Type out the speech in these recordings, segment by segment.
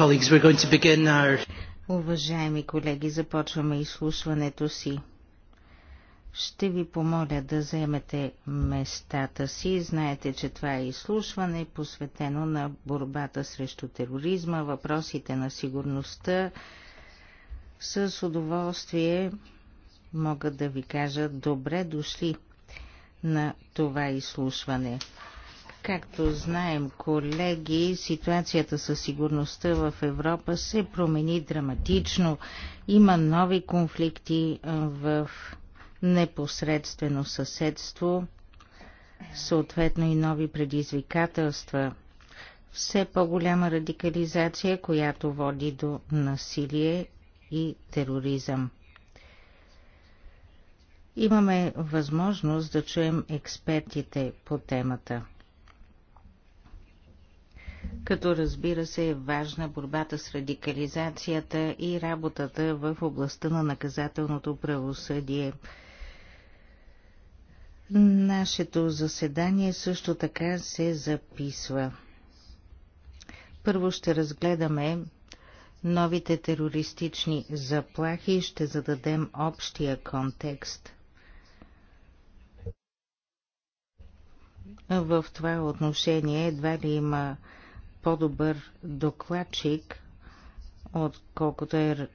colleagues, we're going to begin our... Уважаеми колеги, започваме изслушването си. Ще ви помоля да вземете местата си. Знаете, че това е изслушване, посветено на борбата срещу тероризма, въпросите на сигурността. С удоволствие мога да ви кажа добре дошли на това изслушване. Както знаем, колеги, ситуацията със сигурността в Европа се промени драматично. Има нови конфликти в непосредствено съседство, съответно и нови предизвикателства. Все по-голяма радикализация, която води до насилие и тероризъм. Имаме възможност да чуем експертите по темата като разбира се е важна борбата с радикализацията и работата в областта на наказателното правосъдие. Нашето заседание също така се записва. Първо ще разгледаме новите терористични заплахи и ще зададем общия контекст. В това отношение едва ли има по-добър докладчик, отколкото е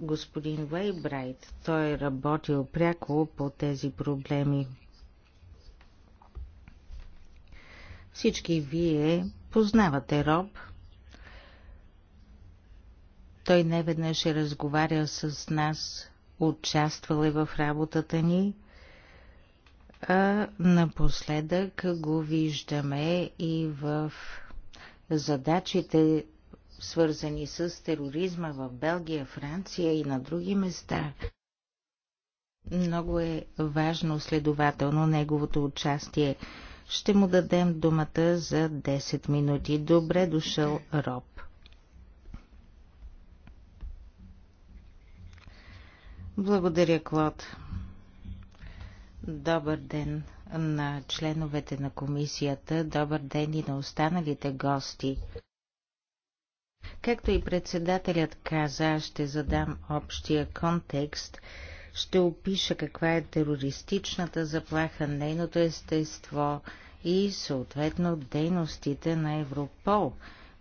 господин Вейбрайт. Той е работил пряко по тези проблеми. Всички вие познавате Роб. Той неведнъж е разговарял с нас, участвал е в работата ни, а напоследък го виждаме и в задачите, свързани с тероризма в Белгия, Франция и на други места. Много е важно следователно неговото участие. Ще му дадем думата за 10 минути. Добре дошъл, Роб. Благодаря, Клод. Добър ден на членовете на комисията, добър ден и на останалите гости. Както и председателят каза, ще задам общия контекст, ще опиша каква е терористичната заплаха, нейното естество и съответно дейностите на Европол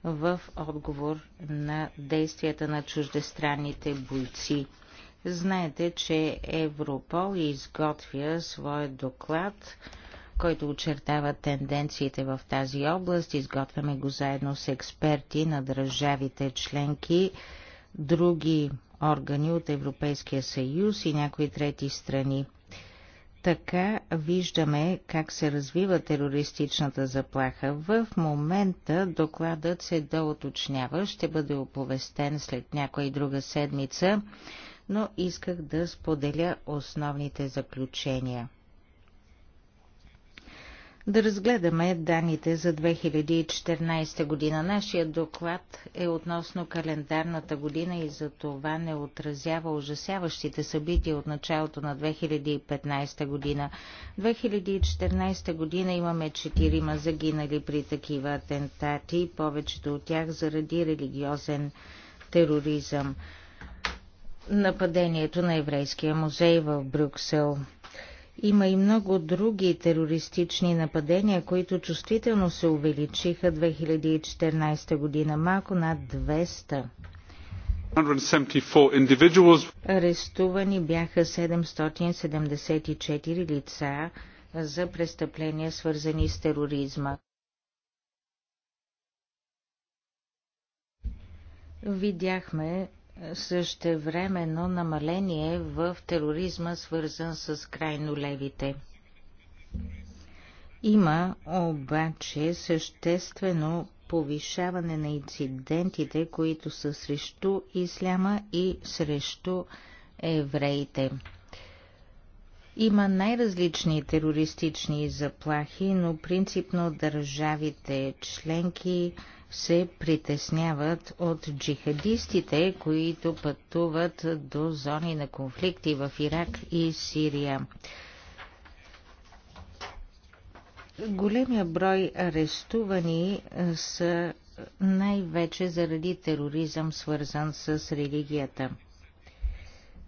в отговор на действията на чуждестранните бойци. Знаете, че Европол изготвя своят доклад, който очертава тенденциите в тази област. Изготвяме го заедно с експерти на държавите членки, други органи от Европейския съюз и някои трети страни. Така виждаме как се развива терористичната заплаха. В момента докладът се доуточнява, ще бъде оповестен след някоя и друга седмица но исках да споделя основните заключения. Да разгледаме данните за 2014 година. Нашия доклад е относно календарната година и за това не отразява ужасяващите събития от началото на 2015 година. 2014 година имаме четирима загинали при такива атентати, повечето от тях заради религиозен тероризъм нападението на Еврейския музей в Брюксел. Има и много други терористични нападения, които чувствително се увеличиха 2014 година, малко над 200. Арестувани бяха 774 лица за престъпления, свързани с тероризма. Видяхме същевременно намаление в тероризма, свързан с крайно левите. Има обаче съществено повишаване на инцидентите, които са срещу исляма и срещу евреите. Има най-различни терористични заплахи, но принципно държавите членки се притесняват от джихадистите, които пътуват до зони на конфликти в Ирак и Сирия. Големия брой арестувани са най-вече заради тероризъм, свързан с религията.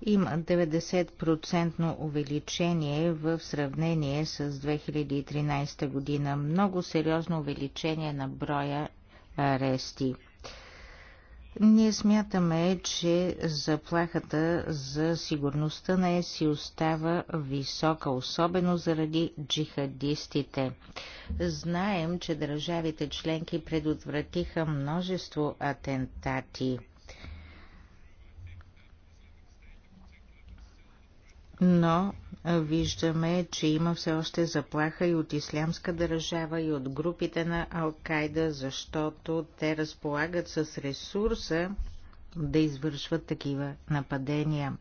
Има 90% увеличение в сравнение с 2013 година. Много сериозно увеличение на броя арести. Ние смятаме, че заплахата за сигурността на ЕСИ остава висока, особено заради джихадистите. Знаем, че държавите членки предотвратиха множество атентати – но виждаме, че има все още заплаха и от ислямска държава, и от групите на Ал-Кайда, защото те разполагат с ресурса да извършват такива нападения.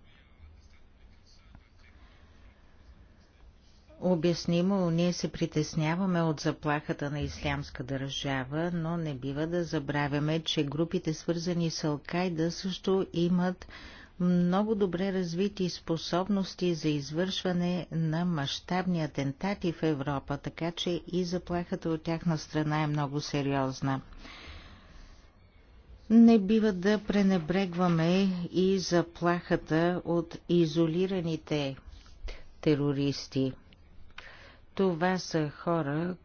Обяснимо, ние се притесняваме от заплахата на ислямска държава, но не бива да забравяме, че групите свързани с Алкайда също имат много добре развити способности за извършване на мащабни атентати в Европа, така че и заплахата от тяхна страна е много сериозна. Не бива да пренебрегваме и заплахата от изолираните терористи. Това са хора,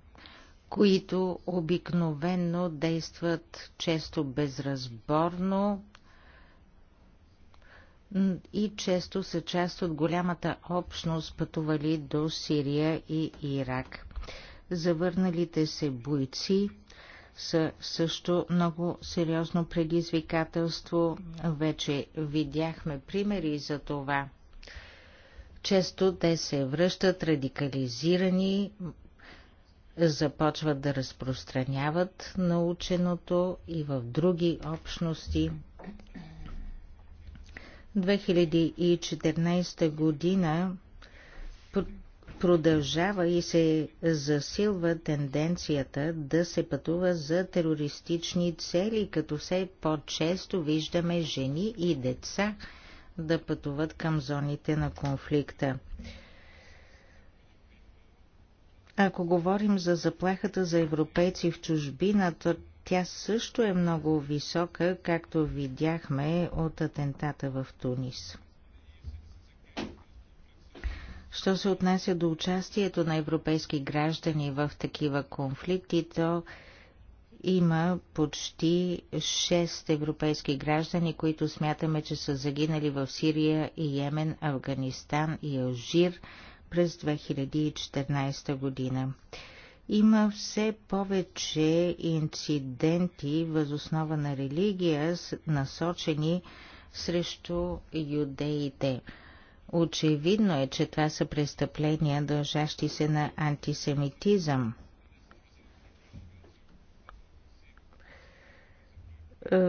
които обикновенно действат често безразборно, и често са част от голямата общност пътували до Сирия и Ирак. Завърналите се бойци са също много сериозно предизвикателство. Вече видяхме примери за това. Често те се връщат радикализирани, започват да разпространяват наученото и в други общности. 2014 година продължава и се засилва тенденцията да се пътува за терористични цели, като все по-често виждаме жени и деца да пътуват към зоните на конфликта. Ако говорим за заплахата за европейци в чужбина, то тя също е много висока, както видяхме от атентата в Тунис. Що се отнася до участието на европейски граждани в такива конфликти, то има почти 6 европейски граждани, които смятаме, че са загинали в Сирия и Йемен, Афганистан и Алжир през 2014 година. Има все повече инциденти възоснова на религия, насочени срещу юдеите. Очевидно е, че това са престъпления, дължащи се на антисемитизъм.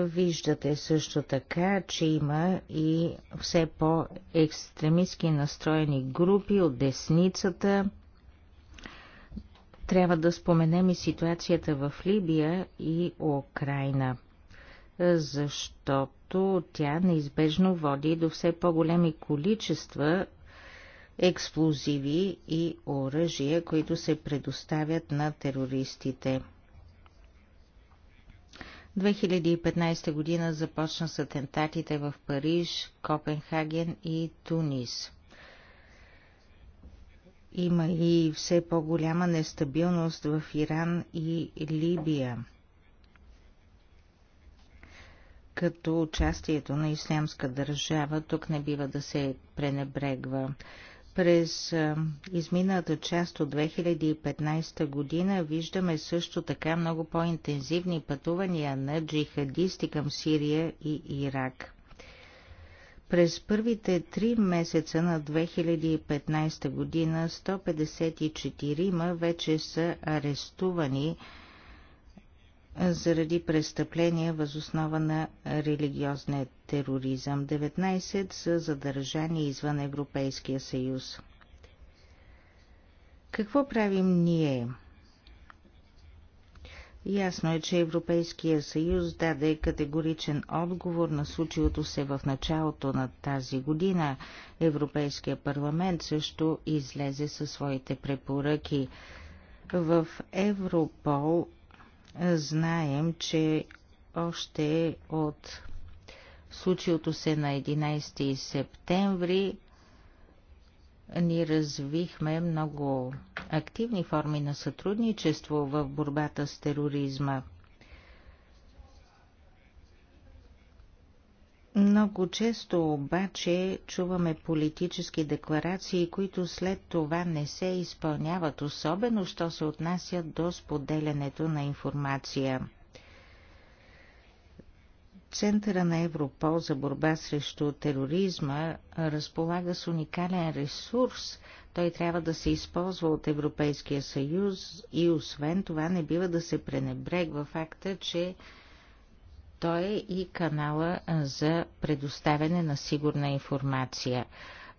Виждате също така, че има и все по-екстремистски настроени групи от десницата – трябва да споменем и ситуацията в Либия и Украина, защото тя неизбежно води до все по-големи количества експлозиви и оръжия, които се предоставят на терористите. 2015 година започна с атентатите в Париж, Копенхаген и Тунис. Има и все по-голяма нестабилност в Иран и Либия. Като участието на ислямска държава тук не бива да се пренебрегва. През изминалата част от 2015 година виждаме също така много по-интензивни пътувания на джихадисти към Сирия и Ирак. През първите три месеца на 2015 година 154 вече са арестувани заради престъпления възоснова на религиозния тероризъм. 19 са задържани извън Европейския съюз. Какво правим ние? Ясно е, че Европейския съюз даде категоричен отговор на случилото се в началото на тази година. Европейския парламент също излезе със своите препоръки. В Европол знаем, че още от случилото се на 11 септември ние развихме много активни форми на сътрудничество в борбата с тероризма. Много често обаче чуваме политически декларации, които след това не се изпълняват, особено що се отнасят до споделянето на информация. Центъра на Европол за борба срещу тероризма разполага с уникален ресурс. Той трябва да се използва от Европейския съюз и освен това не бива да се пренебрегва факта, че той е и канала за предоставяне на сигурна информация,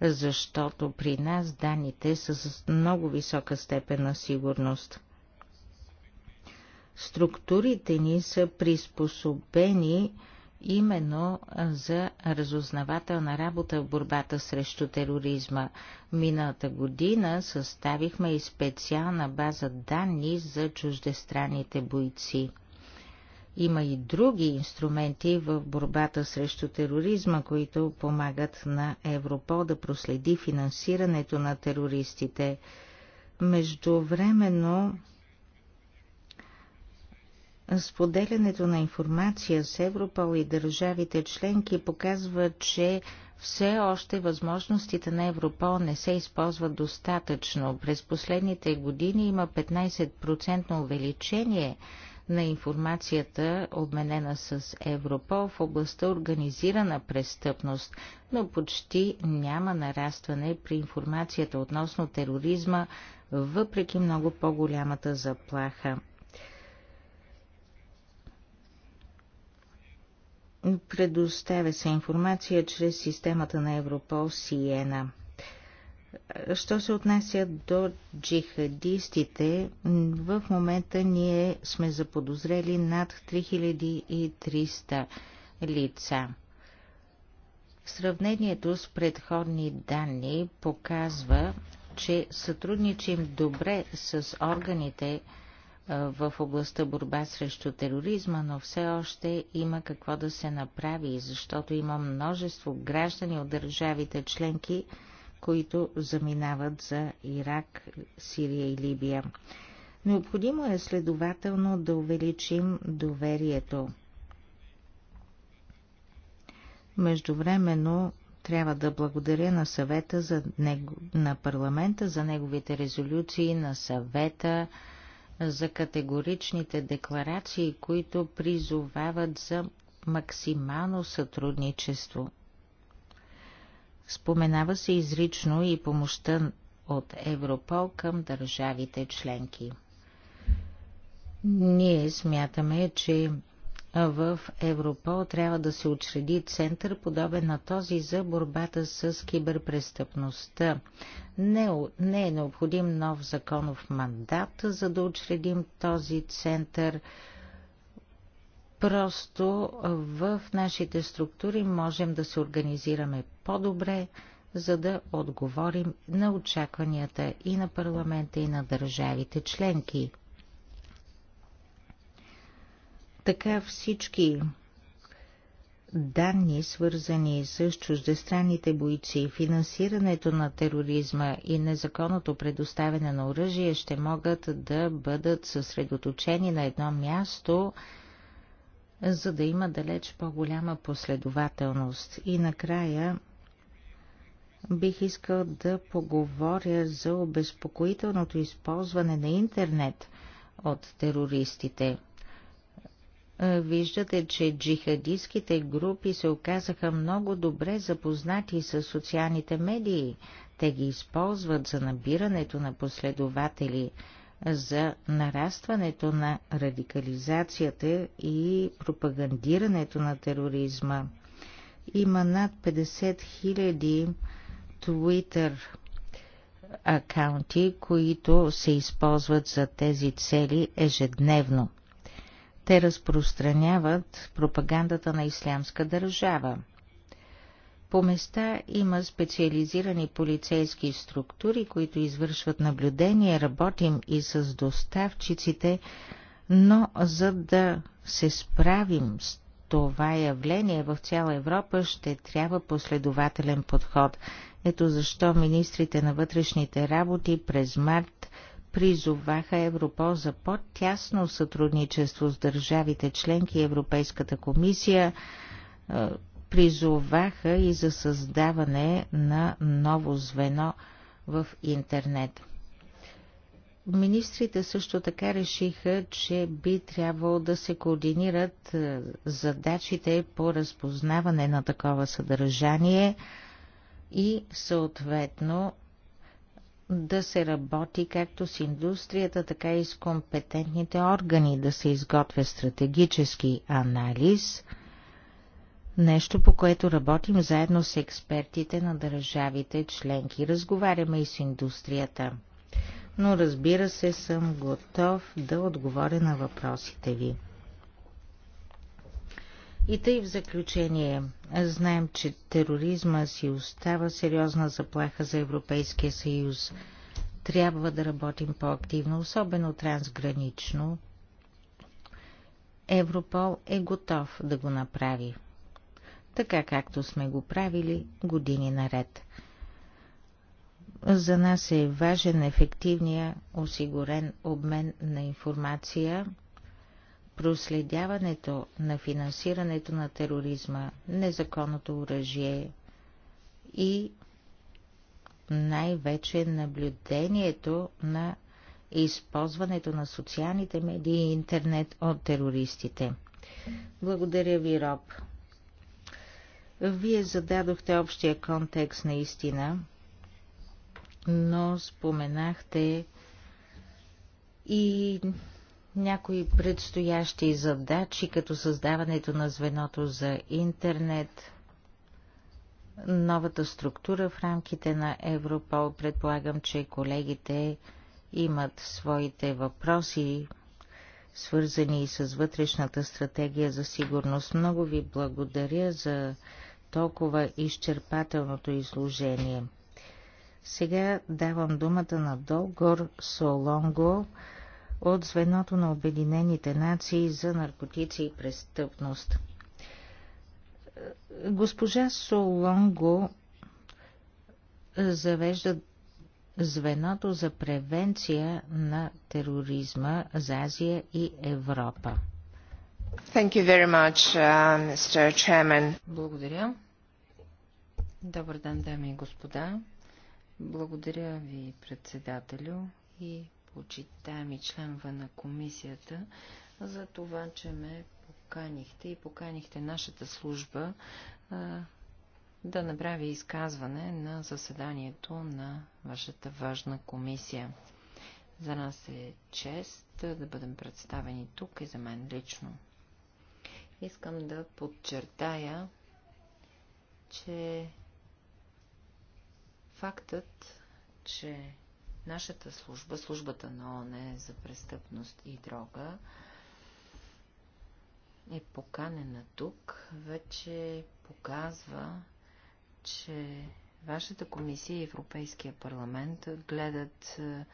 защото при нас данните са с много висока степен на сигурност. Структурите ни са приспособени именно за разузнавателна работа в борбата срещу тероризма. Миналата година съставихме и специална база данни за чуждестранните бойци. Има и други инструменти в борбата срещу тероризма, които помагат на Европол да проследи финансирането на терористите. Междувременно Споделянето на информация с Европол и държавите членки показва, че все още възможностите на Европол не се използват достатъчно. През последните години има 15% увеличение на информацията, обменена с Европол в областта организирана престъпност, но почти няма нарастване при информацията относно тероризма, въпреки много по-голямата заплаха. Предоставя се информация чрез системата на Европол Сиена. Що се отнася до джихадистите, в момента ние сме заподозрели над 3300 лица. Сравнението с предходни данни показва, че сътрудничим добре с органите в областта борба срещу тероризма, но все още има какво да се направи, защото има множество граждани от държавите членки, които заминават за Ирак, Сирия и Либия. Необходимо е следователно да увеличим доверието. Междувременно трябва да благодаря на съвета за него, на парламента за неговите резолюции, на съвета, за категоричните декларации, които призовават за максимално сътрудничество. Споменава се изрично и помощта от Европол към държавите членки. Ние смятаме, че в Европол трябва да се учреди център, подобен на този за борбата с киберпрестъпността. Не, не е необходим нов законов мандат, за да учредим този център. Просто в нашите структури можем да се организираме по-добре, за да отговорим на очакванията и на парламента, и на държавите членки. Така всички данни, свързани с чуждестранните бойци, финансирането на тероризма и незаконното предоставяне на оръжие ще могат да бъдат съсредоточени на едно място, за да има далеч по-голяма последователност. И накрая бих искал да поговоря за обезпокоителното използване на интернет от терористите – е, виждате, че джихадистските групи се оказаха много добре запознати с социалните медии. Те ги използват за набирането на последователи, за нарастването на радикализацията и пропагандирането на тероризма. Има над 50 000 Twitter акаунти, които се използват за тези цели ежедневно. Те разпространяват пропагандата на ислямска държава. По места има специализирани полицейски структури, които извършват наблюдение, работим и с доставчиците, но за да се справим с това явление в цяла Европа ще трябва последователен подход. Ето защо министрите на вътрешните работи през март призоваха Европол за по-тясно сътрудничество с държавите членки Европейската комисия, е, призоваха и за създаване на ново звено в интернет. Министрите също така решиха, че би трябвало да се координират е, задачите по разпознаване на такова съдържание и съответно да се работи както с индустрията, така и с компетентните органи, да се изготвя стратегически анализ, нещо по което работим заедно с експертите на държавите членки. Разговаряме и с индустрията. Но разбира се, съм готов да отговоря на въпросите ви. И тъй в заключение, знаем, че тероризма си остава сериозна заплаха за Европейския съюз. Трябва да работим по-активно, особено трансгранично. Европол е готов да го направи, така както сме го правили години наред. За нас е важен ефективния осигурен обмен на информация – проследяването на финансирането на тероризма, незаконното оръжие и най-вече наблюдението на използването на социалните медии и интернет от терористите. Благодаря ви, Роб. Вие зададохте общия контекст наистина, но споменахте и някои предстоящи задачи, като създаването на звеното за интернет, новата структура в рамките на Европол, предполагам, че колегите имат своите въпроси, свързани с вътрешната стратегия за сигурност. Много ви благодаря за толкова изчерпателното изложение. Сега давам думата на Долгор Солонго, от звеното на Обединените нации за наркотици и престъпност. Госпожа Солонго завежда звеното за превенция на тероризма за Азия и Европа. Thank you very much, uh, Mr. Chairman. Благодаря. Добър ден, дами и господа. Благодаря ви, председателю, и и членове на комисията, за това, че ме поканихте и поканихте нашата служба а, да направи изказване на заседанието на вашата важна комисия. За нас е чест да бъдем представени тук и за мен лично. Искам да подчертая, че фактът, че Нашата служба, службата на ОНЕ за престъпност и дрога, е поканена тук, вече показва, че вашата комисия и Европейския парламент гледат е,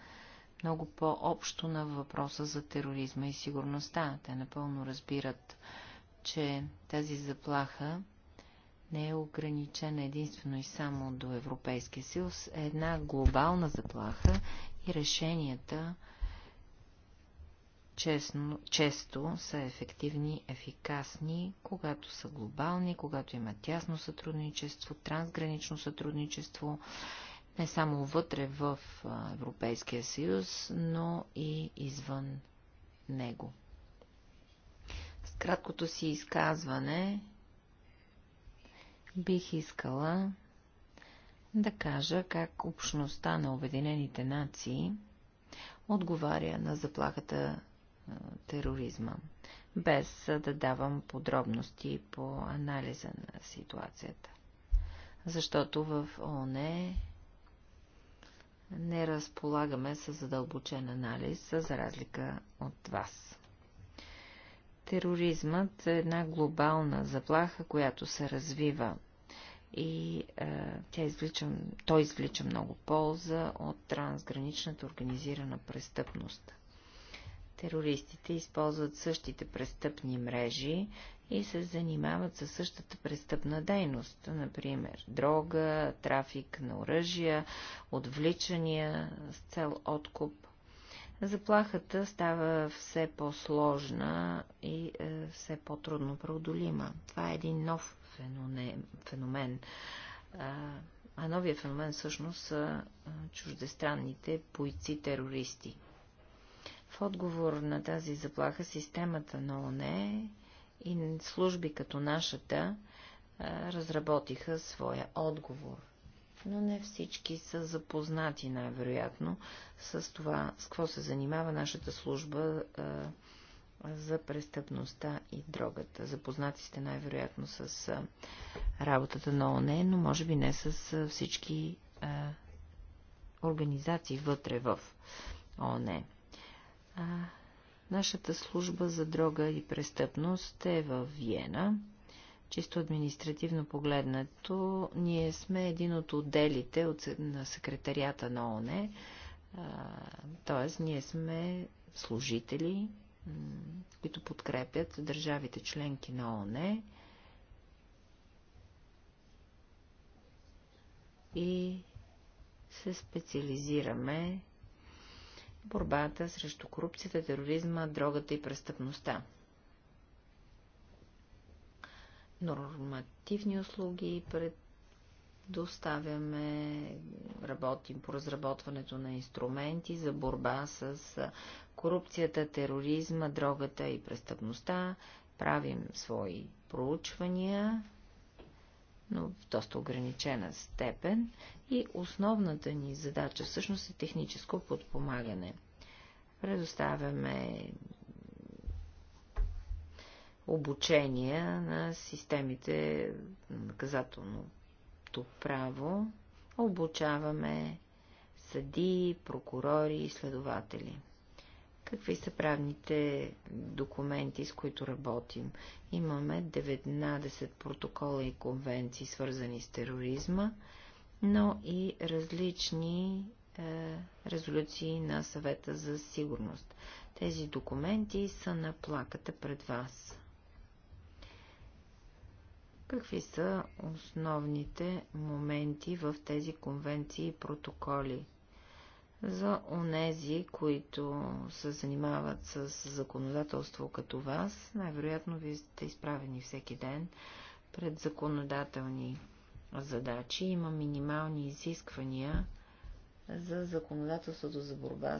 много по-общо на въпроса за тероризма и сигурността. Те напълно разбират, че тази заплаха не е ограничена единствено и само до Европейския съюз, е една глобална заплаха и решенията честно, често са ефективни, ефикасни, когато са глобални, когато има тясно сътрудничество, трансгранично сътрудничество, не само вътре в Европейския съюз, но и извън него. С краткото си изказване бих искала да кажа как общността на Обединените нации отговаря на заплахата тероризма, без да давам подробности по анализа на ситуацията. Защото в ОНЕ не разполагаме с задълбочен анализ, за разлика от вас. Тероризмът е една глобална заплаха, която се развива и е, тя извлича, той извлича много полза от трансграничната организирана престъпност. Терористите използват същите престъпни мрежи и се занимават със същата престъпна дейност, например дрога, трафик на оръжия, отвличания с цел откуп заплахата става все по-сложна и е, все по-трудно преодолима. Това е един нов феномен. феномен. А новия феномен всъщност са чуждестранните бойци-терористи. В отговор на тази заплаха системата на ОНЕ и служби като нашата разработиха своя отговор – но не всички са запознати най-вероятно с това, с какво се занимава нашата служба а, за престъпността и дрогата. Запознати сте най-вероятно с а, работата на ОНЕ, но може би не с а, всички а, организации вътре в ОНЕ. А, нашата служба за дрога и престъпност е в Виена. Чисто административно погледнато, ние сме един от отделите от, на секретарията на ОНЕ, т.е. ние сме служители, които подкрепят държавите членки на ОНЕ и се специализираме борбата срещу корупцията, тероризма, дрогата и престъпността. нормативни услуги, предоставяме, работим по разработването на инструменти за борба с корупцията, тероризма, дрогата и престъпността, правим свои проучвания, но в доста ограничена степен и основната ни задача всъщност е техническо подпомагане. Предоставяме обучения на системите наказателното право. Обучаваме съди, прокурори и следователи. Какви са правните документи, с които работим? Имаме 19 протокола и конвенции, свързани с тероризма, но и различни е, резолюции на съвета за сигурност. Тези документи са на плаката пред вас. Какви са основните моменти в тези конвенции и протоколи? За онези, които се занимават с законодателство като вас, най-вероятно вие сте изправени всеки ден пред законодателни задачи. Има минимални изисквания за законодателството за борба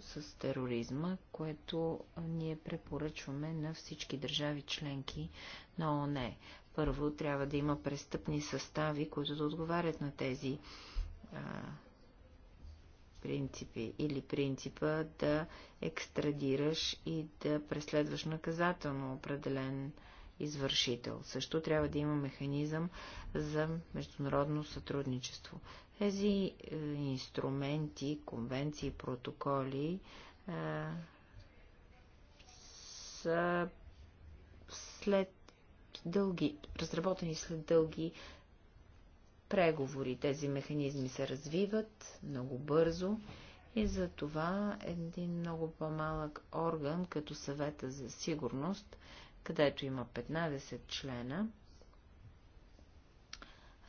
с, тероризма, което ние препоръчваме на всички държави членки на ОНЕ. Първо, трябва да има престъпни състави, които да отговарят на тези а, принципи или принципа да екстрадираш и да преследваш наказателно определен извършител. Също трябва да има механизъм за международно сътрудничество. Тези е, инструменти, конвенции, протоколи е, са след дълги, разработени след дълги преговори. Тези механизми се развиват много бързо и за това един много по-малък орган, като съвета за сигурност, където има 15 члена,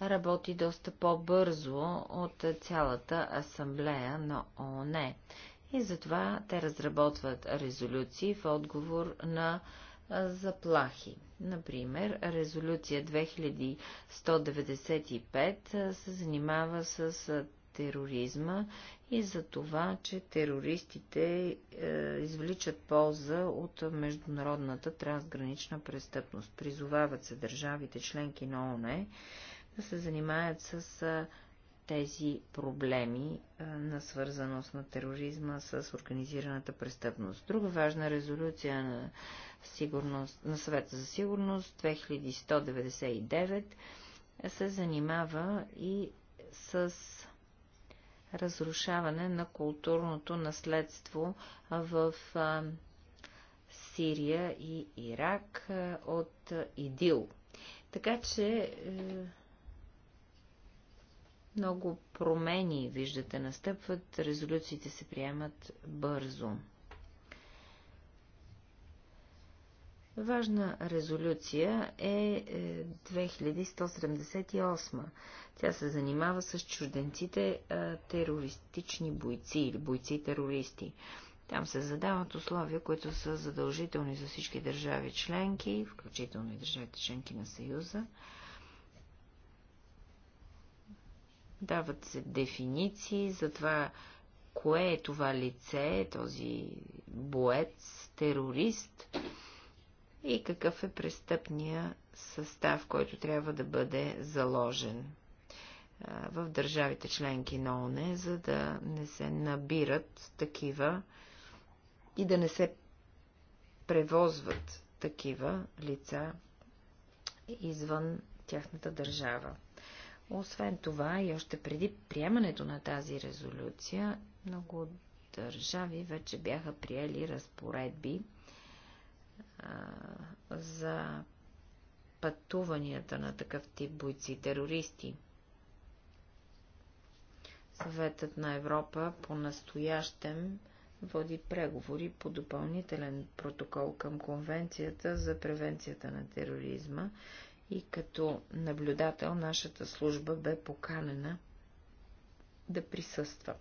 работи доста по-бързо от цялата асамблея на ООН. И затова те разработват резолюции в отговор на заплахи. Например, резолюция 2195 се занимава с тероризма и за това, че терористите е, извличат полза от международната трансгранична престъпност. Призовават се държавите членки на ОНЕ да се занимаят с тези проблеми на свързаност на тероризма с организираната престъпност. Друга важна резолюция на, сигурност, на съвета за сигурност 2199 се занимава и с разрушаване на културното наследство в Сирия и Ирак от ИДИЛ. Така че е, много промени, виждате, настъпват, резолюциите се приемат бързо. Важна резолюция е 2178. Е Тя се занимава с чужденците терористични бойци или бойци-терористи. Там се задават условия, които са задължителни за всички държави членки, включително и държавите членки на Съюза, Дават се дефиниции за това, кое е това лице, този боец, терорист и какъв е престъпния състав, който трябва да бъде заложен в държавите членки на ОНЕ, за да не се набират такива и да не се превозват такива лица извън тяхната държава. Освен това и още преди приемането на тази резолюция, много държави вече бяха приели разпоредби а, за пътуванията на такъв тип бойци-терористи. Съветът на Европа по-настоящем води преговори по допълнителен протокол към Конвенцията за превенцията на тероризма, и като наблюдател нашата служба бе поканена да присъства.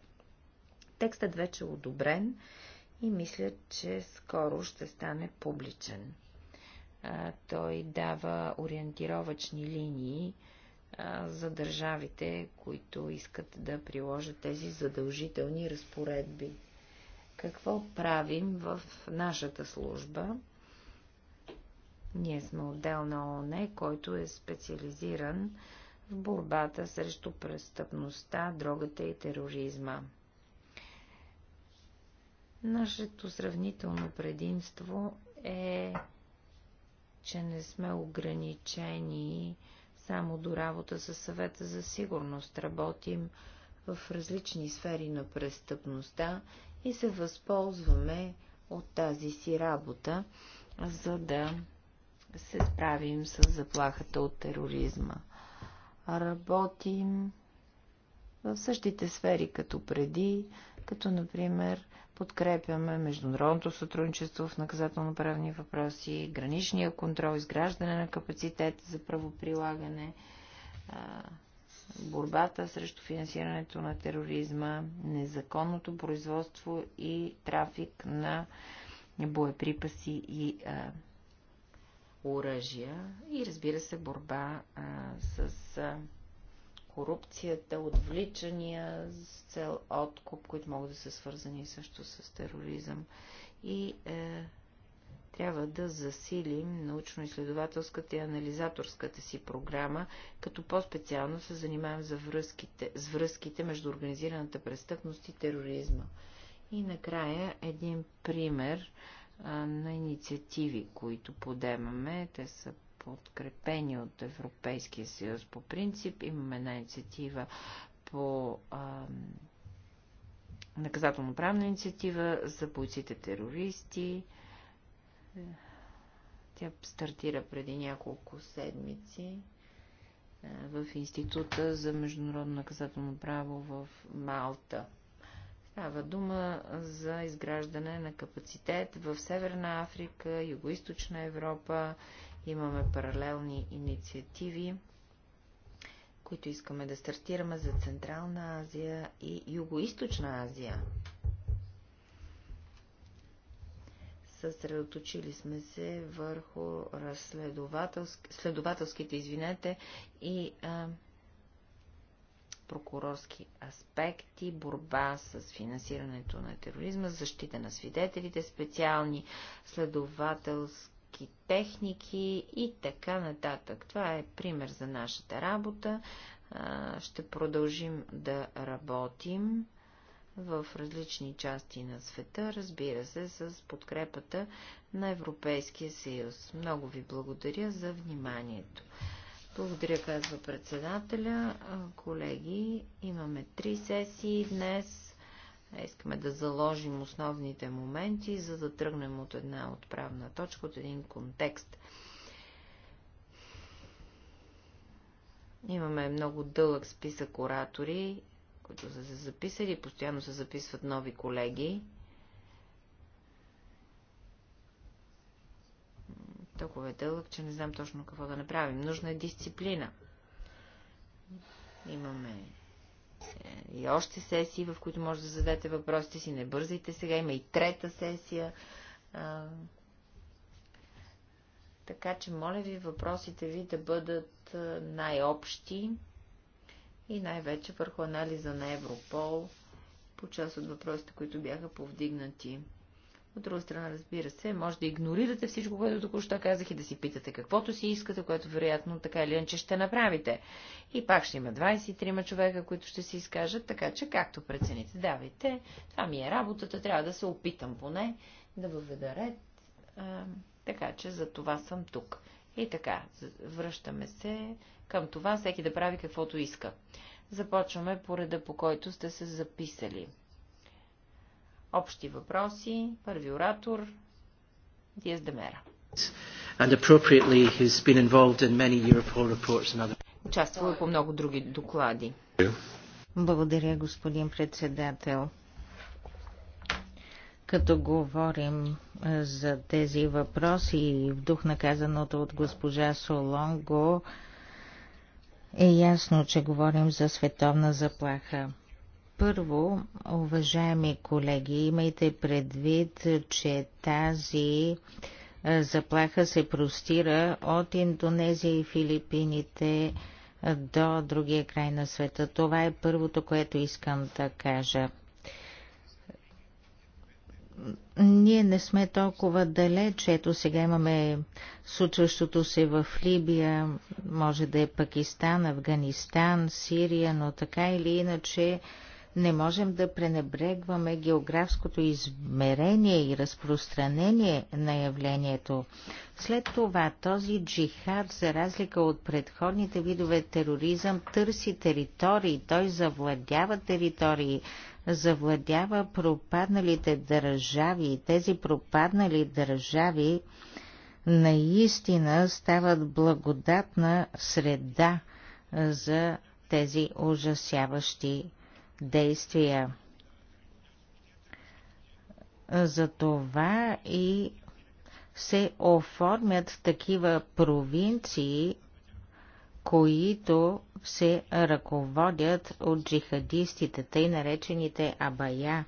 Текстът вече е одобрен и мисля, че скоро ще стане публичен. А, той дава ориентировачни линии а, за държавите, които искат да приложат тези задължителни разпоредби. Какво правим в нашата служба? Ние сме отдел на ООН, който е специализиран в борбата срещу престъпността, дрогата и тероризма. Нашето сравнително предимство е, че не сме ограничени само до работа със съвета за сигурност. Работим в различни сфери на престъпността и се възползваме от тази си работа, за да се справим с заплахата от тероризма. Работим в същите сфери като преди, като например подкрепяме международното сътрудничество в наказателно-правни въпроси, граничния контрол, изграждане на капацитет за правоприлагане, борбата срещу финансирането на тероризма, незаконното производство и трафик на боеприпаси и а, оръжия и разбира се борба а, с а, корупцията, отвличания с цел откуп, които могат да са свързани също с тероризъм. И е, трябва да засилим научно-изследователската и анализаторската си програма, като по-специално се занимаем за връзките, с връзките между организираната престъпност и тероризма. И накрая един пример на инициативи, които подемаме. Те са подкрепени от Европейския съюз по принцип. Имаме една инициатива по наказателно-правна инициатива за бойците терористи. Тя стартира преди няколко седмици в Института за международно наказателно право в Малта. Става дума за изграждане на капацитет в Северна Африка, Юго-Источна Европа. Имаме паралелни инициативи, които искаме да стартираме за Централна Азия и юго Азия. Съсредоточили сме се върху следователските извинете и а, прокурорски аспекти, борба с финансирането на тероризма, защита на свидетелите, специални следователски техники и така нататък. Това е пример за нашата работа. Ще продължим да работим в различни части на света, разбира се, с подкрепата на Европейския съюз. Много ви благодаря за вниманието. Благодаря, казва председателя. Колеги, имаме три сесии днес. Искаме да заложим основните моменти, за да тръгнем от една отправна точка, от един контекст. Имаме много дълъг списък оратори, които са се записали, постоянно се записват нови колеги. Толкова е дълъг, че не знам точно какво да направим. Нужна е дисциплина. Имаме е, и още сесии, в които може да зададете въпросите си. Не бързайте сега. Има и трета сесия. Така че, моля ви, въпросите ви да бъдат най-общи и най-вече върху анализа на Европол по част от въпросите, които бяха повдигнати от друга страна, разбира се, може да игнорирате всичко, което току-що казах и да си питате каквото си искате, което вероятно така или иначе ще направите. И пак ще има 23 човека, които ще си изкажат, така че както прецените, давайте. Това ми е работата, трябва да се опитам поне да въведа ред. А, така че за това съм тук. И така, връщаме се към това, всеки да прави каквото иска. Започваме по реда, по който сте се записали. Общи въпроси. Първи оратор. Диас Демера. And appropriately, he's been involved in many Europol reports and other... Участвал е по много други доклади. Благодаря, господин председател. Като говорим е, за тези въпроси и в дух на казаното от госпожа Солонго, е ясно, че говорим за световна заплаха. Първо, уважаеми колеги, имайте предвид, че тази заплаха се простира от Индонезия и Филипините до другия край на света. Това е първото, което искам да кажа. Ние не сме толкова далеч. Ето сега имаме случващото се в Либия, може да е Пакистан, Афганистан, Сирия, но така или иначе не можем да пренебрегваме географското измерение и разпространение на явлението. След това този джихад, за разлика от предходните видове тероризъм, търси територии, той завладява територии, завладява пропадналите държави. Тези пропаднали държави наистина стават благодатна среда за тези ужасяващи действия. Затова и се оформят такива провинции, които се ръководят от джихадистите, тъй наречените абая,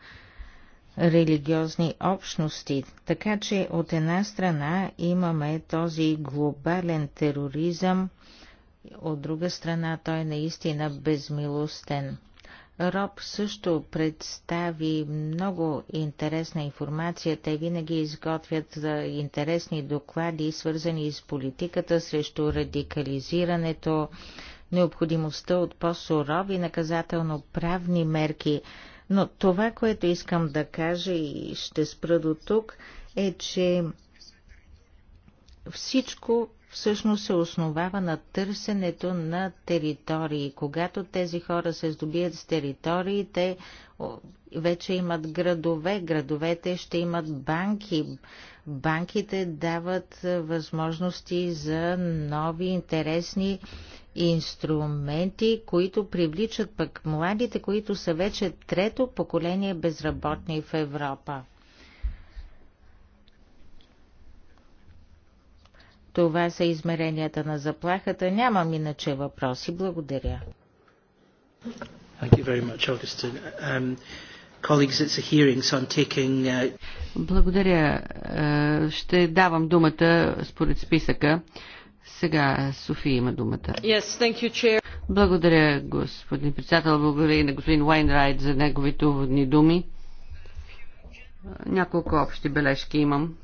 религиозни общности. Така че от една страна имаме този глобален тероризъм, от друга страна той е наистина безмилостен. Роб също представи много интересна информация. Те винаги изготвят интересни доклади, свързани с политиката срещу радикализирането, необходимостта от по-сурови наказателно-правни мерки. Но това, което искам да кажа и ще спра до тук, е, че всичко всъщност се основава на търсенето на територии. Когато тези хора се здобият с територии, те вече имат градове, градовете ще имат банки. Банките дават е, възможности за нови интересни инструменти, които привличат пък младите, които са вече трето поколение безработни в Европа. Това са измеренията на заплахата. Нямам иначе въпроси. Благодаря. Um, uh, Благодаря. Е, ще давам думата според списъка. Сега София има думата. Yes, thank you, chair. Благодаря, господин председател. Благодаря и на господин Уайнрайт за неговите уводни думи. Няколко общи бележки имам.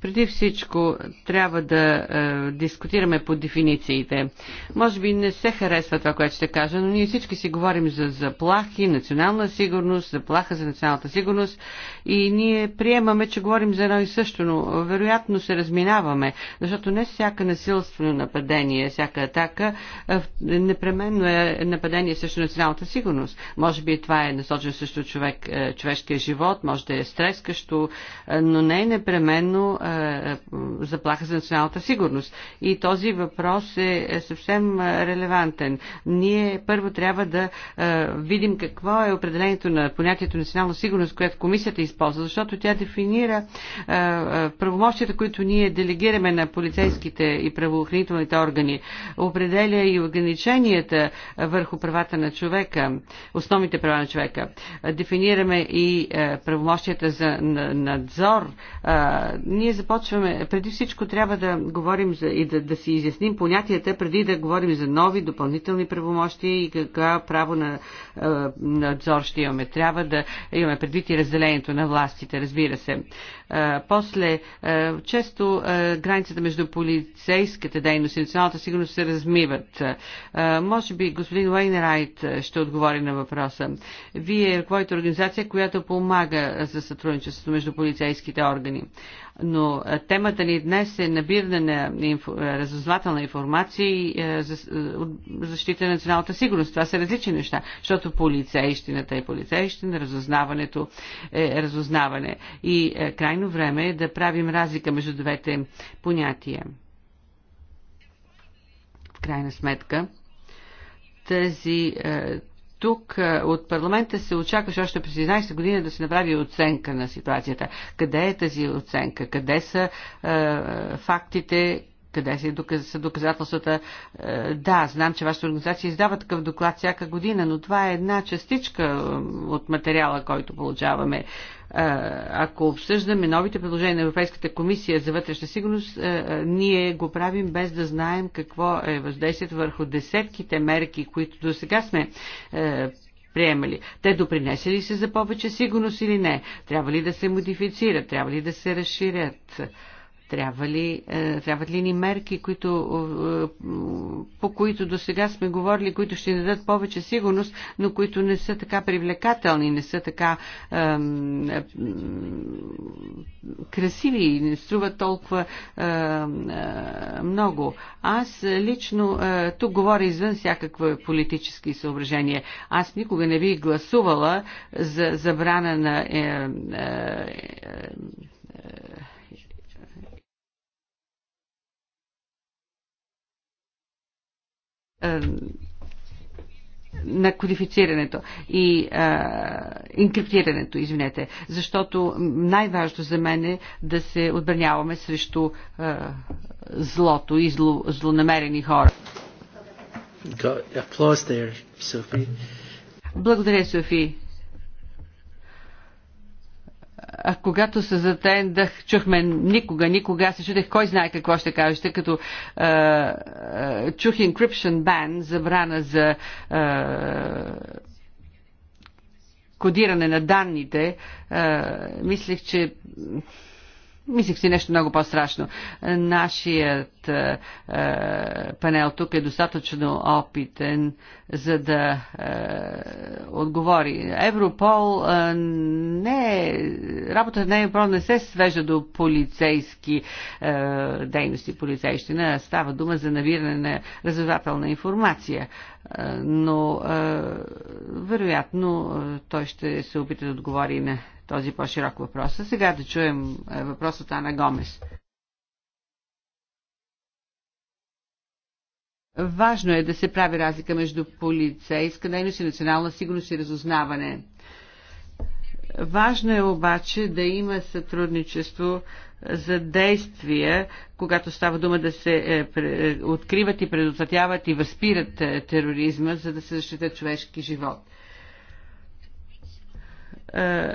преди всичко трябва да е, дискутираме по дефинициите. Може би не се харесва това, което ще кажа, но ние всички си говорим за заплахи, национална сигурност, заплаха за националната сигурност и ние приемаме, че говорим за едно и също, но вероятно се разминаваме, защото не всяка насилствено нападение, всяка атака е, непременно е нападение срещу националната сигурност. Може би това е насочено срещу човек, е, човешкия живот, може да е стрескащо, е, но не е непременно заплаха за националната сигурност. И този въпрос е, е съвсем релевантен. Ние първо трябва да видим какво е определението на понятието национална сигурност, което комисията използва, защото тя дефинира правомощията, които ние делегираме на полицейските и правоохранителните органи, определя и ограниченията върху правата на човека, основните права на човека. Дефинираме и правомощията за надзор. Ние започваме, преди всичко трябва да говорим за, и да, да си изясним понятията, преди да говорим за нови допълнителни правомощия и каква право на е, надзор ще имаме. Трябва да имаме предвид и разделението на властите, разбира се. Е, после, е, често е, границата между полицейската дейност и националната сигурност се размиват. Е, може би господин Уейнрайт е, ще отговори на въпроса. Вие ръководите организация, която помага за сътрудничеството между полицейските органи но темата ни днес е набиране на инфо, разузнавателна информация и е, за, защита на националната сигурност. Това са различни неща, защото полицейщината е полицейщина, разузнаването е разузнаване. И е, крайно време е да правим разлика между двете понятия. В крайна сметка, тези тук е, от парламента се очакваше още през 11 година да се направи оценка на ситуацията. Къде е тази оценка? Къде са е, е фактите? къде са, доказ, са доказателствата. Е, да, знам, че вашата организация издава такъв доклад всяка година, но това е една частичка е, от материала, който получаваме. Е, ако обсъждаме новите предложения на Европейската комисия за вътрешна сигурност, ние го правим без да знаем какво е въздействието върху десетките мерки, които до сега сме приемали. Те допринесели се за повече сигурност или не? Трябва ли да се модифицират? Трябва ли да се разширят? Трябва ли, е, трябват ли ни мерки, които, е, по които до сега сме говорили, които ще ни дадат повече сигурност, но които не са така привлекателни, не са така е, красиви и не струват толкова е, е, много. Аз лично е, тук говоря извън всякакво политически съображения. Аз никога не би гласувала за забрана на. Е, е, е, на кодифицирането и а, инкриптирането, извинете, защото най-важно за мен е да се отбраняваме срещу а, злото и зло, злонамерени хора. There, Sophie. Благодаря, Софи а когато се дъх чухме никога, никога, се чудех кой знае какво ще кажете, като а, а, чух encryption ban, забрана за а, кодиране на данните, а, мислех, че Мислих си нещо много по-страшно. Нашият е, е, панел тук е достатъчно опитен, за да е, отговори. Европол е, не е, работата на Европол не се свежда до полицейски е, дейности, полицейщина. Става дума за навиране на разузнавателна информация. Е, но е, вероятно е, той ще се опита да отговори на този по-широк въпрос. А сега да чуем е, въпрос от Ана Гомес. Важно е да се прави разлика между полицейска дейност и национална сигурност и разузнаване. Важно е обаче да има сътрудничество за действия, когато става дума да се е, откриват и предотвратяват и възпират е, тероризма, за да се защитят човешки живот. Е,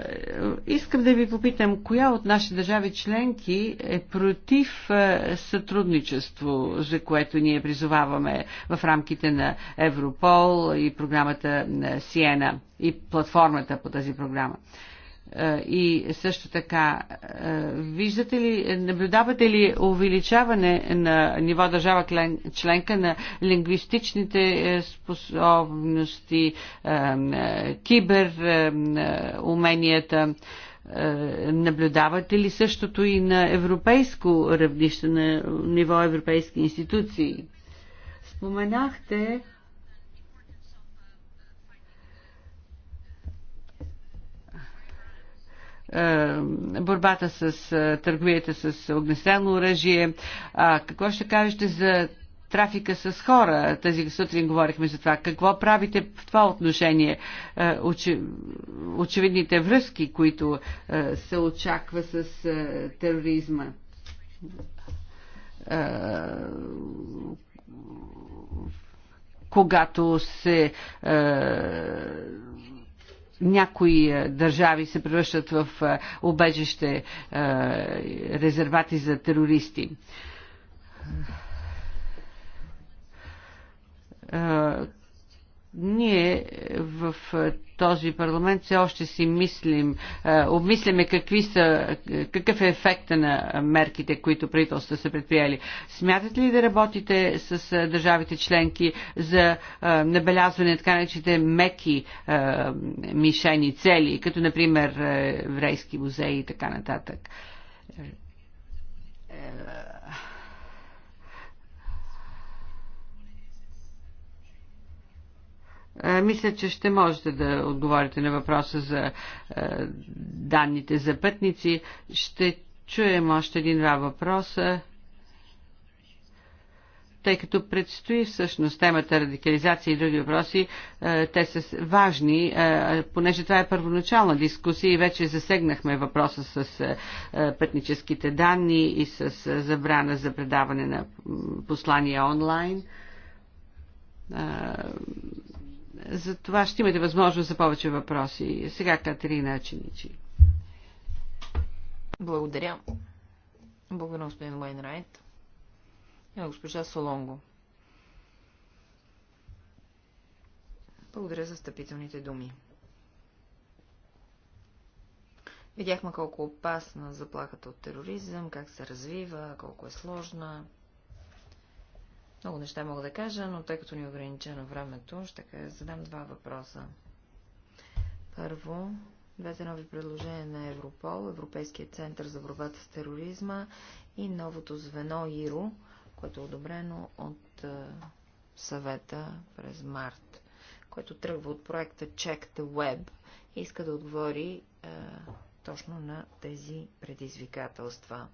искам да ви попитам, коя от нашите държави членки е против е, сътрудничество, за което ние призоваваме в рамките на Европол и програмата на Сиена и платформата по тази програма? Е, и също така, е, виждате ли, наблюдавате ли увеличаване на ниво държава членка на лингвистичните е, способности, кибер уменията? Наблюдавате ли същото и на европейско равнище, на ниво европейски институции? Споменахте Е, борбата с е, търговията с огнестрелно оръжие. какво ще кажете за трафика с хора. Тази сутрин говорихме за това. Какво правите в това отношение? Е, очевидните връзки, които се очаква с тероризма. Когато се някои е, държави се превръщат в обежище е, е, резервати за терористи ние в е, този парламент все още си мислим, е, обмисляме какви са, е, какъв е ефекта на мерките, които правителства са предприели. Смятате ли да работите с държавите членки за набелязване на така наречените меки мишени цели, като например еврейски музеи и така нататък? Мисля, че ще можете да отговорите на въпроса за данните за пътници. Ще чуем още един-два въпроса, тъй като предстои всъщност темата радикализация и други въпроси. Те са важни, понеже това е първоначална дискусия и вече засегнахме въпроса с пътническите данни и с забрана за предаване на послания онлайн за това ще имате възможност за повече въпроси. Сега Катерина Чиничи. Благодаря. Благодаря, господин Лайнрайт И на госпожа Солонго. Благодаря за стъпителните думи. Видяхме колко опасна заплахата от тероризъм, как се развива, колко е сложна. Много неща мога да кажа, но тъй като ни е ограничено времето, ще задам два въпроса. Първо, двете нови предложения на Европол, Европейския център за борбата с тероризма и новото звено ИРО, което е одобрено от съвета през март, което тръгва от проекта Check the Web и иска да отговори е, точно на тези предизвикателства.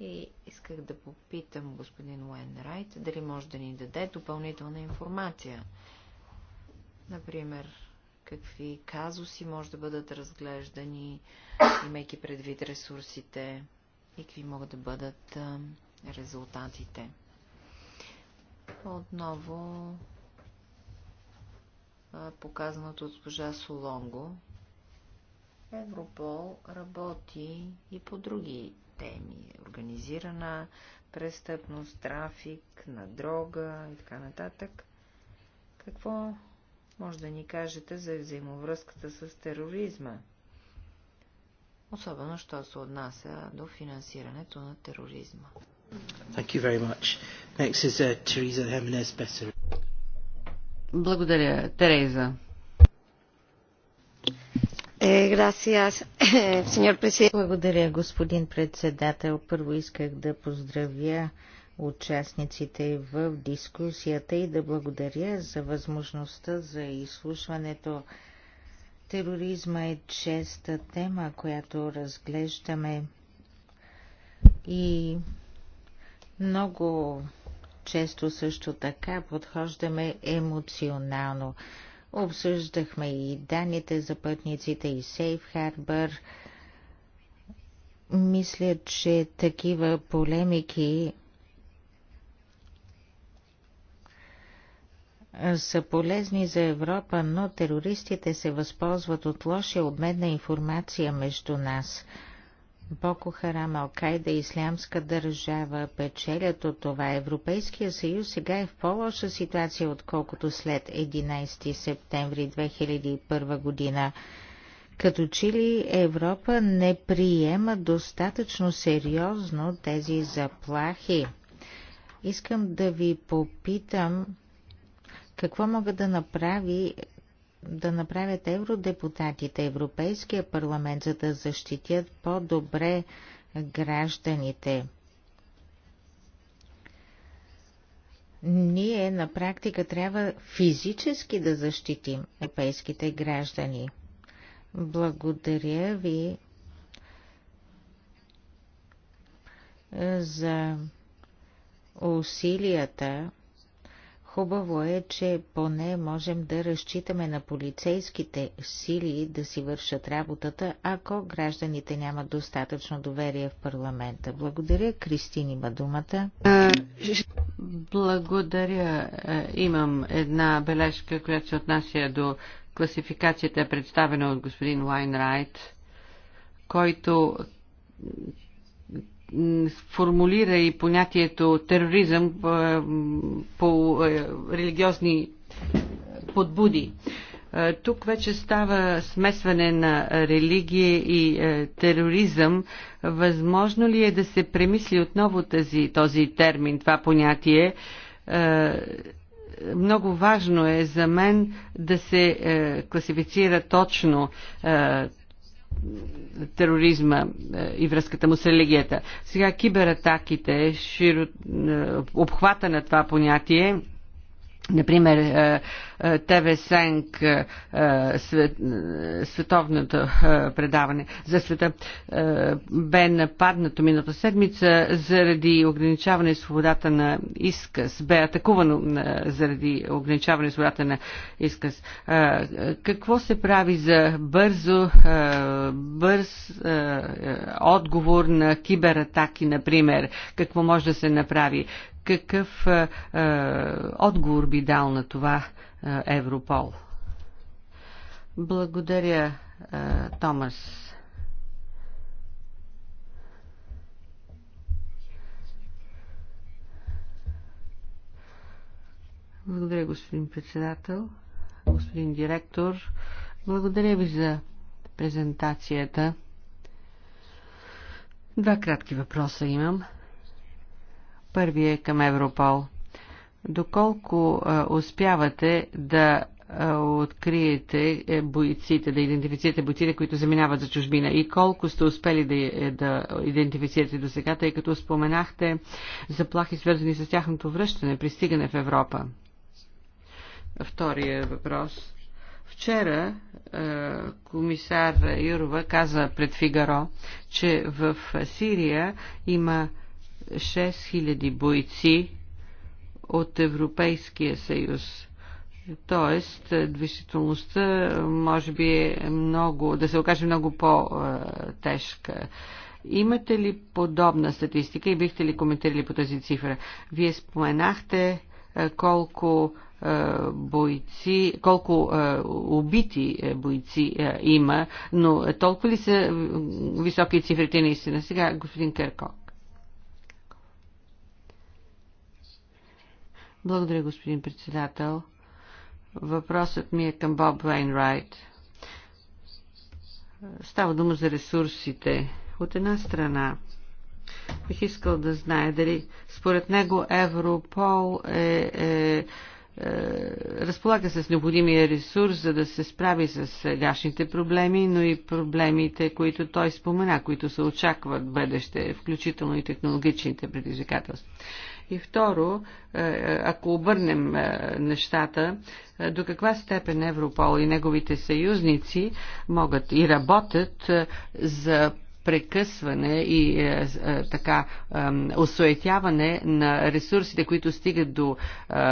И исках да попитам господин Райт, дали може да ни даде допълнителна информация. Например, какви казуси може да бъдат разглеждани, имайки предвид ресурсите и какви могат да бъдат резултатите. Отново показаното от госпожа Солонго. Европол работи и по други теми. Организирана престъпност, трафик на дрога и така нататък. Какво може да ни кажете за взаимовръзката с тероризма? Особено, що се отнася до финансирането на тероризма. Thank you very much. Next is uh, Teresa Jimenez Благодаря, Тереза. Eh, eh, благодаря, господин председател. Първо исках да поздравя участниците в дискусията и да благодаря за възможността за изслушването. Тероризма е честа тема, която разглеждаме и много често също така подхождаме емоционално. Обсъждахме и данните за пътниците и Сейф Харбър. Мисля, че такива полемики са полезни за Европа, но терористите се възползват от лошия обмен на информация между нас – Боко Харам, Алкайда и Ислямска държава печелят от това. Европейския съюз сега е в по-лоша ситуация, отколкото след 11 септември 2001 година. Като че ли Европа не приема достатъчно сериозно тези заплахи? Искам да ви попитам какво могат да направи да направят евродепутатите, Европейския парламент, за да защитят по-добре гражданите. Ние на практика трябва физически да защитим европейските граждани. Благодаря ви за усилията Хубаво е, че поне можем да разчитаме на полицейските сили да си вършат работата, ако гражданите нямат достатъчно доверие в парламента. Благодаря. Кристин има думата. Благодаря. Е, имам една бележка, която се отнася до класификацията, представена от господин Лайнрайт, който формулира и понятието тероризъм е, по е, религиозни е, подбуди. Тук вече става смесване на религия и тероризъм. Възможно ли е да се премисли отново тази, този термин, това понятие? много важно е за мен да се класифицира точно тероризма е, и връзката му с религията. Сега кибератаките, широ, е, обхвата на това понятие, например е, ТВ-Сенк е, свет, е, световното е, предаване за света бе нападнато миналата седмица заради ограничаване свободата на изказ. Бе атакувано заради ограничаване свободата на изказ. Какво се прави за бързо, бърз отговор на кибератаки, например? Какво може да се направи? Какъв отговор би дал на това? Е, Европол. Благодаря, е, Томас. Благодаря, господин председател, господин директор. Благодаря ви за презентацията. Два кратки въпроса имам. Първият е към Европол – Доколко а, успявате да а, откриете е, бойците, да идентифицирате бойците, които заминават за чужбина и колко сте успели да, е, да идентифицирате до сега, тъй като споменахте заплахи свързани с тяхното връщане, пристигане в Европа? Втория въпрос. Вчера комисар Юрова каза пред Фигаро, че в Сирия има 6000 бойци, от Европейския съюз. Тоест, е, движителността, е, може би е много, да се окаже много по-тежка. Имате ли подобна статистика и бихте ли коментирали по тази цифра? Вие споменахте е, колко бойци, колко убити бойци има, но толкова ли са високи цифрите наистина? Сега господин Керкок. Благодаря, господин председател. Въпросът ми е към Боб Уейнрайт. Става дума за ресурсите. От една страна, бих искал да знае дали според него Европол е, е, е, разполага с необходимия ресурс, за да се справи с сегашните проблеми, но и проблемите, които той спомена, които се очакват в бъдеще, включително и технологичните предизвикателства. И второ, е, ако обърнем е, нещата, е, до каква степен Европол и неговите съюзници могат и работят за прекъсване и е, така е, осуетяване на ресурсите, които стигат до е, е,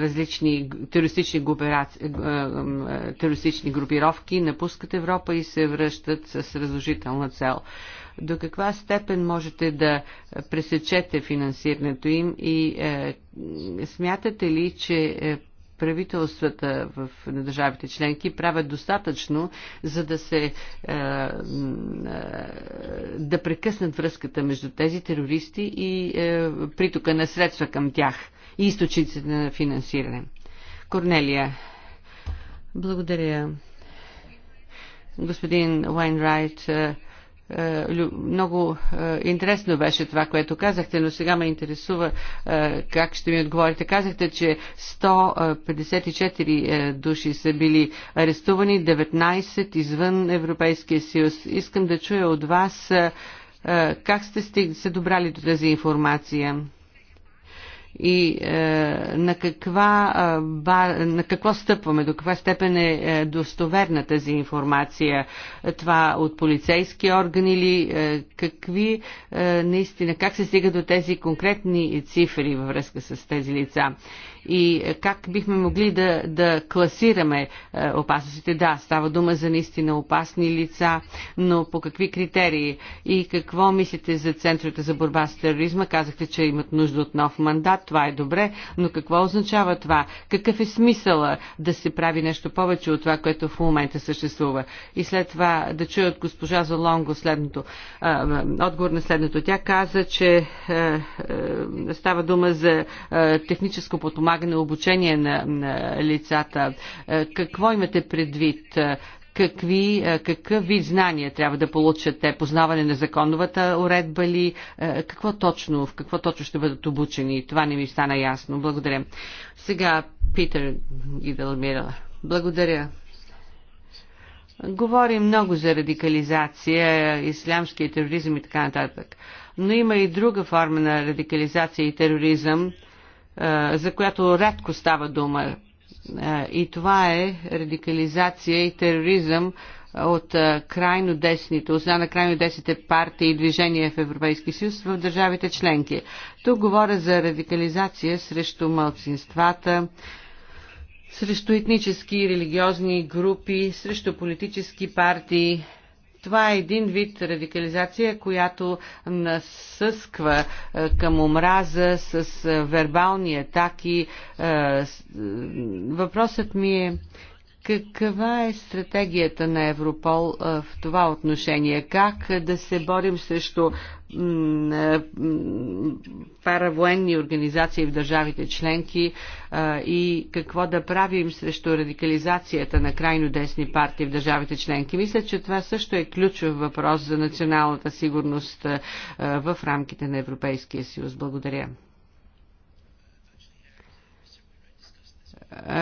различни терористични, е, е, терористични групировки, напускат Европа и се връщат с разрушителна цел. До каква степен можете да пресечете финансирането им и е, смятате ли, че е, правителствата в, на държавите членки правят достатъчно, за да се е, е, да прекъснат връзката между тези терористи и е, притока на средства към тях и източниците на финансиране. Корнелия, благодаря. Господин Уайнрайт, е, е, много е, интересно беше това, което казахте, но сега ме интересува е, как ще ми отговорите. Казахте, че 154 души са били арестувани, 19 извън Европейския съюз. Искам да чуя от вас как сте се добрали до тази информация и е, на, каква, е, на какво стъпваме, до каква степен е, е, достоверна тази информация, това от полицейски органи или какви наистина, как се стига до тези конкретни цифри във връзка с тези лица и е, как бихме могли да, да класираме е, опасностите. Да, става дума за наистина опасни лица, но по какви критерии и какво мислите за Центровете за борба с тероризма? Казахте, че имат нужда от нов мандат, това е добре, но какво означава това? Какъв е смисъла да се прави нещо повече от това, което в момента съществува? И след това да чуя от госпожа Золонго следното, отговор на следното. Тя каза, че е, става дума за техническо подпомагане подпомагане, обучение на, на лицата. Е, какво имате предвид? Е, какви, е, какъв вид знания трябва да получат те? Познаване на законовата уредба ли? Какво точно, в какво точно ще бъдат обучени? Това не ми стана ясно. Благодаря. Сега Питър Гидалмирала. Благодаря. Говори много за радикализация, ислямския тероризъм и така нататък. Но има и друга форма на радикализация и тероризъм, за която рядко става дума. И това е радикализация и тероризъм от крайно десните, от на крайно десните партии и движения в Европейски съюз в държавите членки. Тук говоря за радикализация срещу малцинствата, срещу етнически и религиозни групи, срещу политически партии, това е един вид радикализация, която насъсква е, към омраза с е, вербални атаки. Е, въпросът ми е каква е стратегията на Европол в това отношение? Как да се борим срещу паравоенни организации в държавите членки и какво да правим срещу радикализацията на крайно десни партии в държавите членки? Мисля, че това също е ключов въпрос за националната сигурност в рамките на Европейския съюз. Благодаря. Е,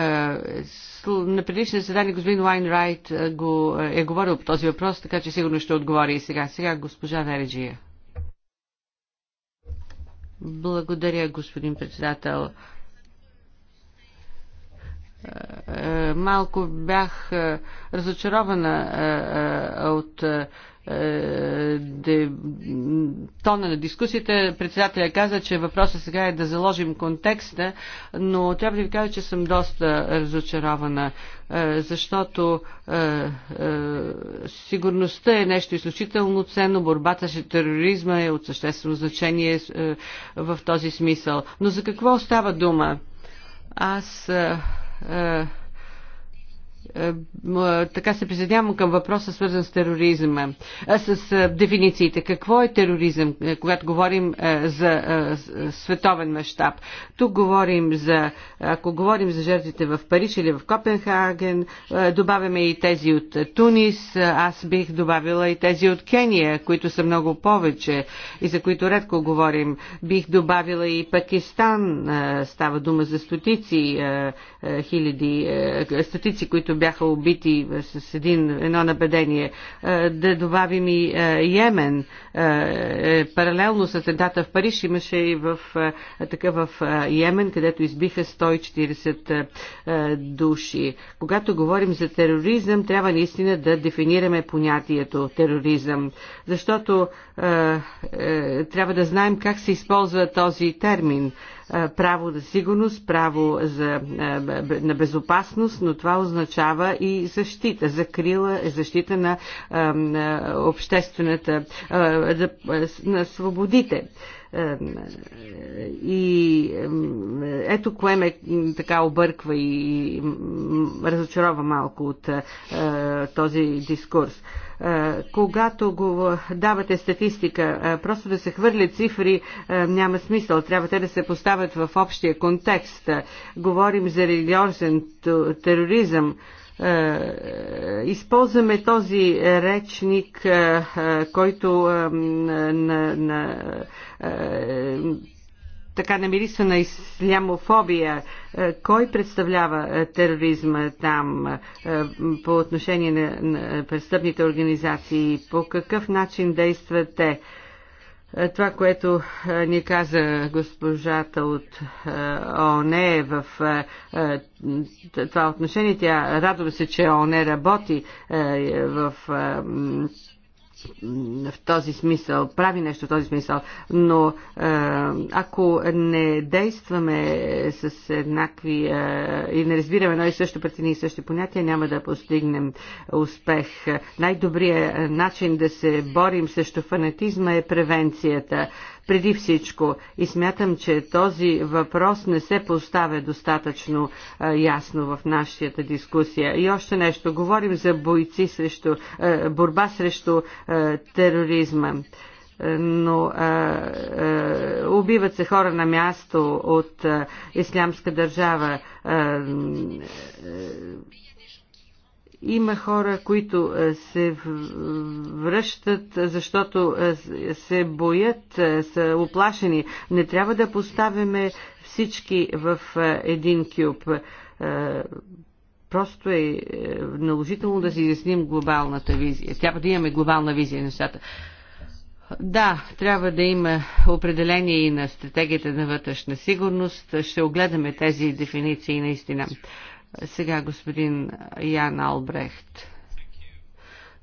на предишния заседание господин Лайн Райт е, го е, е говорил по този въпрос, така че сигурно ще отговори и сега. Сега госпожа Нереджия. Благодаря, господин председател. Малко бях разочарована от е, де, тона на дискусията, председателя каза, че въпросът сега е да заложим контекста, но трябва да ви кажа, че съм доста разочарована, е, защото е, сигурността е нещо изключително ценно, борбата с тероризма е от съществено значение в този смисъл. Но за какво става дума? Аз. Е, е, така се присъединявам към въпроса, свързан с тероризма, с е, дефинициите. Какво е тероризъм, когато говорим за световен мащаб? Тук говорим за, ако говорим за жертвите в Париж или в Копенхаген, добавяме и тези от Тунис, аз бих добавила и тези от Кения, които са много повече и за които редко говорим. Бих добавила и Пакистан, става дума за стотици хиляди, стотици, които бяха убити е, с един, едно нападение. Е, да добавим и е, Йемен. Паралелно с атентата в Париж имаше и в, така, в Йемен, където избиха 140 души. Когато говорим за тероризъм, трябва наистина да дефинираме понятието тероризъм, защото трябва да знаем как се използва този термин право на сигурност, право за, на безопасност, но това означава и защита, закрила, защита на, на обществената, на свободите. Е, и ето кое ме така обърква и разочарова малко от е, този дискурс е, когато го давате статистика, просто да се хвърли цифри няма смисъл. Трябва те да се поставят в общия контекст. Говорим за религиозен тероризъм. Е, използваме този речник, е, е, който на, на, така намирисва на ислямофобия. Кой представлява тероризма там по отношение на, на престъпните организации? По какъв начин действат те? Е, това, което е, ни каза госпожата от е, ООН в това отношение, тя радва се, че ООН работи в в този смисъл, прави нещо в този смисъл, но е, ако не действаме с еднакви е, и не разбираме едно и също пред и същи понятия, няма да постигнем успех. Най-добрият начин да се борим срещу фанатизма е превенцията преди всичко. И смятам, че този въпрос не се поставя достатъчно а, ясно в нашата дискусия. И още нещо. Говорим за бойци срещу, а, борба срещу а, тероризма но а, а, убиват се хора на място от а, ислямска държава. А, а, има хора, които е, се връщат, защото е, се боят, е, са оплашени. Не трябва да поставяме всички в един кюб. Просто е наложително да си изясним глобалната визия. Трябва да имаме глобална визия на нещата. Да, трябва да има определение и на стратегията на вътрешна сигурност. Ще огледаме тези дефиниции наистина. Сега господин Ян Албрехт.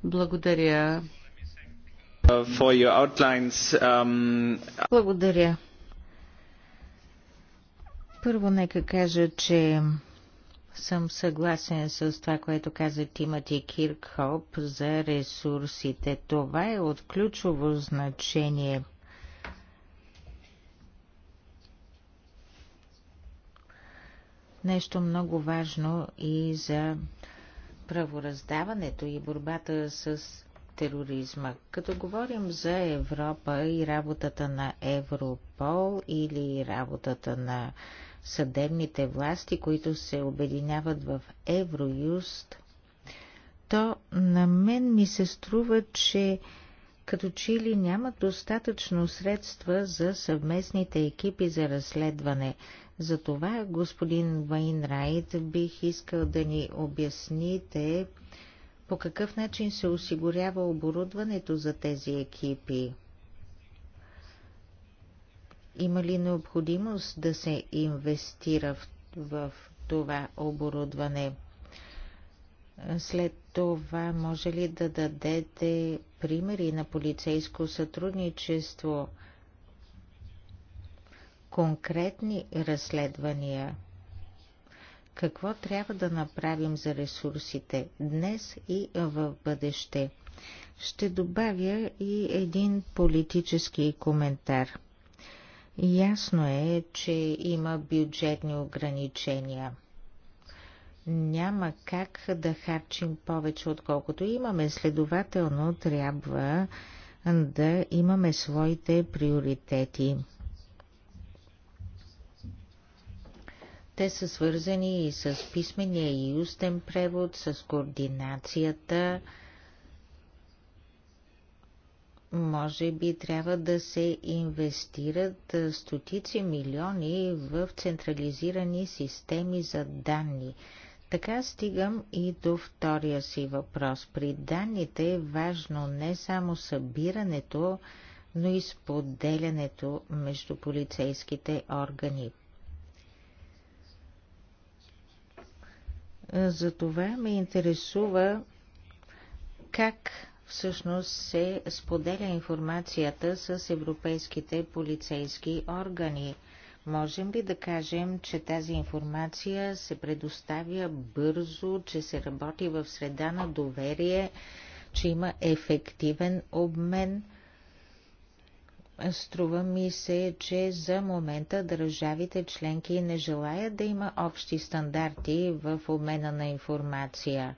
Благодаря. Um... Благодаря. Първо нека кажа, че съм съгласен с това, което каза Тимати Киркхоп за ресурсите. Това е от ключово значение. Нещо много важно и за правораздаването и борбата с тероризма. Като говорим за Европа и работата на Европол или работата на съдебните власти, които се обединяват в Евроюст, то на мен ми се струва, че като че ли нямат достатъчно средства за съвместните екипи за разследване – затова, господин Вайнрайт, бих искал да ни обясните по какъв начин се осигурява оборудването за тези екипи. Има ли необходимост да се инвестира в, в това оборудване? След това може ли да дадете примери на полицейско сътрудничество – конкретни разследвания. Какво трябва да направим за ресурсите днес и в бъдеще? Ще добавя и един политически коментар. Ясно е, че има бюджетни ограничения. Няма как да харчим повече, отколкото имаме. Следователно, трябва да имаме своите приоритети. Те са свързани и с писмения и устен превод, с координацията. Може би трябва да се инвестират стотици милиони в централизирани системи за данни. Така стигам и до втория си въпрос. При данните е важно не само събирането, но и споделянето между полицейските органи. Затова ме интересува как всъщност се споделя информацията с европейските полицейски органи. Можем ли да кажем, че тази информация се предоставя бързо, че се работи в среда на доверие, че има ефективен обмен? Струва ми се, че за момента държавите членки не желаят да има общи стандарти в обмена на информация.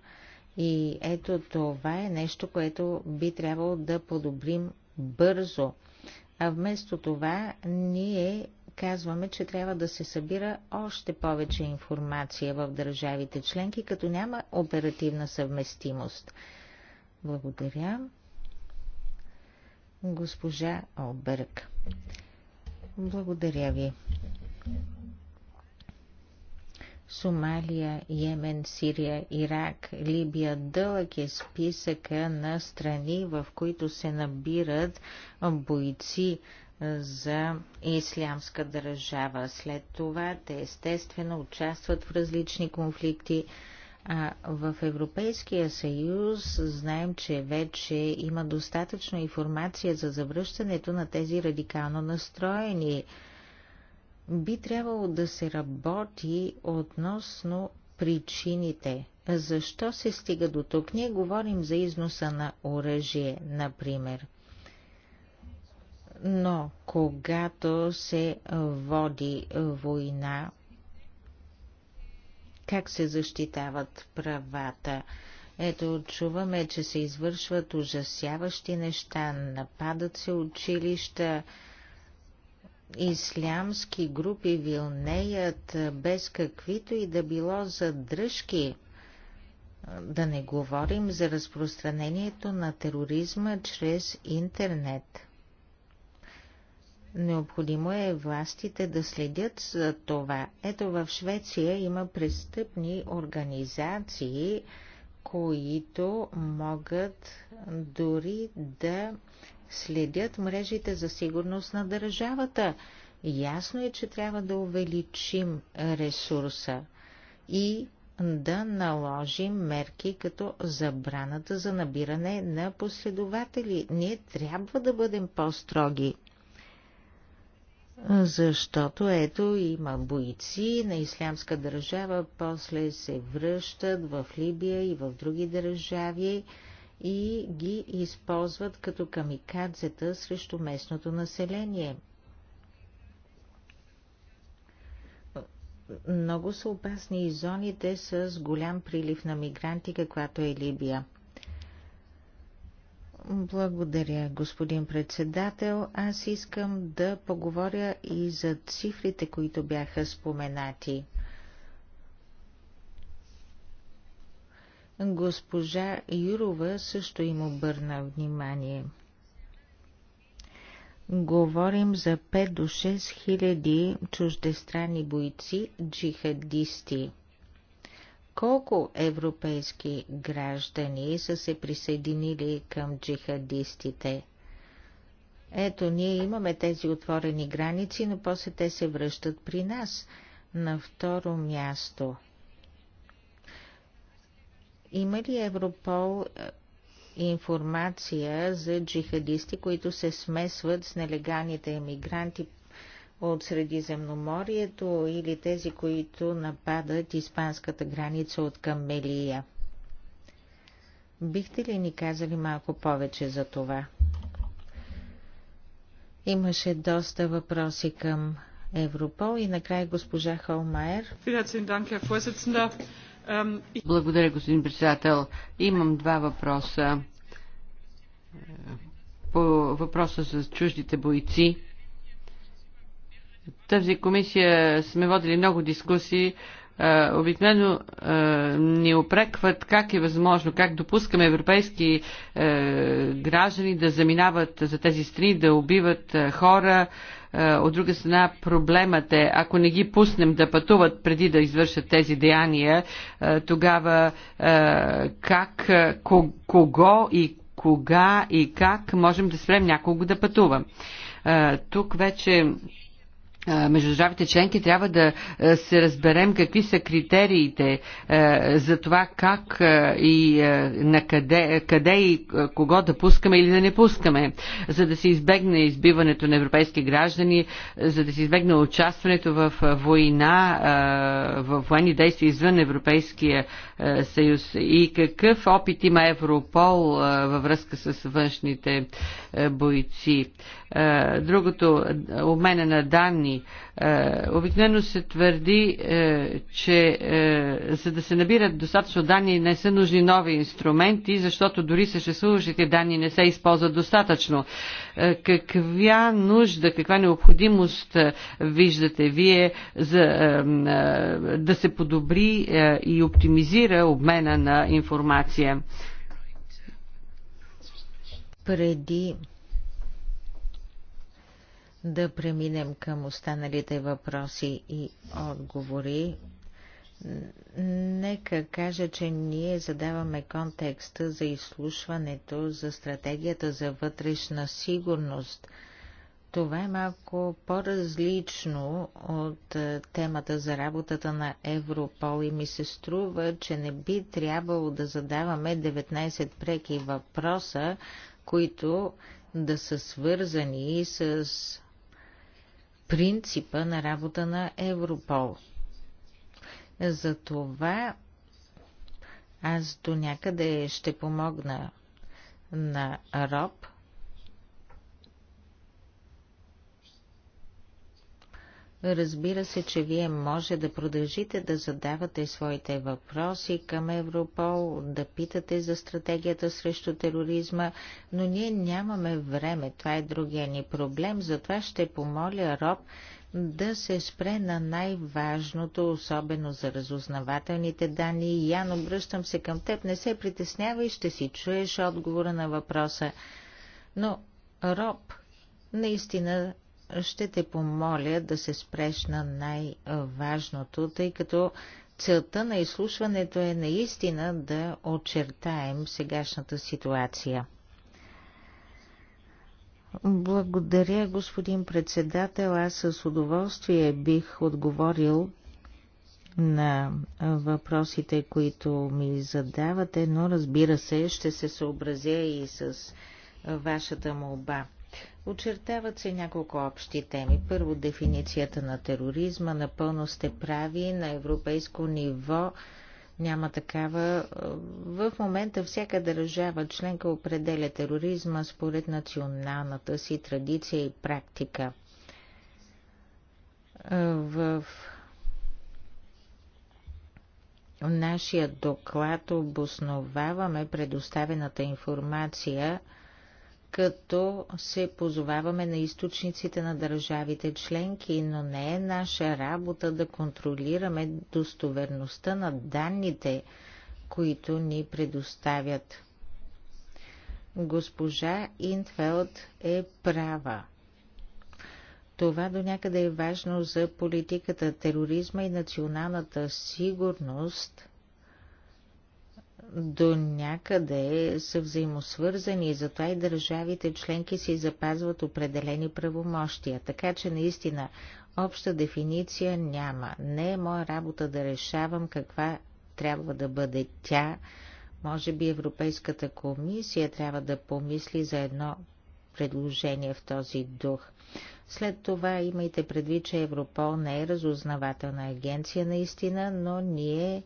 И ето това е нещо, което би трябвало да подобрим бързо. А вместо това ние казваме, че трябва да се събира още повече информация в държавите членки, като няма оперативна съвместимост. Благодаря госпожа Олберг. Благодаря ви. Сомалия, Йемен, Сирия, Ирак, Либия. Дълъг е списъка на страни, в които се набират бойци за ислямска държава. След това те естествено участват в различни конфликти а в Европейския съюз знаем, че вече има достатъчно информация за завръщането на тези радикално настроени. Би трябвало да се работи относно причините. Защо се стига до тук? Ние говорим за износа на оръжие, например. Но когато се води война, как се защитават правата. Ето, чуваме, че се извършват ужасяващи неща, нападат се училища, ислямски групи вилнеят без каквито и да било задръжки. Да не говорим за разпространението на тероризма чрез интернет. Необходимо е властите да следят за това. Ето в Швеция има престъпни организации, които могат дори да следят мрежите за сигурност на държавата. Ясно е, че трябва да увеличим ресурса и да наложим мерки като забраната за набиране на последователи. Ние трябва да бъдем по-строги защото ето има бойци на ислямска държава, после се връщат в Либия и в други държави и ги използват като камикадзета срещу местното население. Много са опасни и зоните с голям прилив на мигранти, каквато е Либия. Благодаря, господин председател. Аз искам да поговоря и за цифрите, които бяха споменати. Госпожа Юрова също им обърна внимание. Говорим за 5 до 6 хиляди чуждестранни бойци, джихадисти – колко европейски граждани са се присъединили към джихадистите. Ето, ние имаме тези отворени граници, но после те се връщат при нас. На второ място. Има ли Европол е, информация за джихадисти, които се смесват с нелегалните емигранти от Средиземноморието или тези, които нападат испанската граница от към Мелия. Бихте ли ни казали малко повече за това? Имаше доста въпроси към Европол и накрая госпожа Холмайер. Благодаря, господин председател. Имам два въпроса. По въпроса за чуждите бойци тази комисия сме водили много дискусии. Обикновено ни опрекват как е възможно, как допускаме европейски граждани да заминават за тези страни, да убиват хора. От друга страна, проблемът е, ако не ги пуснем да пътуват преди да извършат тези деяния, тогава как, кого и кога и как можем да спрем някого да пътува. Тук вече между държавите членки трябва да се разберем какви са критериите за това как и на къде, къде и кого да пускаме или да не пускаме, за да се избегне избиването на европейски граждани, за да се избегне участването в война, в военни действия извън Европейския съюз и какъв опит има Европол във връзка с външните бойци. Другото, обмена на данни данни. Е, обикновено се твърди, е, че е, за да се набират достатъчно данни не са нужни нови инструменти, защото дори съществуващите данни не се използват достатъчно. Каква нужда, каква необходимост виждате вие за да се подобри и оптимизира обмена на информация? Преди да преминем към останалите въпроси и отговори. Нека кажа, че ние задаваме контекста за изслушването за стратегията за вътрешна сигурност. Това е малко по-различно от е, темата за работата на Европол и ми се струва, че не би трябвало да задаваме 19 преки въпроса, които да са свързани с принципа на работа на Европол. Затова аз до някъде ще помогна на Роб Разбира се, че вие може да продължите да задавате своите въпроси към Европол, да питате за стратегията срещу тероризма, но ние нямаме време. Това е другия ни проблем, затова ще помоля Роб да се спре на най-важното, особено за разузнавателните данни. Ян, обръщам се към теб, не се притеснявай, ще си чуеш отговора на въпроса. Но Роб наистина ще те помоля да се спреш на най-важното, тъй като целта на изслушването е наистина да очертаем сегашната ситуация. Благодаря, господин председател. Аз с удоволствие бих отговорил на въпросите, които ми задавате, но разбира се, ще се съобразя и с вашата молба. Очертават се няколко общи теми. Първо, дефиницията на тероризма. Напълно сте прави. На европейско ниво няма такава. В момента всяка държава членка определя тероризма според националната си традиция и практика. В нашия доклад обосноваваме предоставената информация – като се позоваваме на източниците на държавите членки, но не е наша работа да контролираме достоверността на данните, които ни предоставят. Госпожа Интфелд е права. Това до някъде е важно за политиката тероризма и националната сигурност – до някъде са взаимосвързани и затова и държавите членки си запазват определени правомощия. Така че наистина обща дефиниция няма. Не е моя работа да решавам каква трябва да бъде тя. Може би Европейската комисия трябва да помисли за едно предложение в този дух. След това имайте предвид, че Европол не е разузнавателна агенция наистина, но ние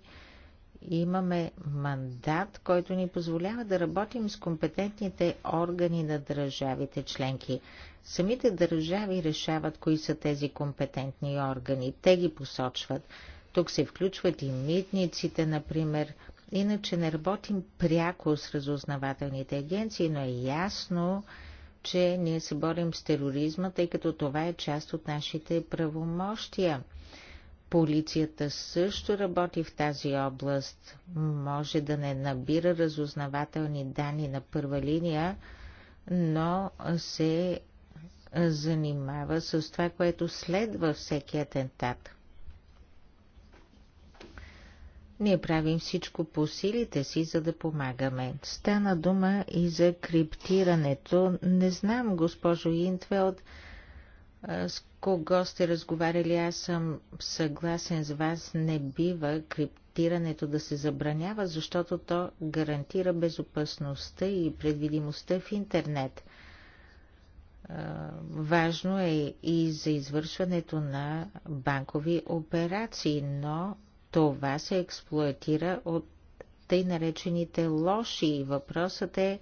имаме мандат, който ни позволява да работим с компетентните органи на държавите членки. Самите държави решават кои са тези компетентни органи. Те ги посочват. Тук се включват и митниците, например. Иначе не работим пряко с разузнавателните агенции, но е ясно, че ние се борим с тероризма, тъй като това е част от нашите правомощия – Полицията също работи в тази област. Може да не набира разузнавателни данни на първа линия, но се занимава с това, което следва всеки атентат. Ние правим всичко по силите си, за да помагаме. Стана дума и за криптирането. Не знам, госпожо Интвелд, с кого сте разговаряли, аз съм съгласен с вас, не бива криптирането да се забранява, защото то гарантира безопасността и предвидимостта в интернет. Важно е и за извършването на банкови операции, но това се експлуатира от тъй наречените лоши. Въпросът е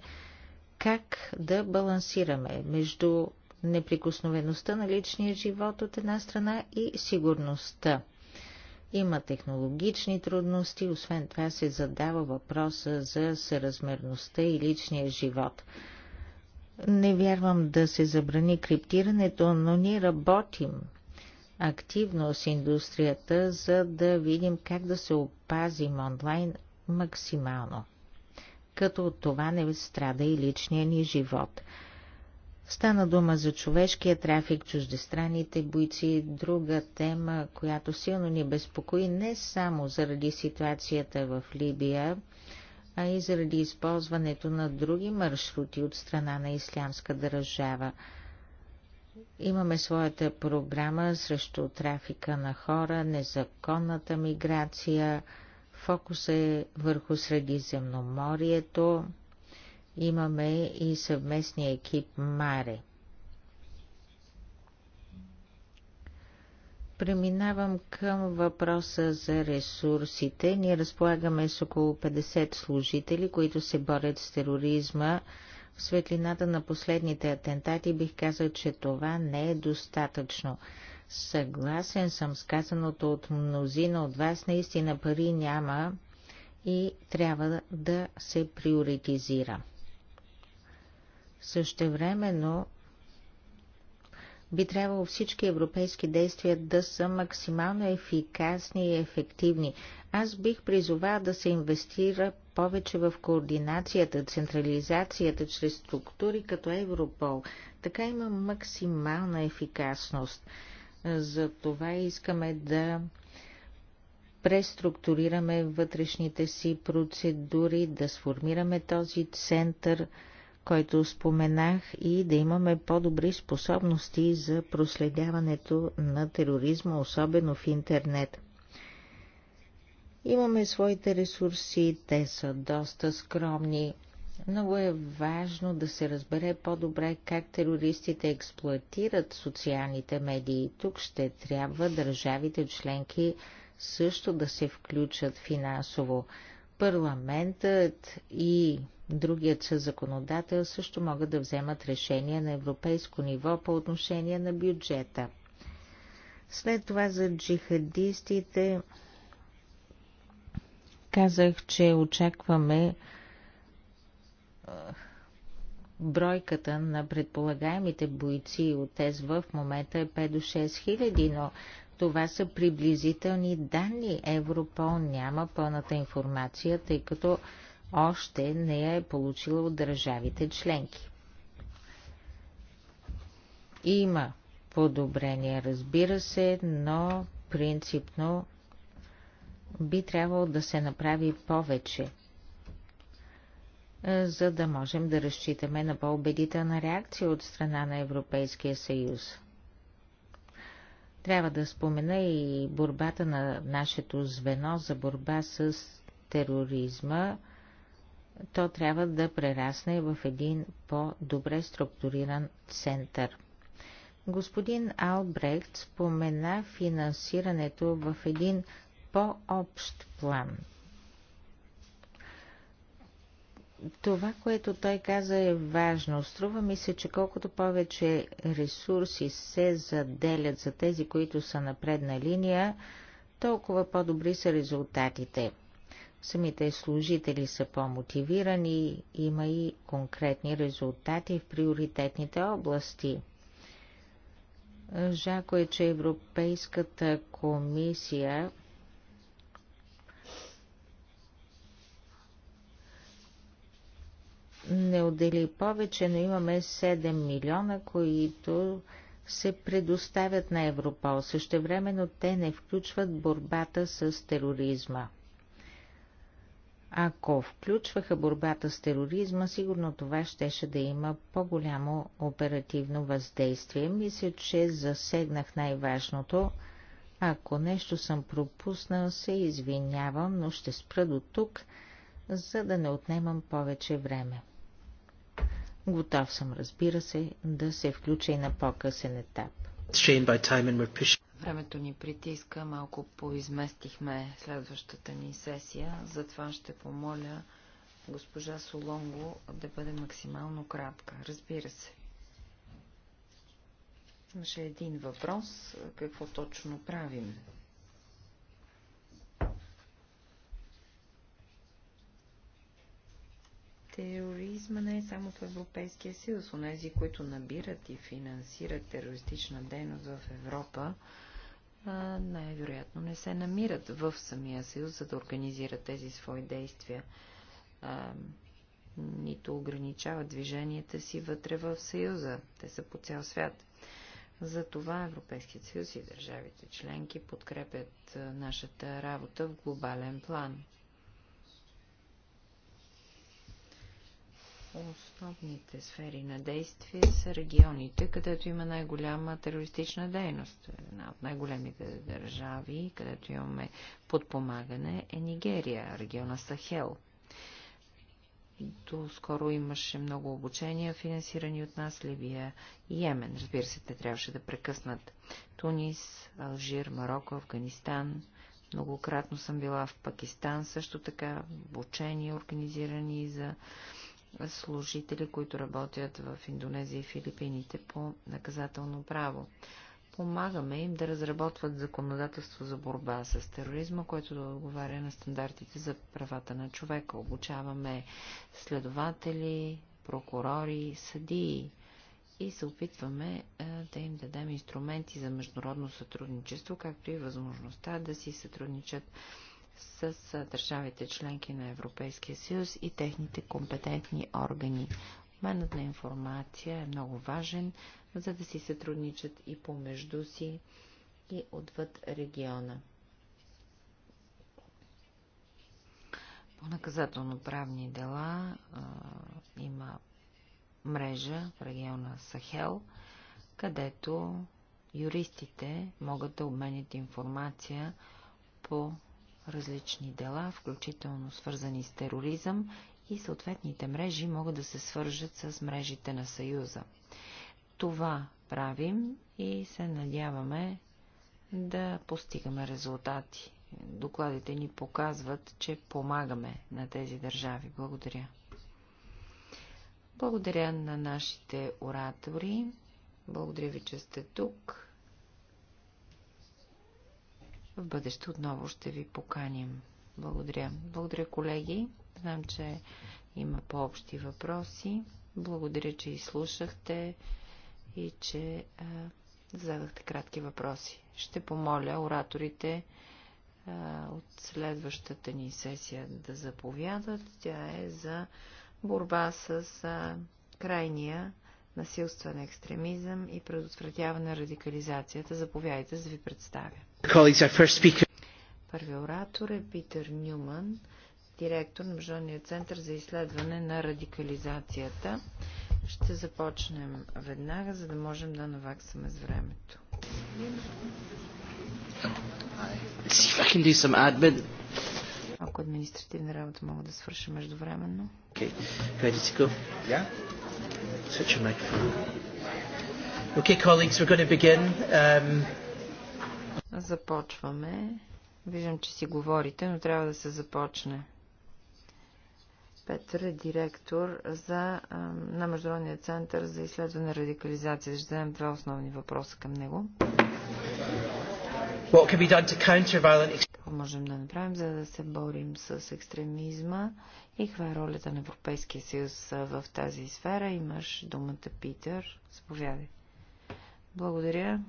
как да балансираме между неприкосновеността на личния живот от една страна и сигурността. Има технологични трудности, освен това се задава въпроса за съразмерността и личния живот. Не вярвам да се забрани криптирането, но ние работим активно с индустрията, за да видим как да се опазим онлайн максимално, като от това не страда и личния ни живот – Стана дума за човешкия трафик, чуждестранните бойци, друга тема, която силно ни безпокои не само заради ситуацията в Либия, а и заради използването на други маршрути от страна на Ислямска държава. Имаме своята програма срещу трафика на хора, незаконната миграция, фокус е върху Средиземноморието, Имаме и съвместния екип Маре. Преминавам към въпроса за ресурсите. Ние разполагаме с около 50 служители, които се борят с тероризма. В светлината на последните атентати бих казал, че това не е достатъчно. Съгласен съм с казаното от мнозина от вас. Наистина пари няма и трябва да се приоритизира. Същевременно би трябвало всички европейски действия да са максимално ефикасни и ефективни. Аз бих призовал да се инвестира повече в координацията, централизацията чрез структури като Европол. Така има максимална ефикасност. За това искаме да преструктурираме вътрешните си процедури, да сформираме този център – който споменах, и да имаме по-добри способности за проследяването на тероризма, особено в интернет. Имаме своите ресурси, те са доста скромни. Много е важно да се разбере по-добре как терористите експлуатират социалните медии. Тук ще трябва държавите членки също да се включат финансово. Парламентът и другият законодател също могат да вземат решения на европейско ниво по отношение на бюджета. След това за джихадистите казах, че очакваме бройката на предполагаемите бойци от ЕС в момента е 5 до 6 хиляди, но това са приблизителни данни. Европол няма пълната информация, тъй като още не я е получила от държавите членки. Има подобрение, разбира се, но принципно би трябвало да се направи повече, за да можем да разчитаме на по-убедителна реакция от страна на Европейския съюз. Трябва да спомена и борбата на нашето звено за борба с тероризма. То трябва да прерасне в един по-добре структуриран център. Господин Албрехт спомена финансирането в един по-общ план – това, което той каза е важно. Струва ми се, че колкото повече ресурси се заделят за тези, които са на предна линия, толкова по-добри са резултатите. Самите служители са по-мотивирани, има и конкретни резултати в приоритетните области. Жако е, че Европейската комисия не отдели повече, но имаме 7 милиона, които се предоставят на Европол. Същевременно те не включват борбата с тероризма. Ако включваха борбата с тероризма, сигурно това щеше да има по-голямо оперативно въздействие. Мисля, че засегнах най-важното. Ако нещо съм пропуснал, се извинявам, но ще спра до тук, за да не отнемам повече време. Готов съм, разбира се, да се включа и на по-късен етап. Времето ни притиска, малко поизместихме следващата ни сесия, затова ще помоля госпожа Солонго да бъде максимално кратка. Разбира се. Имаше един въпрос, какво точно правим. тероризма не е само в Европейския съюз. Онези, които набират и финансират терористична дейност в Европа, най-вероятно не се намират в самия съюз, за да организират тези свои действия. нито ограничават движенията си вътре в съюза. Те са по цял свят. Затова Европейският съюз и държавите членки подкрепят нашата работа в глобален план. основните сфери на действие са регионите, където има най-голяма терористична дейност. Една от най-големите държави, където имаме подпомагане, е Нигерия, региона Сахел. До скоро имаше много обучения, финансирани от нас Либия и Йемен. Разбира се, те трябваше да прекъснат Тунис, Алжир, Марокко, Афганистан. Многократно съм била в Пакистан също така, обучения организирани за служители, които работят в Индонезия и Филипините по наказателно право. Помагаме им да разработват законодателство за борба с тероризма, което да отговаря на стандартите за правата на човека. Обучаваме следователи, прокурори, съдии и се опитваме да им дадем инструменти за международно сътрудничество, както и възможността да си сътрудничат с държавите членки на Европейския съюз и техните компетентни органи. Обменът на информация е много важен, за да си сътрудничат и помежду си, и отвъд региона. По наказателно-правни дела а, има мрежа в региона Сахел, където юристите могат да обменят информация по различни дела, включително свързани с тероризъм и съответните мрежи могат да се свържат с мрежите на Съюза. Това правим и се надяваме да постигаме резултати. Докладите ни показват, че помагаме на тези държави. Благодаря. Благодаря на нашите оратори. Благодаря ви, че сте тук в бъдеще отново ще ви поканим. Благодаря. Благодаря, колеги. Знам, че има по-общи въпроси. Благодаря, че изслушахте и че а, зададахте кратки въпроси. Ще помоля ораторите а, от следващата ни сесия да заповядат. Тя е за борба с а, крайния насилствен екстремизъм и предотвратяване на радикализацията. Заповядайте, за да ви представя. Първи оратор е Питър Нюман, директор на Международния център за изследване на радикализацията. Ще започнем веднага, за да можем да наваксаме с времето. Ако административна работа мога да свърша междувременно. Okay. Okay, colleagues, we're going to begin. Um, Започваме. Виждам, че си говорите, но трябва да се започне. Петър е директор за, на Международния център за изследване на радикализация. Ще зададем два основни въпроса към него. Какво можем да направим, за да се борим с екстремизма и каква е ролята на Европейския съюз в тази сфера? Имаш думата, Питър. Заповядай. Благодаря.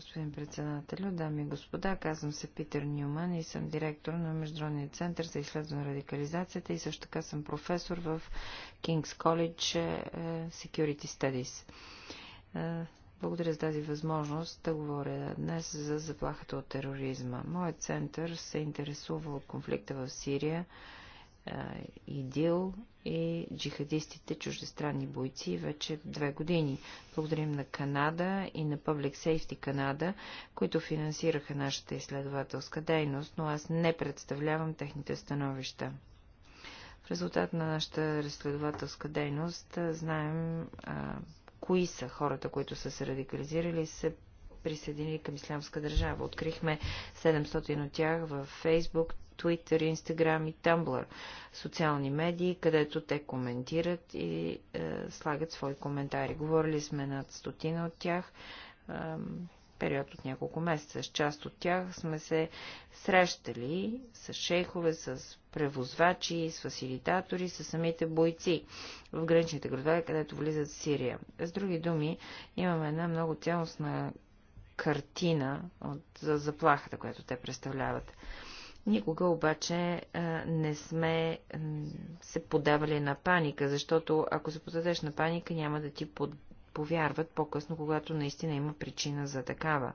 господин председател, дами и господа. Казвам се Питер Нюман и съм директор на Международния център за изследване на радикализацията и също така съм професор в Кингс Колледж Security Studies. Е, благодаря за тази възможност да говоря днес за заплахата от тероризма. Моят център се интересува от конфликта в Сирия, ИДИЛ и джихадистите чуждестранни бойци вече две години. Благодарим на Канада и на Public Safety Канада, които финансираха нашата изследователска дейност, но аз не представлявам техните становища. В резултат на нашата разследователска дейност знаем а, кои са хората, които са се радикализирали и се присъединили към Ислямска държава. Открихме 700 от тях във Фейсбук, Twitter, Instagram и Tumblr, социални медии, където те коментират и е, слагат свои коментари. Говорили сме над стотина от тях. Е, период от няколко месеца. С част от тях сме се срещали с шейхове, с превозвачи, с фасилитатори, с самите бойци в граничните градове, където влизат в Сирия. С други думи, имаме една много цялостна картина от, за заплахата, която те представляват. Никога обаче не сме се подавали на паника, защото ако се подадеш на паника, няма да ти под повярват по-късно, когато наистина има причина за такава.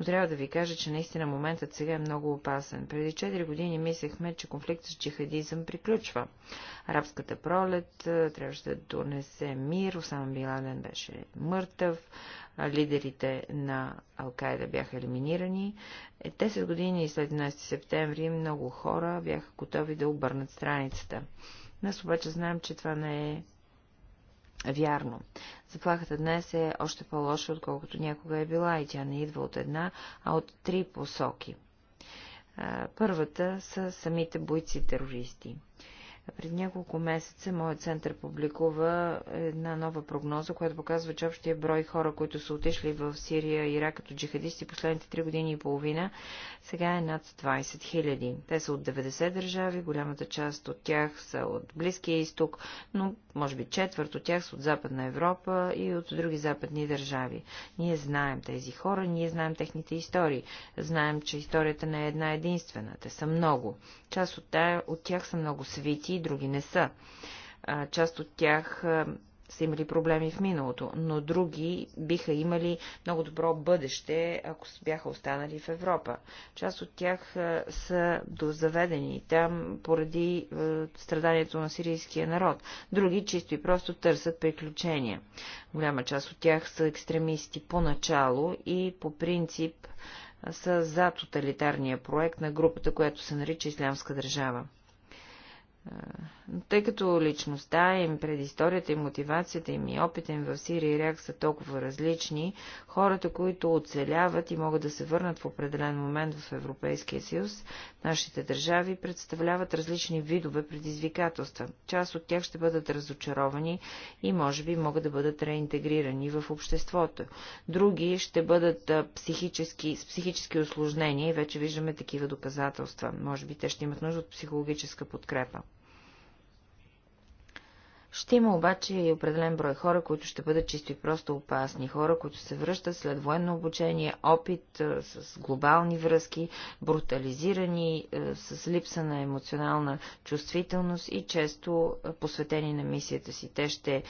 Но трябва да ви кажа, че наистина моментът сега е много опасен. Преди 4 години мислехме, че конфликт с джихадизъм приключва. Арабската пролет трябваше да донесе мир, Осам Биладен беше мъртъв, лидерите на Алкайда бяха елиминирани. 10 е, години след 11 септември много хора бяха готови да обърнат страницата. Нас обаче знаем, че това не е Вярно. Заплахата днес е още по-лоша, отколкото някога е била и тя не идва от една, а от три посоки. Първата са самите бойци-терористи. Пред няколко месеца моят център публикува една нова прогноза, която показва, че общия брой хора, които са отишли в Сирия и Ирак като джихадисти последните 3 години и половина, сега е над 20 000. Те са от 90 държави, голямата част от тях са от Близкия изток, но може би четвърт от тях са от Западна Европа и от други западни държави. Ние знаем тези хора, ние знаем техните истории. Знаем, че историята не е една единствена. Те са много. Част от тях са много свити и други не са. Част от тях са имали проблеми в миналото, но други биха имали много добро бъдеще, ако бяха останали в Европа. Част от тях са дозаведени там поради страданието на сирийския народ. Други чисто и просто търсят приключения. Голяма част от тях са екстремисти поначало и по принцип са за тоталитарния проект на групата, която се нарича Ислямска държава. Тъй като личността им, предисторията им, мотивацията им и опита им в Сирия и Ирак са толкова различни, хората, които оцеляват и могат да се върнат в определен момент в Европейския съюз, нашите държави представляват различни видове предизвикателства. Част от тях ще бъдат разочаровани и може би могат да бъдат реинтегрирани в обществото. Други ще бъдат психически, с психически осложнения и вече виждаме такива доказателства. Може би те ще имат нужда от психологическа подкрепа. Ще има обаче и определен брой хора, които ще бъдат чисто и просто опасни. Хора, които се връщат след военно обучение, опит е, с глобални връзки, брутализирани, е, с липса на емоционална чувствителност и често е, посветени на мисията си. Те ще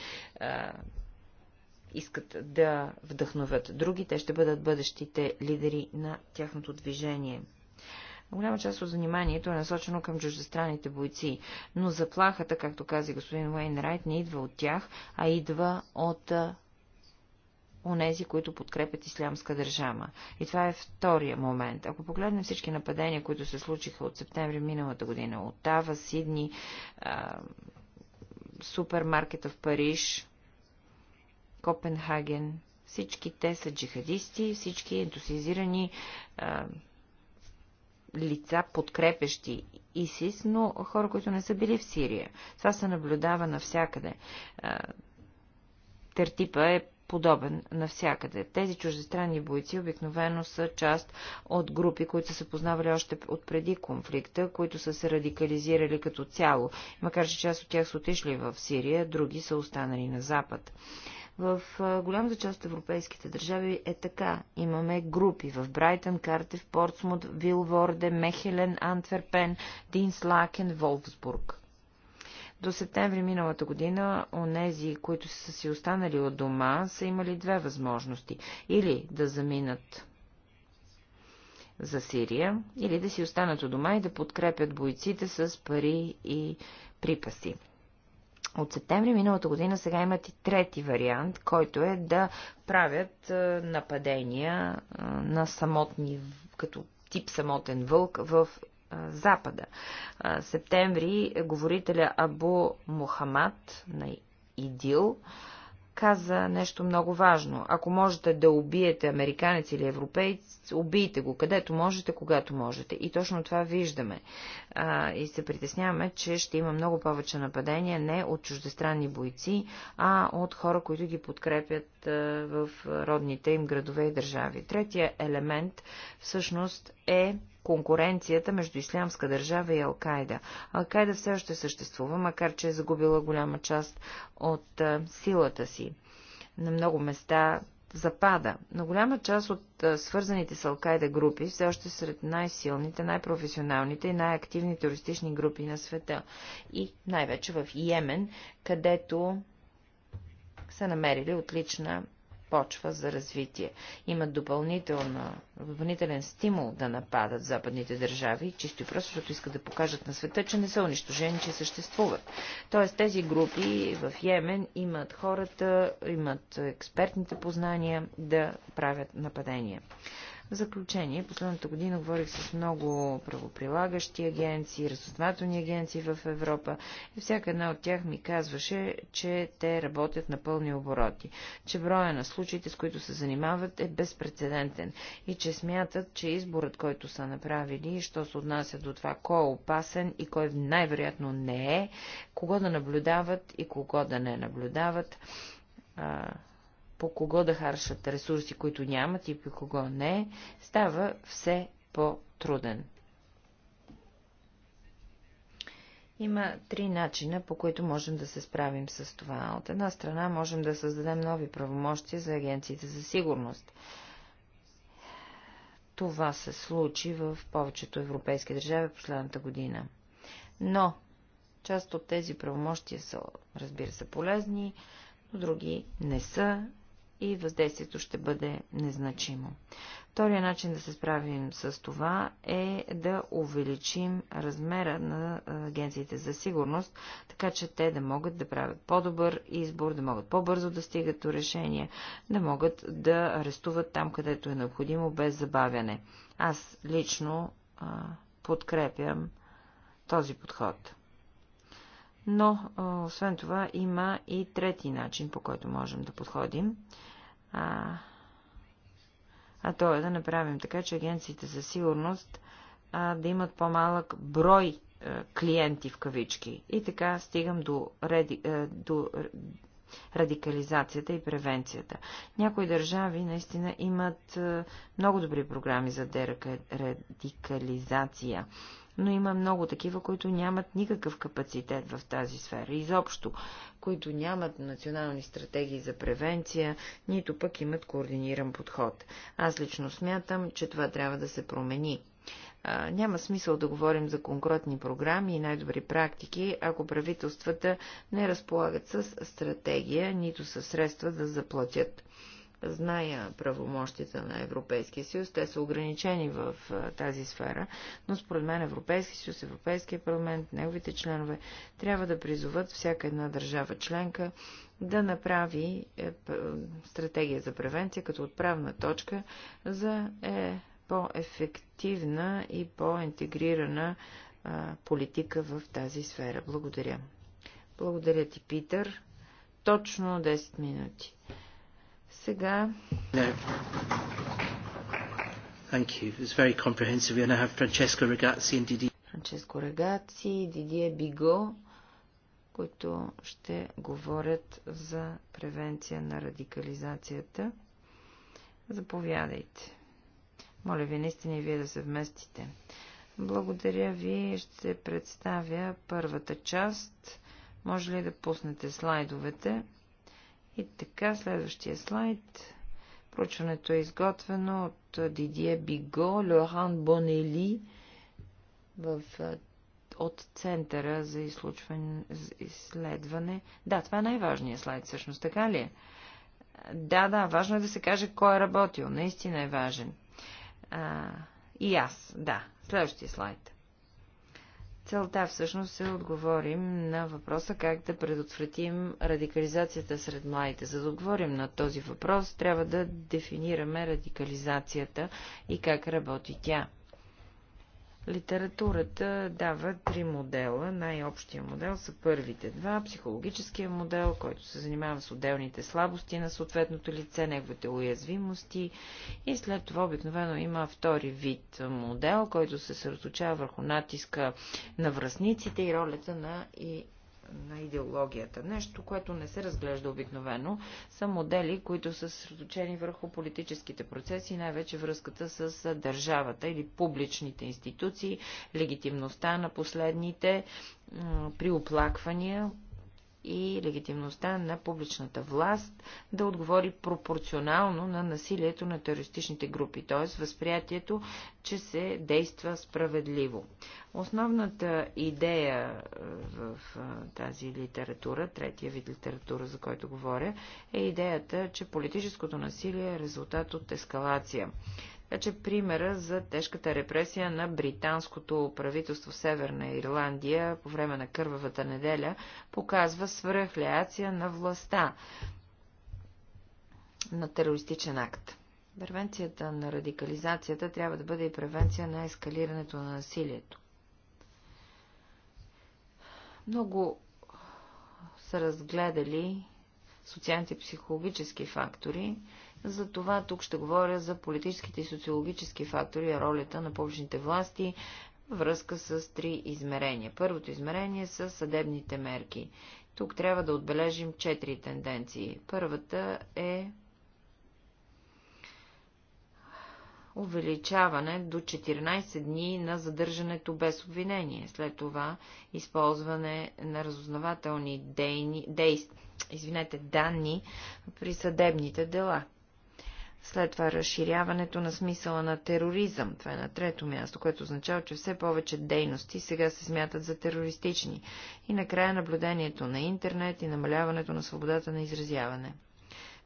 искат да вдъхновят други, те ще бъдат бъдещите лидери на тяхното движение. Голяма част от заниманието е насочено към чуждестранните бойци, но заплахата, както каза господин Уейнрайт, не идва от тях, а идва от онези, които подкрепят ислямска държава. И това е втория момент. Ако погледнем всички нападения, които се случиха от септември миналата година, от Тава, Сидни, а, супермаркета в Париж, Копенхаген, всички те са джихадисти, всички ентусизирани а, лица, подкрепещи ИСИС, но хора, които не са били в Сирия. Това се наблюдава навсякъде. Тертипа е подобен навсякъде. Тези чуждестранни бойци обикновено са част от групи, които са се познавали още от преди конфликта, които са се радикализирали като цяло, макар че част от тях са отишли в Сирия, други са останали на Запад. В голямата част от европейските държави е така. Имаме групи в Брайтън, Картев, Портсмут, Вилворде, Мехелен, Антверпен, Динслакен, Волфсбург. До септември миналата година онези, които са си останали от дома, са имали две възможности. Или да заминат за Сирия, или да си останат от дома и да подкрепят бойците с пари и припаси от септември миналата година сега имат и трети вариант, който е да правят нападения на самотни, като тип самотен вълк в Запада. Септември е говорителя Абу Мухамад на ИДИЛ каза нещо много важно. Ако можете да убиете американец или европеец, убийте го, където можете, когато можете. И точно това виждаме. А, и се притесняваме, че ще има много повече нападения не от чуждестранни бойци, а от хора, които ги подкрепят а, в родните им градове и държави. Третия елемент всъщност е конкуренцията между Ислямска държава и Алкайда. Алкайда все още съществува, макар че е загубила голяма част от силата си. На много места запада, но голяма част от свързаните с Алкайда групи все още сред най-силните, най-професионалните и най-активни туристични групи на света. И най-вече в Йемен, където са намерили отлична почва за развитие. Имат допълнителен стимул да нападат западните държави, чисто и просто, защото искат да покажат на света, че не са унищожени, че съществуват. Тоест тези групи в Йемен имат хората, имат експертните познания да правят нападения. В заключение, последната година говорих с много правоприлагащи агенции, разузнавателни агенции в Европа и всяка една от тях ми казваше, че те работят на пълни обороти, че броя на случаите, с които се занимават, е безпредседентен и че смятат, че изборът, който са направили, що се отнася до това кой е опасен и кой най-вероятно не е, кого да наблюдават и кого да не наблюдават, по кого да харшат ресурси, които нямат и по кого не, става все по-труден. Има три начина, по които можем да се справим с това. От една страна можем да създадем нови правомощия за агенциите за сигурност. Това се случи в повечето европейски държави в последната година. Но част от тези правомощия са, разбира се, полезни, но други не са и въздействието ще бъде незначимо. Втория начин да се справим с това е да увеличим размера на агенциите за сигурност, така че те да могат да правят по-добър избор, да могат по-бързо да стигат до решения, да могат да арестуват там, където е необходимо, без забавяне. Аз лично а, подкрепям този подход. Но, освен това, има и трети начин, по който можем да подходим а, а то е да направим така, че агенциите за сигурност а, да имат по-малък брой а, е, клиенти в кавички. И така стигам до, реди, а, е, до радикализацията и превенцията. Някои държави наистина имат е, много добри програми за дерадикализация но има много такива, които нямат никакъв капацитет в тази сфера. Изобщо, които нямат национални стратегии за превенция, нито пък имат координиран подход. Аз лично смятам, че това трябва да се промени. А, няма смисъл да говорим за конкретни програми и най-добри практики, ако правителствата не разполагат с стратегия, нито със средства да заплатят. Зная правомощите на Европейския съюз, те са ограничени в тази сфера, но според мен Европейския съюз, Европейския парламент, неговите членове трябва да призоват всяка една държава членка да направи е, е, стратегия за превенция като отправна точка за е, по-ефективна и по-интегрирана политика в тази сфера. Благодаря. Благодаря ти, Питър. Точно 10 минути. Сега. Thank you. It's very comprehensive. And I have Francesco Ragazzi and Didier. Франческо Рагаци и Дидие Биго, които ще говорят за превенция на радикализацията. Заповядайте. Моля ви наистина и вие да се вместите. Благодаря ви. Ще представя първата част. Може ли да пуснете слайдовете? И така, следващия слайд. Проучването е изготвено от Дидие Биго, Лоран Бонели в, от Центъра за изследване. Да, това е най-важният слайд, всъщност, така ли е? Да, да, важно е да се каже кой е работил. Наистина е важен. А, и аз, да. Следващия слайд. Целта всъщност е отговорим на въпроса как да предотвратим радикализацията сред младите. За да отговорим на този въпрос, трябва да дефинираме радикализацията и как работи тя. Литературата дава три модела. Най-общия модел са първите два. Психологическия модел, който се занимава с отделните слабости на съответното лице, неговите уязвимости. И след това обикновено има втори вид модел, който се съсредоточава върху натиска на връзниците и ролята на и на идеологията. Нещо, което не се разглежда обикновено, са модели, които са съсредоточени върху политическите процеси, най-вече връзката с държавата или публичните институции, легитимността на последните при оплаквания, и легитимността на публичната власт да отговори пропорционално на насилието на терористичните групи, т.е. възприятието, че се действа справедливо. Основната идея е, в е, тази литература, третия вид литература, за който говоря, е идеята, че политическото насилие е резултат от ескалация. Така че примера за тежката репресия на британското правителство в Северна Ирландия по време на кървавата неделя показва свръхлеация на властта на терористичен акт. Превенцията на радикализацията трябва да бъде и превенция на ескалирането на насилието. Много са разгледали социалните психологически фактори, за това тук ще говоря за политическите и социологически фактори ролята на публичните власти връзка с три измерения. Първото измерение са съдебните мерки. Тук трябва да отбележим четири тенденции. Първата е увеличаване до 14 дни на задържането без обвинение, след това използване на разузнавателни дейни, дей, извинете, данни при съдебните дела. След това разширяването на смисъла на тероризъм. Това е на трето място, което означава, че все повече дейности сега се смятат за терористични. И накрая наблюдението на интернет и намаляването на свободата на изразяване.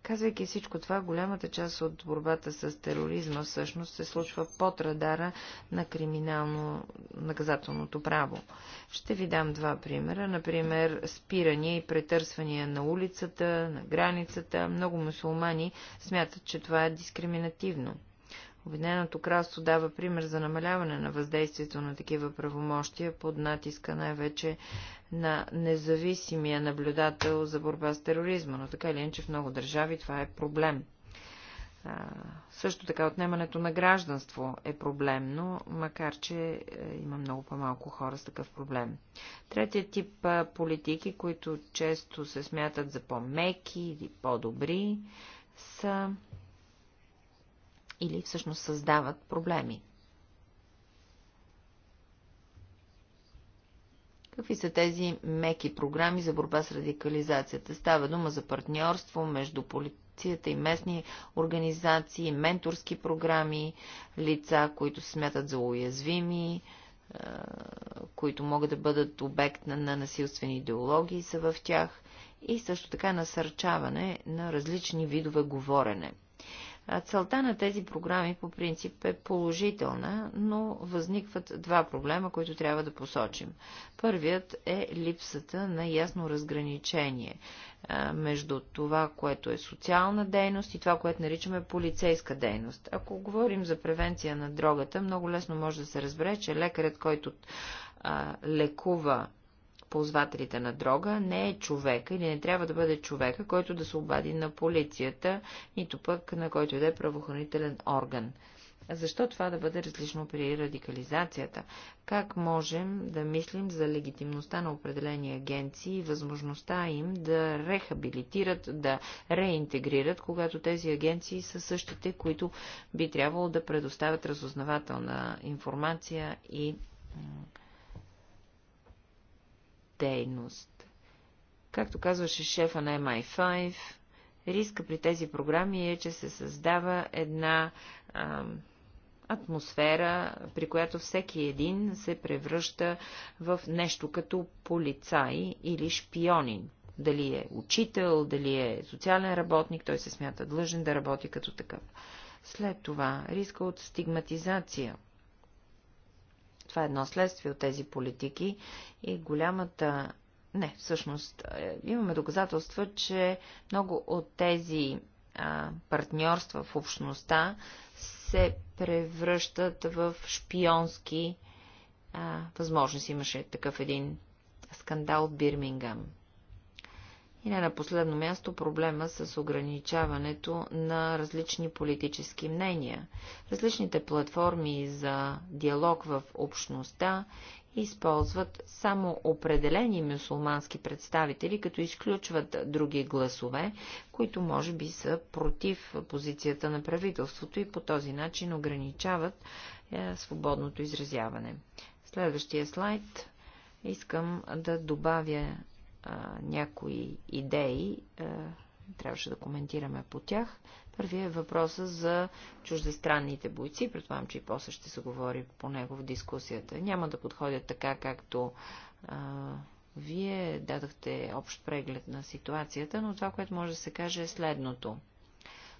Казвайки всичко това, голямата част от борбата с тероризма всъщност се случва под радара на криминално-наказателното право. Ще ви дам два примера. Например, спирания и претърсвания на улицата, на границата. Много мусулмани смятат, че това е дискриминативно. Обединеното кралство дава пример за намаляване на въздействието на такива правомощия под натиска най-вече на независимия наблюдател за борба с тероризма, но така или иначе в много държави това е проблем. А, също така отнемането на гражданство е проблемно, макар че е, има много по-малко хора с такъв проблем. Третия тип а, политики, които често се смятат за по-меки или по-добри, са или всъщност създават проблеми. Какви са тези меки програми за борба с радикализацията? Става дума за партньорство между полицията и местни организации, менторски програми, лица, които смятат за уязвими, които могат да бъдат обект на насилствени идеологии са в тях и също така насърчаване на различни видове говорене – Целта на тези програми по принцип е положителна, но възникват два проблема, които трябва да посочим. Първият е липсата на ясно разграничение между това, което е социална дейност и това, което наричаме полицейска дейност. Ако говорим за превенция на дрогата, много лесно може да се разбере, че лекарят, който лекува ползвателите на дрога не е човека или не трябва да бъде човека, който да се обади на полицията, нито пък на който и да е правоохранителен орган. Защо това да бъде различно при радикализацията? Как можем да мислим за легитимността на определени агенции и възможността им да рехабилитират, да реинтегрират, когато тези агенции са същите, които би трябвало да предоставят разузнавателна информация и дейност. Както казваше шефа на MI5, риска при тези програми е, че се създава една а, атмосфера, при която всеки един се превръща в нещо като полицай или шпионин. Дали е учител, дали е социален работник, той се смята длъжен да работи като такъв. След това риска от стигматизация – това е едно следствие от тези политики и голямата... Не, всъщност, е, имаме доказателства, че много от тези а, партньорства в общността се превръщат в шпионски а, възможности. Имаше такъв един скандал в Бирмингам. И не на последно място проблема с ограничаването на различни политически мнения, различните платформи за диалог в общността използват само определени мюсулмански представители, като изключват други гласове, които може би са против позицията на правителството и по този начин ограничават е, свободното изразяване. Следващия слайд искам да добавя а, някои идеи, а, трябваше да коментираме по тях. Първият е въпроса за чуждестранните бойци. Предполагам, че и после ще се говори по него в дискусията. Няма да подходят така, както а, вие дадахте общ преглед на ситуацията, но това, което може да се каже е следното.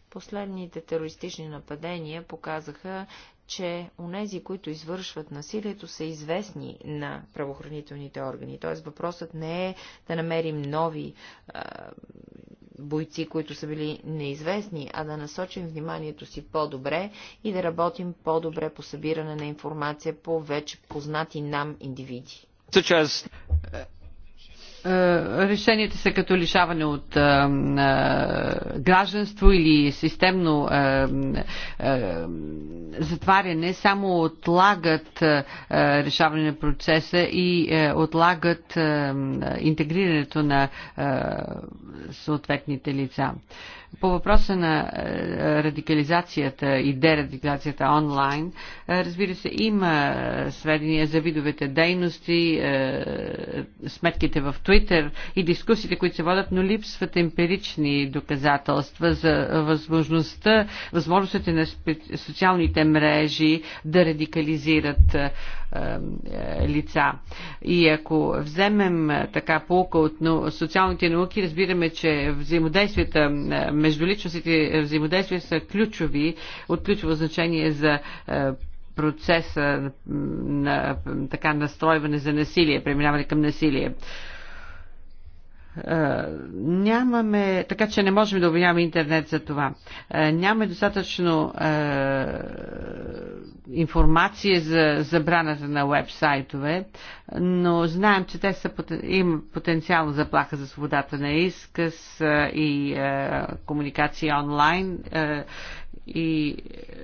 Последните терористични нападения показаха, че онези, които извършват насилието, са известни на правоохранителните органи. Тоест, въпросът не е да намерим нови а, бойци, които са били неизвестни, а да насочим вниманието си по-добре и да работим по-добре по събиране на информация по вече познати нам индивиди. Е, решенията са като лишаване от е, е, гражданство или системно затваряне, само отлагат решаване на процеса и отлагат интегрирането на съответните лица. По въпроса на е, радикализацията и дерадикализацията онлайн, е, разбира се, има е, сведения за видовете дейности, сметките в Твитър и дискусиите, които се водят, но липсват емпирични доказателства за възможността, възможностите на социалните мрежи да радикализират лица. И ако вземем така полка от социалните науки, разбираме, че взаимодействията междуличностите взаимодействия са ключови, от ключово значение за е, процеса на, на така настройване за насилие, преминаване към насилие. Е, нямаме, така че не можем да обвиняваме интернет за това. Е, нямаме достатъчно uh, информация за забраната на вебсайтове, но знаем, че те са, им потенциална заплаха за свободата на изказ и uh, комуникация онлайн. Uh, и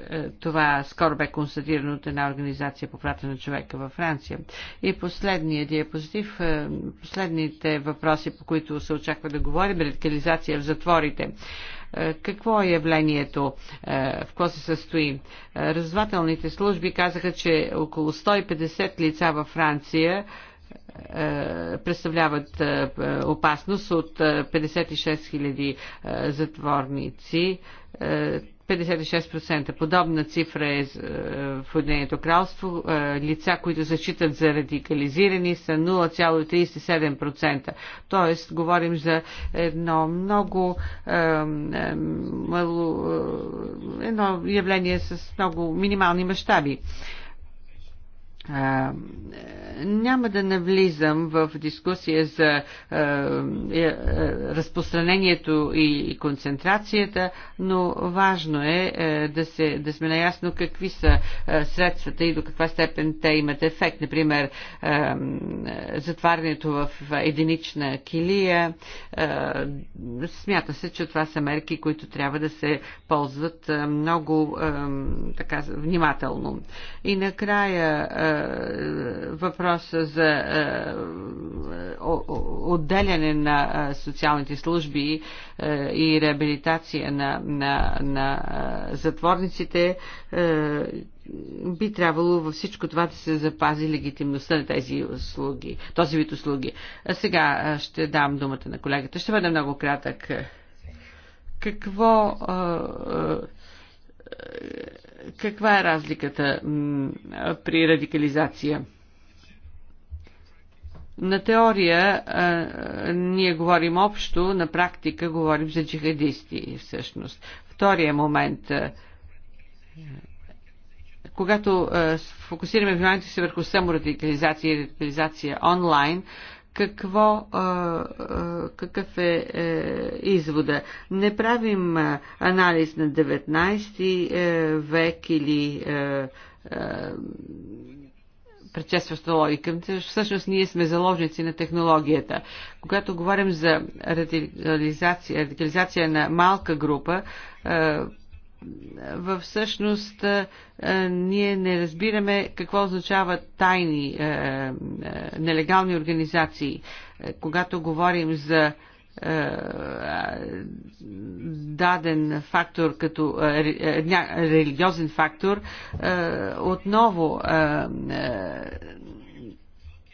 е, това скоро бе констатирано от една организация по правата на човека във Франция. И последния диапозитив, е, последните въпроси, по които се очаква да говорим, радикализация в затворите е, какво е явлението, в какво се състои. Развателните служби казаха, че около 150 лица във Франция представляват опасност от 56 000 затворници. 56%. Подобна цифра е, е в Съединеното кралство. Е, лица, които се считат за радикализирани, са 0,37%. Тоест, говорим за едно много е, едно явление с много минимални мащаби. А, няма да навлизам в дискусия за а, е, а, разпространението и концентрацията, но важно е, а, е, да, се, да сме наясно какви са а, е, средствата и до каква степен те имат ефект. Например, а, затварянето в единична килия. А, смята се, че това са мерки, които трябва да се ползват много а, така, внимателно. И накрая. А, е, въпроса за е, отделяне на е, социалните служби и реабилитация на, на, на затворниците, би трябвало във всичко това да се запази легитимността на тези услуги, този вид услуги. А сега ще дам думата на колегата. Ще бъде много кратък. Какво каква е разликата при радикализация? На теория а, ние говорим общо, на практика говорим за джихадисти всъщност. Втория момент. А, когато а, фокусираме вниманието си върху саморадикализация и радикализация онлайн, какво, какъв е, е извода. Не правим анализ на 19 е, век или е, предшестваща логика. Всъщност ние сме заложници на технологията. Когато говорим за радикализация, радикализация на малка група, в всъщност ние не разбираме какво означава тайни нелегални организации. Когато говорим за даден фактор като религиозен фактор, отново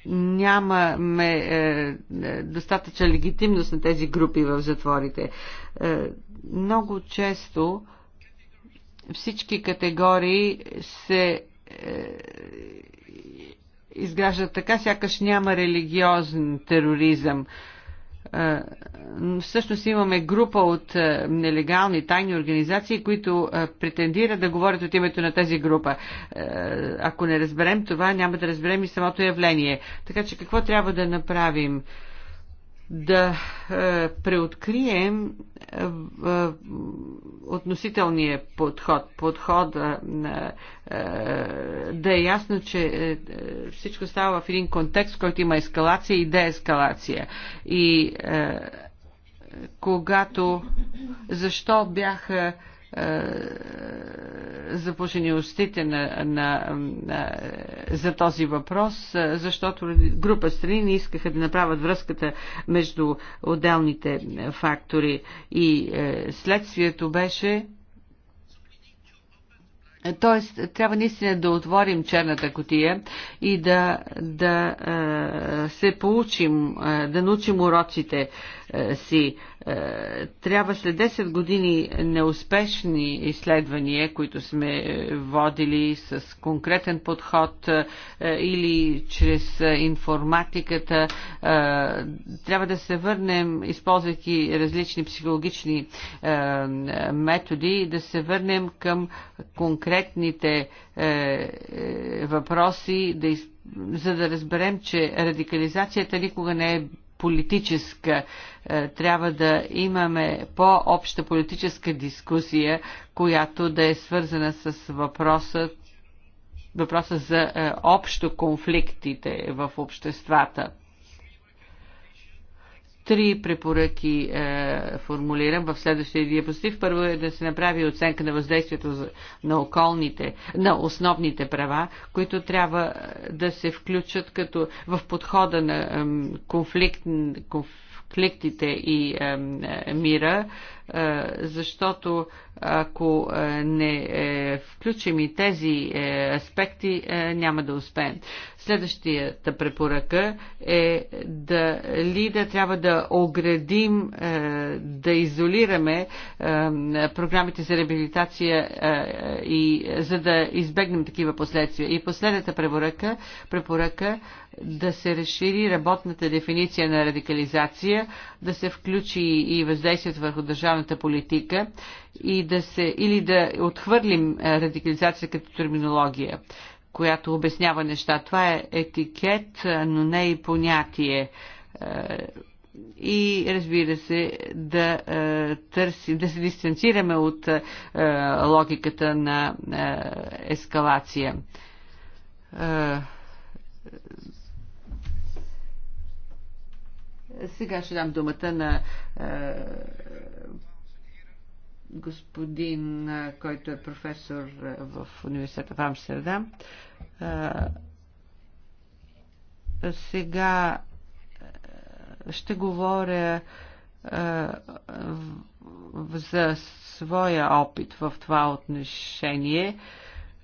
нямаме е, достатъчна легитимност на тези групи в затворите. много често всички категории се е, изграждат така, сякаш няма религиозен тероризъм. Е, всъщност имаме група от е, нелегални тайни организации, които претендират да говорят от името на тази група. Ако не разберем това, няма да разберем и самото явление. Така че какво трябва да направим? да е, преоткрием е, е, относителния подход, подход на, е, да е ясно, че е, е, всичко става в един контекст, в който има ескалация и деескалация. И е, когато, защо бяха е, е, запушени устите на, на, на, за този въпрос, е, защото група страни не искаха да направят връзката между отделните фактори и е, следствието беше Тоест, трябва наистина да отворим черната котия и да, да се получим, да научим уроците си. Е, трябва след 10 години неуспешни изследвания, които сме е, водили с конкретен подход е, или чрез информатиката, трябва да се върнем, използвайки различни психологични методи, да се върнем към конкретните въпроси, за да разберем, че радикализацията никога не е политическа. Е, трябва да имаме по-обща политическа дискусия, която да е свързана с въпроса, въпроса за е, общо конфликтите в обществата три препоръки е, формулирам в следващия диапозитив. Първо е да се направи оценка на въздействието на околните, на основните права, които трябва е, да се включат като в подхода на е, конфликт, конфликтите и е, мира, е, защото е, ако е, не е, включим и тези е, аспекти, няма да успеем. Следващата препоръка е дали да трябва да оградим, да изолираме програмите за реабилитация и за да избегнем такива последствия. И последната препоръка, препоръка да се разшири работната дефиниция на радикализация, да се включи и въздействието върху държавната политика и да се, или да отхвърлим е, радикализация като терминология, която обяснява неща. Това е етикет, е, но не и понятие е, и разбира се да търси, да се дистанцираме от логиката на ескалация. сега ще дам думата на господин, който е професор в университета в Амстердам. Сега ще говоря за своя опит в това отношение.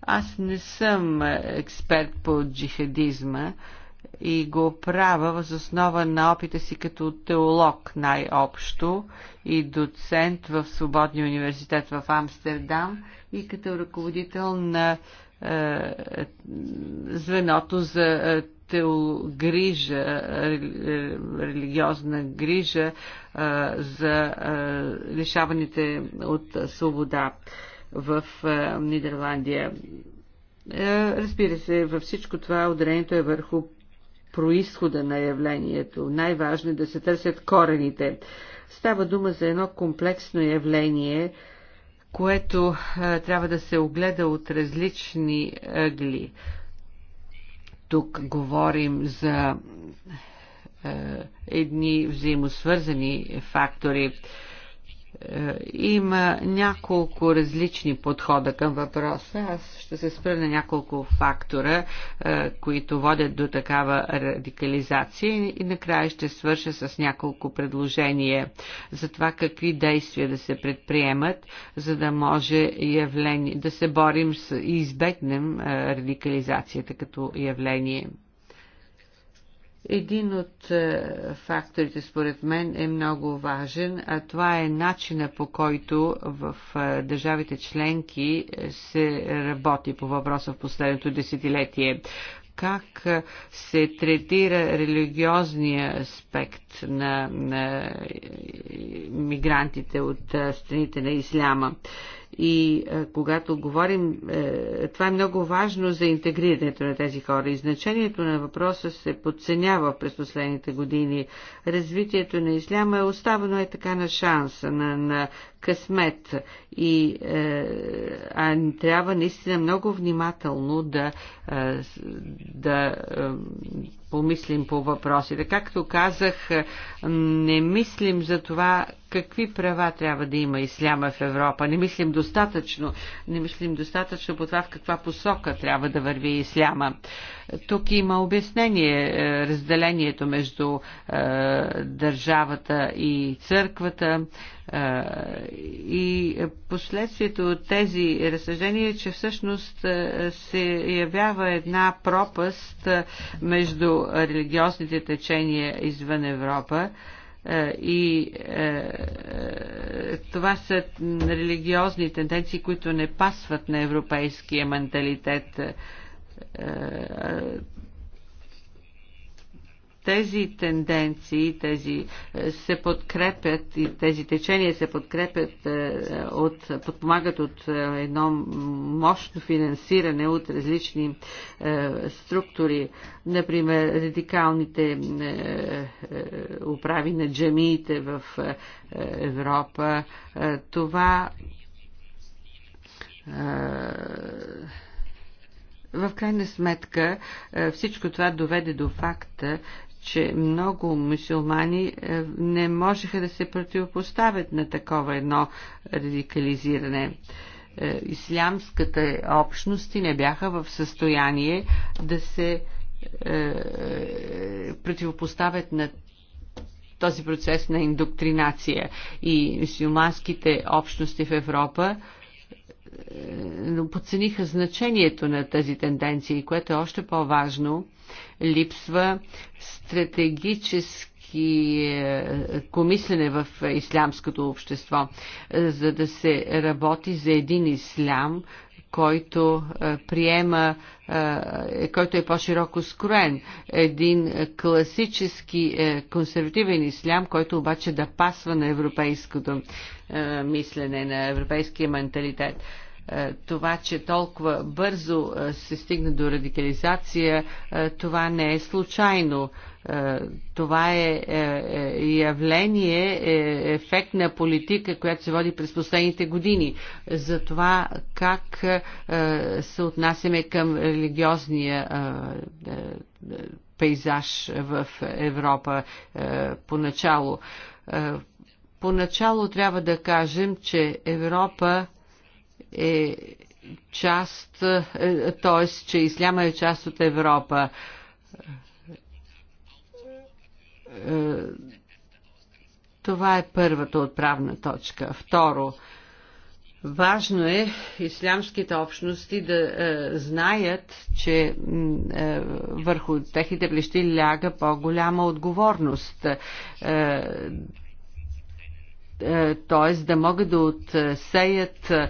Аз не съм експерт по джихадизма, и го правя въз основа на опита си като теолог най-общо и доцент в Свободния университет в Амстердам и като ръководител на е, е звеното за е, теол... грижа, рели... Е, религиозна грижа е, за е, лишаваните от свобода в е, Нидерландия. Разбира се, във всичко това ударението е върху происхода на явлението. Най-важно е да се търсят корените. Става дума за едно комплексно явление, което а, трябва да се огледа от различни ъгли. Тук говорим за а, едни взаимосвързани фактори. А, е, има няколко различни подхода към въпроса. Аз ще се спра на няколко фактора, е, които водят до такава радикализация и накрая ще свърша с няколко предложения за това какви действия да се предприемат, за да може явление, да се борим с и избегнем е, радикализацията като явление. Един от е, факторите, според мен, е много важен, а това е начина по който в е, държавите членки е, се работи по въпроса в последното десетилетие как се третира религиозния аспект на, на мигрантите от страните на исляма и а, е, когато говорим, а, е, това е много важно за интегрирането на тези хора и значението на въпроса се подценява през последните години. Развитието на исляма е оставено е така на шанса, на, на късмет. И, е, а трябва наистина много внимателно да, е, да е, помислим по въпросите. Както казах, не мислим за това какви права трябва да има исляма в Европа. Не мислим достатъчно. Не мислим достатъчно по това в каква посока трябва да върви исляма. Тук има обяснение е, разделението между е, държавата и църквата. И последствието от тези разсъждения е, че всъщност се явява една пропаст между религиозните течения извън Европа и е, това са религиозни тенденции, които не пасват на европейския менталитет. Е, тези тенденции, тези е, се подкрепят и тези течения се подкрепят е, от, подпомагат от е, едно мощно финансиране от различни структури, например радикалните управи на джамиите в Европа. Това в крайна сметка всичко това доведе до факта, че много мусулмани е, не можеха да се противопоставят на такова едно радикализиране. Е, ислямската общности не бяха в състояние да се е, противопоставят на този процес на индоктринация. И мусулманските общности в Европа е, подцениха значението на тенденция, и което е още по-важно. Липсва стратегически и е, комислене в ислямското общество, е, за да се работи за един ислям, който приема, който е по-широко скроен. Един класически консервативен ислям, който обаче да пасва на европейското мислене, на европейския менталитет. Е, това, че толкова бързо е, се стигна до радикализация, е, това не е случайно. Това е явление, ефект на политика, която се води през последните години. За това как се отнасяме към религиозния пейзаж в Европа поначало. Поначало трябва да кажем, че Европа е част, е, т.е. че Исляма е част от Европа. Е, това е първата отправна точка. Второ, Важно е ислямските общности да е, знаят, че е, върху техните плещи ляга по-голяма отговорност. Е, т.е. да могат да отсеят е,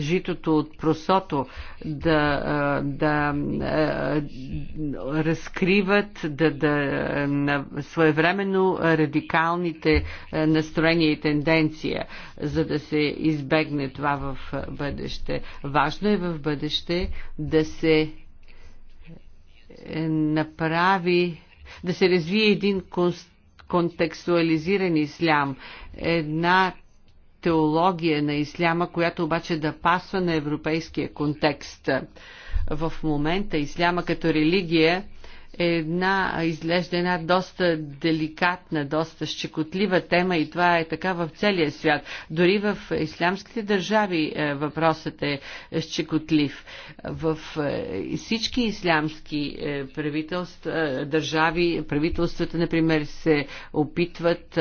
житото от просото, да, е, да е, разкриват да, да, своевременно радикалните настроения и тенденция, за да се избегне това в бъдеще. Важно е в бъдеще да се направи, да се развие един конст контекстуализиран ислям, една теология на исляма, която обаче да пасва на европейския контекст. В момента исляма като религия една, изглежда една доста деликатна, доста щекотлива тема и това е така в целия свят. Дори в ислямските държави е, въпросът е щекотлив. В е, всички ислямски е, правителства, държави, правителствата, например, се опитват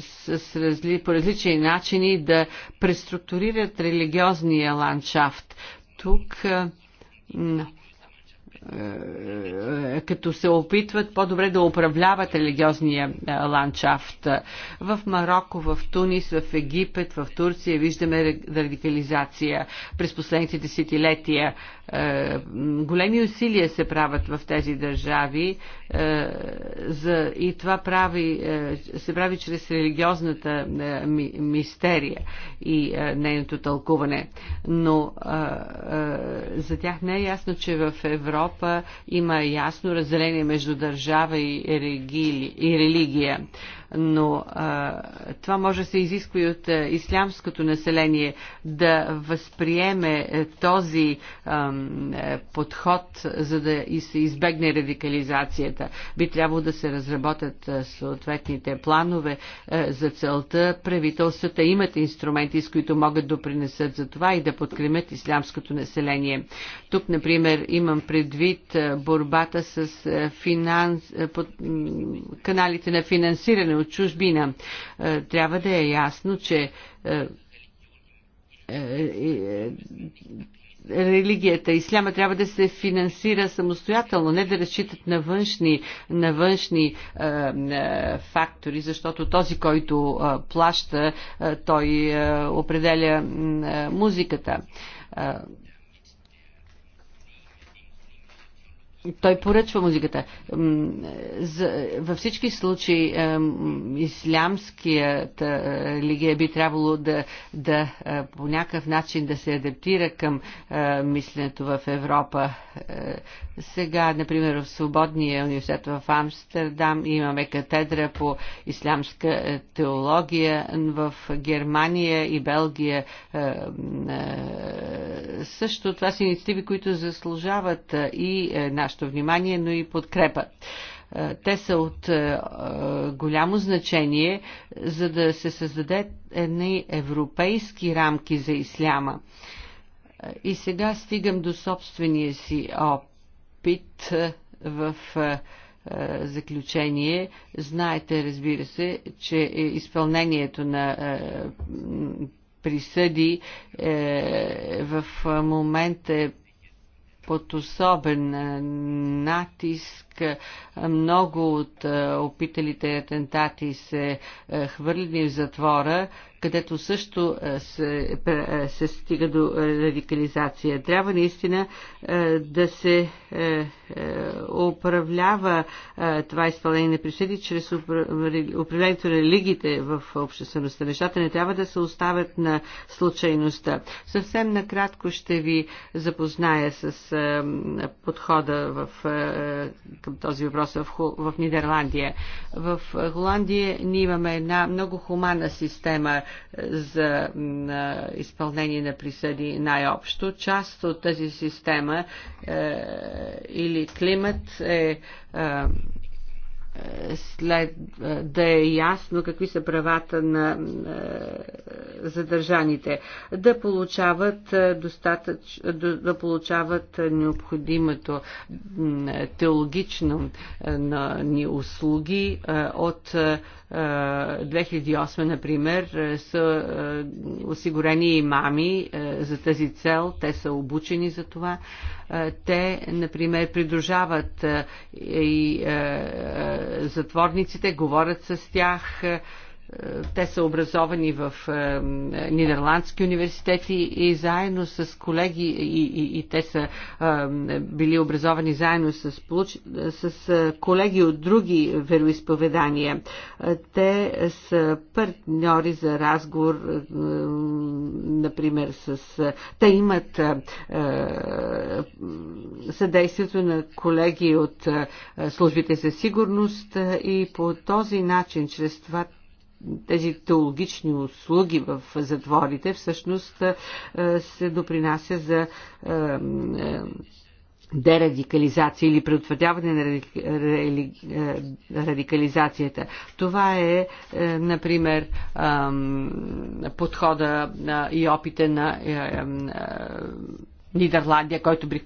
с разли, по различни начини да преструктурират религиозния ландшафт. Тук е, е, като се опитват по-добре да управляват религиозния е, ландшафт. В Марокко, в Тунис, в Египет, в Турция виждаме радикализация през последните десетилетия. Големи усилия се правят в тези държави и това прави, се прави чрез религиозната мистерия и нейното тълкуване. Но за тях не е ясно, че в Европа Европа има ясно разделение между държава и религия но а, това може да се изисква и от а, ислямското население да възприеме а, е, този а, е, подход, за да и се избегне радикализацията. Би трябвало да се разработят а, е, съответните планове а, за целта. Правителствата имат инструменти, с които могат да принесат за това и да подкремят ислямското население. Тук, например, имам предвид борбата с финанс... под... каналите на финансиране от чужбина. Е, трябва да е ясно, че е, е, религията, исляма трябва да се финансира самостоятелно, не да разчитат на външни, на външни е, е, фактори, защото този, който е, плаща, е, той е, определя е, музиката. Е, той поръчва музиката. За, във всички случаи ислямската религия би трябвало да, да по някакъв начин да се адаптира към мисленето в Европа. Сега, например, в Свободния университет в Амстердам имаме катедра по ислямска теология в Германия и Белгия. Също това са инициативи, които заслужават и нашата нашето внимание, но и подкрепа. Е, те са от е, е, голямо значение, за да се създаде едни европейски рамки за исляма. И сега стигам до собствения си опит в заключение. Знаете, разбира се, че изпълнението на присъди е, в момента е под особен натиск много от е, опиталите атентати се е, хвърлили в затвора, където също е, се, се стига до радикализация. Трябва наистина да се управлява това изпълнение на присъди чрез управлението на религиите в обществеността. Нещата не трябва да се оставят на случайността. Съвсем накратко ще ви запозная с подхода в към този въпрос в, в Нидерландия. В Холандия ние имаме една много хумана система е, за на е, изпълнение на присъди най-общо. Част от тази система е, или климат е, е след, е, да е ясно какви са правата на е, задържаните, да получават, е, достатъч, да, получават необходимото теологично ни услуги от 2008, например, са осигурени имами за тази цел, те са обучени за това. Те, например, придружават и затворниците, говорят с тях, е, те са образовани в е, нидерландски университети и заедно с колеги, и, и, и те са е, били образовани заедно с, с колеги от други вероисповедания. Те са партньори за разговор, например, с. Те имат съдействието на колеги от службите за сигурност и по този начин, чрез това тези теологични услуги в затворите всъщност се допринася за дерадикализация или предотвратяване на радикализацията. Това е, е например, подхода и опита на е, е, Нидерландия, който бих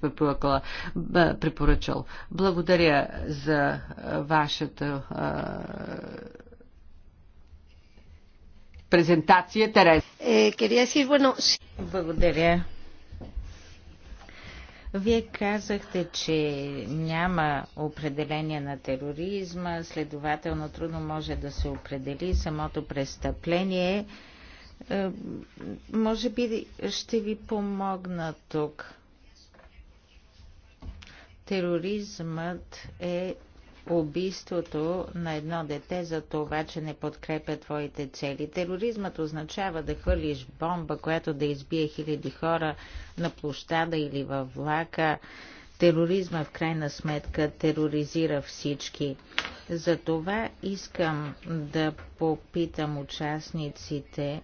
препоръчал. Благодаря за вашата презентация Терез. Е, Благодаря. Вие казахте, че няма определение на тероризма, следователно трудно може да се определи самото престъпление. Е, може би ще ви помогна тук. Тероризмът е убийството на едно дете за това, че не подкрепя твоите цели. Тероризмът означава да хвърлиш бомба, която да избие хиляди хора на площада или във влака. Тероризма в крайна сметка тероризира всички. За това искам да попитам участниците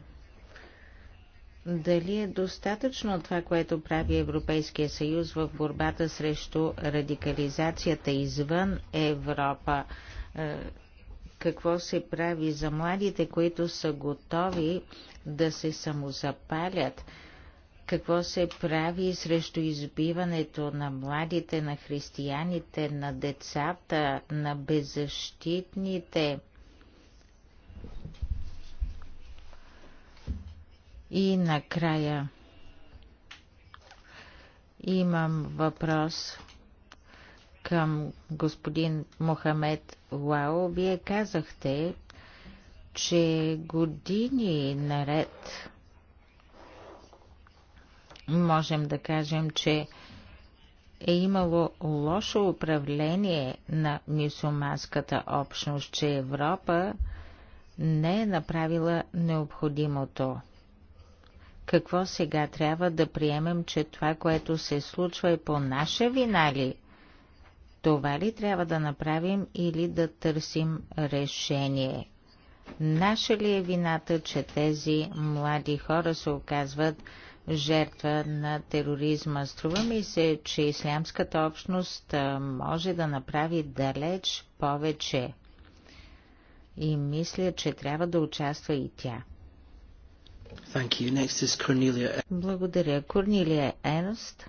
дали е достатъчно това, което прави Европейския съюз в борбата срещу радикализацията извън Европа. Е, какво се прави за младите, които са готови да се самозапалят? Какво се прави срещу избиването на младите, на християните, на децата, на беззащитните? И накрая имам въпрос към господин Мохамед Лао. Вие казахте, че години наред можем да кажем, че е имало лошо управление на мюсюлманската общност, че Европа не е направила необходимото. Какво сега трябва да приемем, че това, което се случва е по наша вина ли? Това ли трябва да направим или да търсим решение? Наша ли е вината, че тези млади хора се оказват жертва на тероризма? Струва ми се, че ислямската общност може да направи далеч повече. И мисля, че трябва да участва и тя. Благодаря. Корнилия Ернст.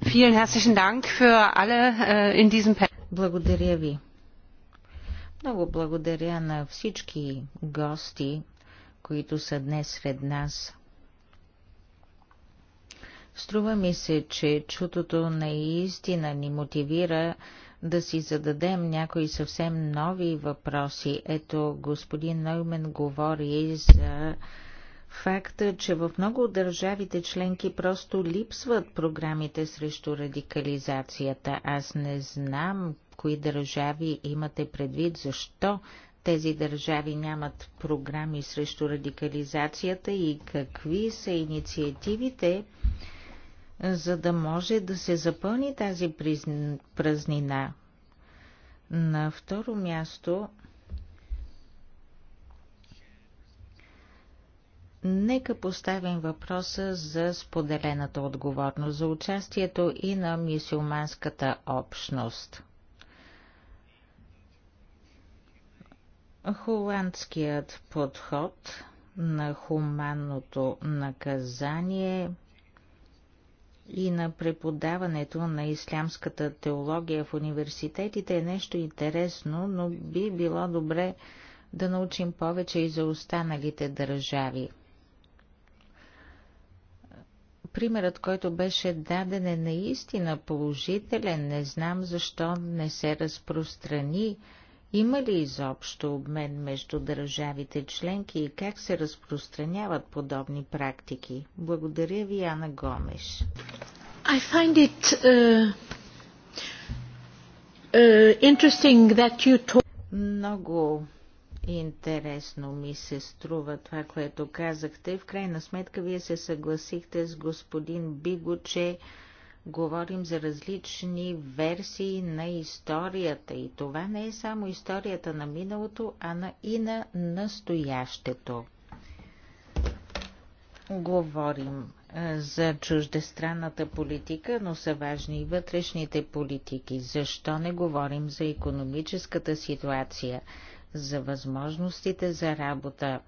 Äh, благодаря ви. Много благодаря на всички гости, които са днес сред нас. Струва ми се, че чутото наистина ни мотивира да си зададем някои съвсем нови въпроси. Ето, господин Ноймен говори за факта, че в много от държавите членки просто липсват програмите срещу радикализацията. Аз не знам кои държави имате предвид, защо тези държави нямат програми срещу радикализацията и какви са инициативите, за да може да се запълни тази празнина. На второ място Нека поставим въпроса за споделената отговорност, за участието и на мисиоманската общност. Холандският подход на хуманното наказание и на преподаването на ислямската теология в университетите е нещо интересно, но би било добре да научим повече и за останалите държави примерът, който беше даден е наистина положителен. Не знам защо не се разпространи. Има ли изобщо обмен между държавите членки и как се разпространяват подобни практики? Благодаря ви, Яна Гомеш. I find it uh, uh, interesting that you talk... Много Интересно ми се струва това, което казахте. В крайна сметка вие се съгласихте с господин Биго, че говорим за различни версии на историята. И това не е само историята на миналото, а на и на настоящето. Говорим за чуждестранната политика, но са важни и вътрешните политики. Защо не говорим за економическата ситуация? за възможностите за работа.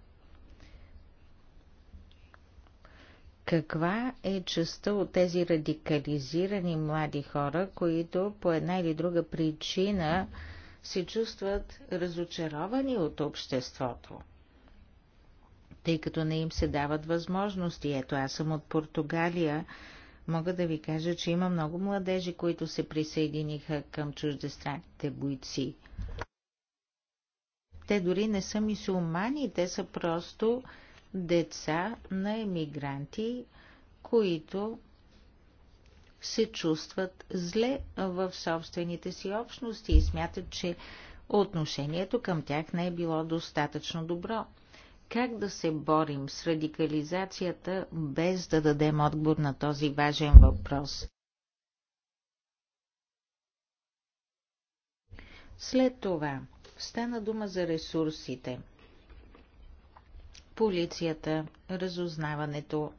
Каква е частта от тези радикализирани млади хора, които по една или друга причина се чувстват разочаровани от обществото? Тъй като не им се дават възможности. Ето, аз съм от Португалия. Мога да ви кажа, че има много младежи, които се присъединиха към чуждестранните бойци. Те дори не са мисулмани, те са просто деца на емигранти, които се чувстват зле в собствените си общности и смятат, че отношението към тях не е било достатъчно добро. Как да се борим с радикализацията, без да дадем отговор на този важен въпрос? След това Стана дума за ресурсите. Полицията, разузнаването.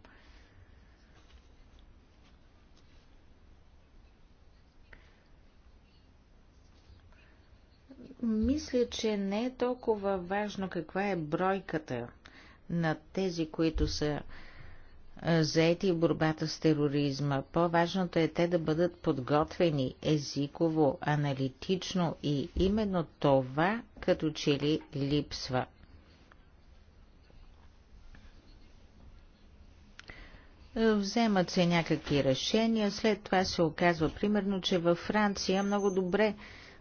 Мисля, че не е толкова важно каква е бройката на тези, които са заети в борбата с тероризма. По-важното е те да бъдат подготвени езиково, аналитично и именно това като че ли липсва. Вземат се някакви решения, след това се оказва примерно, че във Франция много добре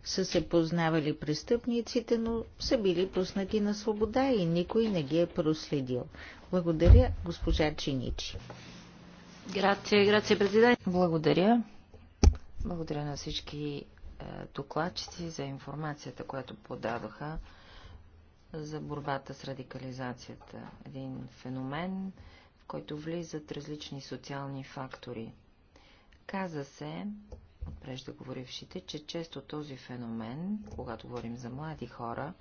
са се познавали престъпниците, но са били пуснати на свобода и никой не ги е проследил. Благодаря, госпожа Чиничи. Грация, грация, президент. Благодаря. Благодаря на всички е, докладчици за информацията, която подадоха за борбата с радикализацията. Един феномен, в който влизат различни социални фактори. Каза се, от преждеговорившите, че често този феномен, когато говорим за млади хора,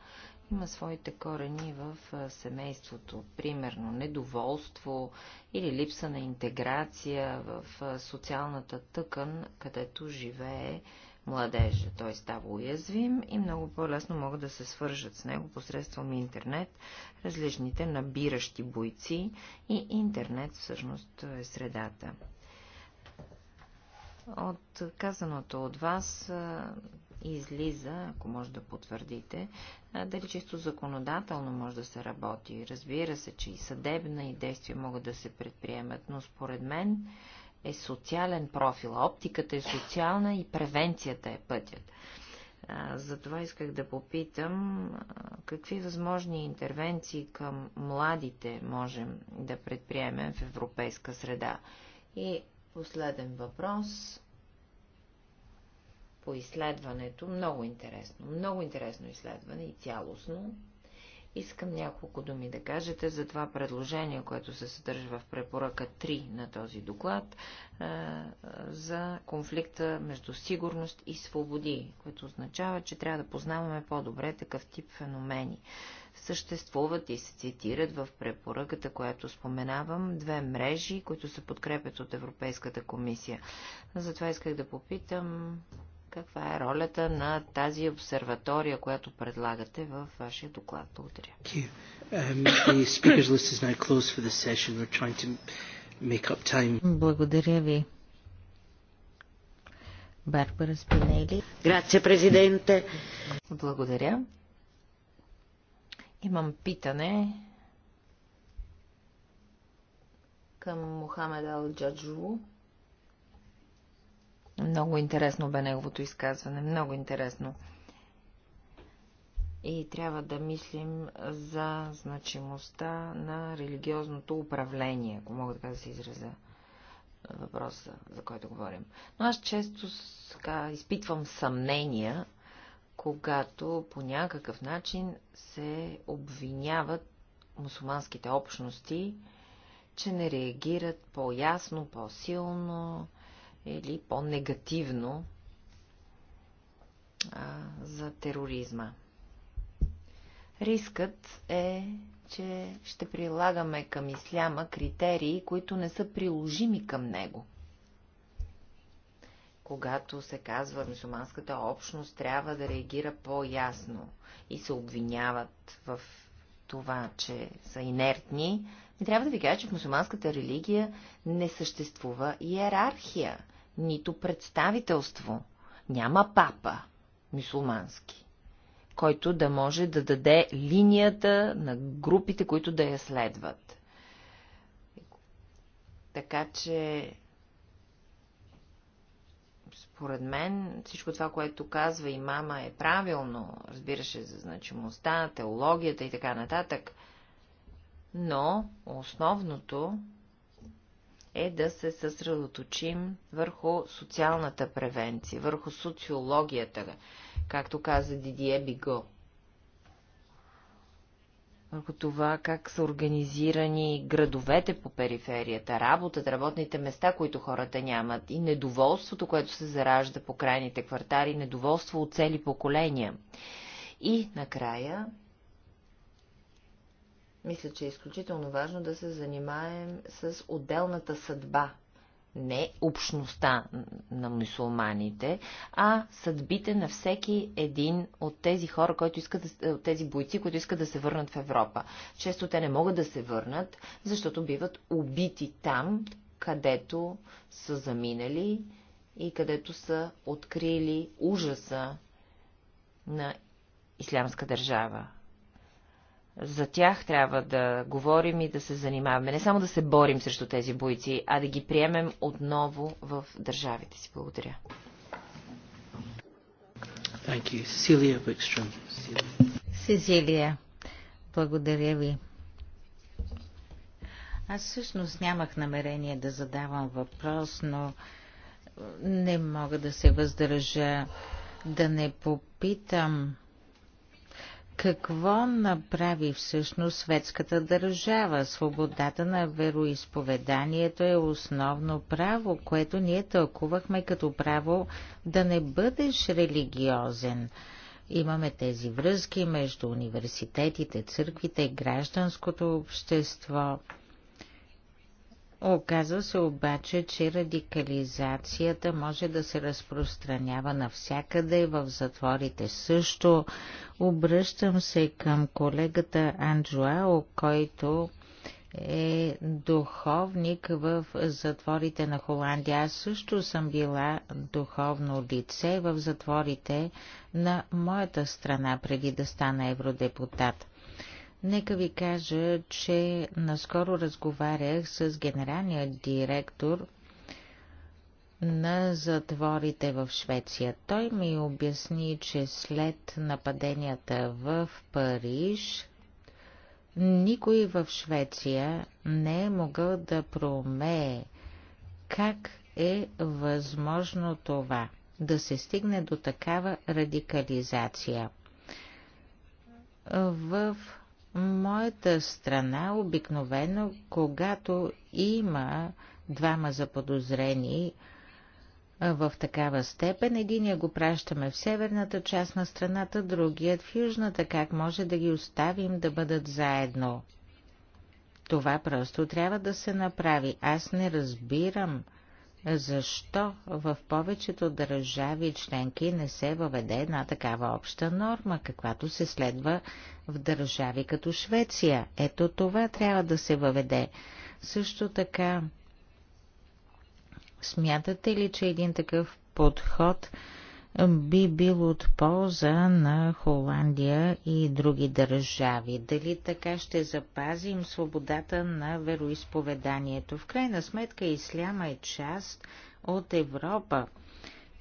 има своите корени в семейството. Примерно недоволство или липса на интеграция в социалната тъкан, където живее младежа. Той става уязвим и много по-лесно могат да се свържат с него посредством интернет, различните набиращи бойци и интернет всъщност е средата. От казаното от вас излиза, ако може да потвърдите, дали чисто законодателно може да се работи. Разбира се, че и съдебна и действия могат да се предприемат, но според мен е социален профил. Оптиката е социална и превенцията е пътят. Затова исках да попитам какви възможни интервенции към младите можем да предприемем в европейска среда. И Последен въпрос по изследването. Много интересно. Много интересно изследване и цялостно. Искам няколко думи да кажете за това предложение, което се съдържа в препоръка 3 на този доклад е, за конфликта между сигурност и свободи, което означава, че трябва да познаваме по-добре такъв тип феномени съществуват и се цитират в препоръката, която споменавам, две мрежи, които се подкрепят от Европейската комисия. Затова исках да попитам каква е ролята на тази обсерватория, която предлагате в вашия доклад. Благодаря. Um, Благодаря ви. Барбара Спинели. Грация, президенте. Благодаря. Имам питане към Мохамед Ал Джаджу. Много интересно бе неговото изказване. Много интересно. И трябва да мислим за значимостта на религиозното управление, ако мога така да се изразя въпроса, за който говорим. Но аз често така, изпитвам съмнения когато по някакъв начин се обвиняват мусулманските общности, че не реагират по-ясно, по-силно или по-негативно за тероризма. Рискът е, че ще прилагаме към исляма критерии, които не са приложими към него когато се казва, мусулманската общност трябва да реагира по-ясно и се обвиняват в това, че са инертни, ми трябва да ви кажа, че в мусулманската религия не съществува иерархия, нито представителство. Няма папа мусулмански, който да може да даде линията на групите, които да я следват. Така че според мен всичко това, което казва и мама е правилно, разбираше за значимостта, теологията и така нататък, но основното е да се съсредоточим върху социалната превенция, върху социологията, както каза Дидие Биго върху това как са организирани градовете по периферията, работата, работните места, които хората нямат и недоволството, което се заражда по крайните квартали, недоволство от цели поколения. И накрая, мисля, че е изключително важно да се занимаем с отделната съдба не общността на мусулманите, а съдбите на всеки един от тези хора, които искат да, от тези бойци, които искат да се върнат в Европа. Често те не могат да се върнат, защото биват убити там, където са заминали и където са открили ужаса на ислямска държава за тях трябва да говорим и да се занимаваме. Не само да се борим срещу тези бойци, а да ги приемем отново в държавите си. Благодаря. Сезилия, благодаря ви. Аз всъщност нямах намерение да задавам въпрос, но не мога да се въздържа да не попитам какво направи всъщност светската държава? Свободата на вероисповеданието е основно право, което ние тълкувахме като право да не бъдеш религиозен. Имаме тези връзки между университетите, църквите, гражданското общество. Оказва се обаче, че радикализацията може да се разпространява навсякъде и в затворите също. Обръщам се към колегата Анджуао, който е духовник в затворите на Холандия. Аз също съм била духовно лице в затворите на моята страна преди да стана евродепутат. Нека ви кажа, че наскоро разговарях с генералния директор на затворите в Швеция. Той ми обясни, че след нападенията в Париж, никой в Швеция не е могъл да промее как е възможно това да се стигне до такава радикализация. В моята страна обикновено, когато има двама заподозрени в такава степен, единия го пращаме в северната част на страната, другият в южната, как може да ги оставим да бъдат заедно? Това просто трябва да се направи. Аз не разбирам защо в повечето държави членки не се въведе една такава обща норма, каквато се следва в държави като Швеция. Ето това трябва да се въведе. Също така, смятате ли, че един такъв подход би бил от полза на Холандия и други държави. Дали така ще запазим свободата на вероисповеданието? В крайна сметка исляма е част от Европа.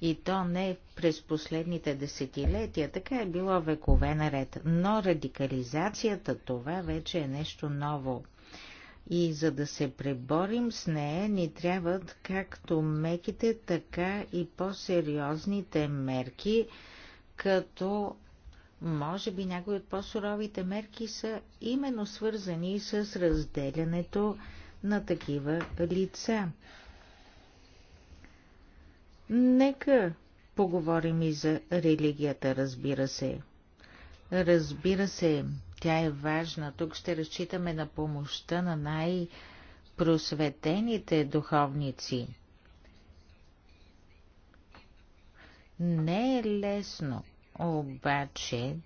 И то не през последните десетилетия, така е било векове наред, но радикализацията това вече е нещо ново. И за да се преборим с нея, ни трябват както меките, така и по-сериозните мерки, като може би някои от по-суровите мерки са именно свързани с разделянето на такива лица. Нека поговорим и за религията, разбира се. Разбира се, тя е важна. Тук ще разчитаме на помощта на най-просветените духовници. Не е лесно, обаче,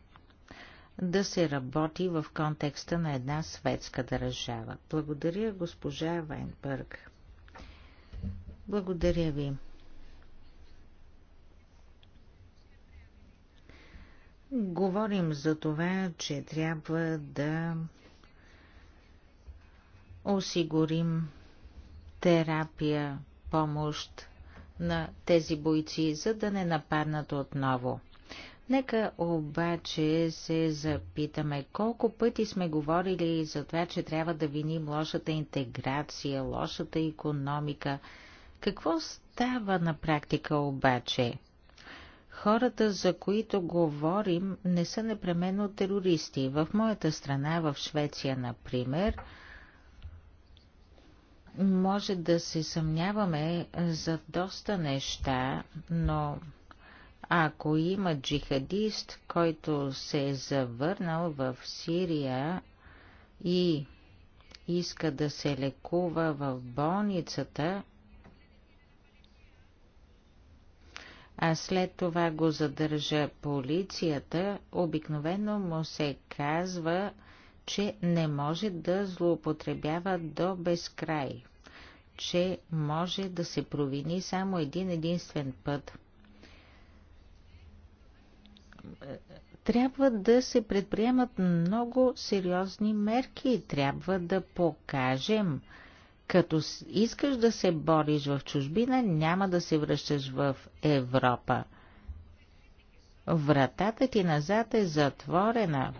да се работи в контекста на една светска държава. Благодаря, госпожа Вайнбърг. Благодаря ви. Говорим за това, че трябва да осигурим терапия, помощ на тези бойци, за да не нападнат отново. Нека обаче се запитаме колко пъти сме говорили за това, че трябва да виним лошата интеграция, лошата економика. Какво става на практика обаче? хората, за които говорим, не са непременно терористи. В моята страна, в Швеция, например, може да се съмняваме за доста неща, но ако има джихадист, който се е завърнал в Сирия и иска да се лекува в болницата, а след това го задържа полицията, обикновено му се казва, че не може да злоупотребява до безкрай, че може да се провини само един единствен път. Трябва да се предприемат много сериозни мерки, трябва да покажем, като искаш да се бориш в чужбина, няма да се връщаш в Европа. Вратата ти назад е затворена.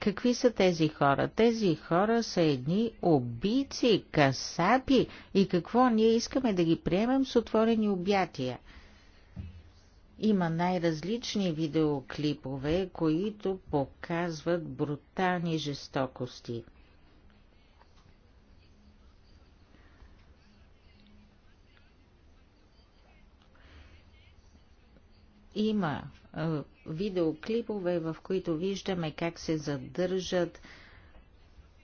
Какви са тези хора? Тези хора са едни убийци, касапи. И какво ние искаме да ги приемем с отворени обятия? Има най-различни видеоклипове, които показват брутални жестокости. Има видеоклипове, в които виждаме как се задържат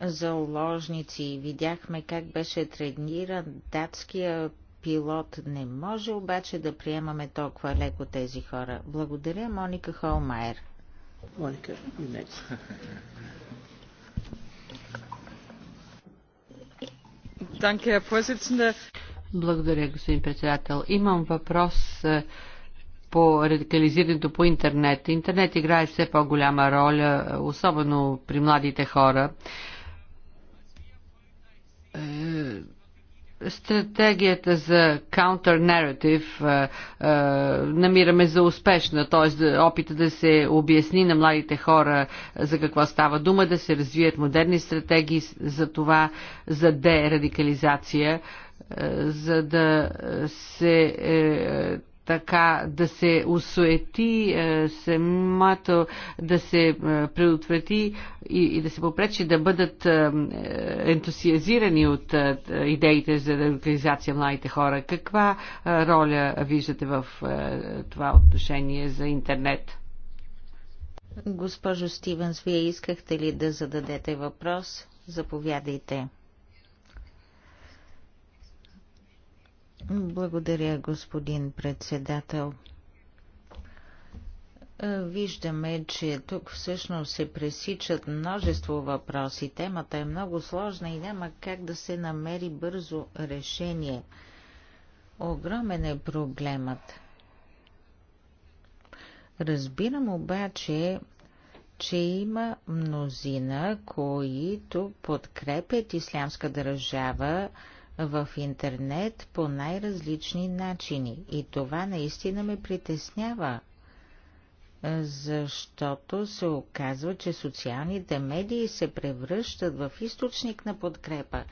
заложници. Видяхме как беше трениран датския пилот. Не може обаче да приемаме толкова леко тези хора. Благодаря, Моника Холмайер. Моника, Благодаря, господин председател. Имам въпрос е, по радикализирането по интернет. Интернет играе все по-голяма роля, особено при младите хора. Е, стратегията за counter-narrative е, е, намираме за успешна, т.е. опита да се обясни на младите хора за какво става дума, да се развият модерни стратегии за това, за дерадикализация за да се така да се усуети е, самото, да се е, предотврати и, и да се попречи да бъдат е, ентусиазирани от идеите за радикализация младите хора. Каква роля виждате в това отношение за интернет? Госпожо Стивенс, вие искахте ли да зададете въпрос? Заповядайте. Благодаря, господин председател. Е, виждаме, че тук всъщност се пресичат множество въпроси. Темата е много сложна и няма как да се намери бързо решение. Огромен е проблемът. Разбирам обаче, че има мнозина, които подкрепят ислямска държава, в интернет по най-различни начини. И това наистина ме притеснява, защото се оказва, че социалните медии се превръщат в източник на подкрепа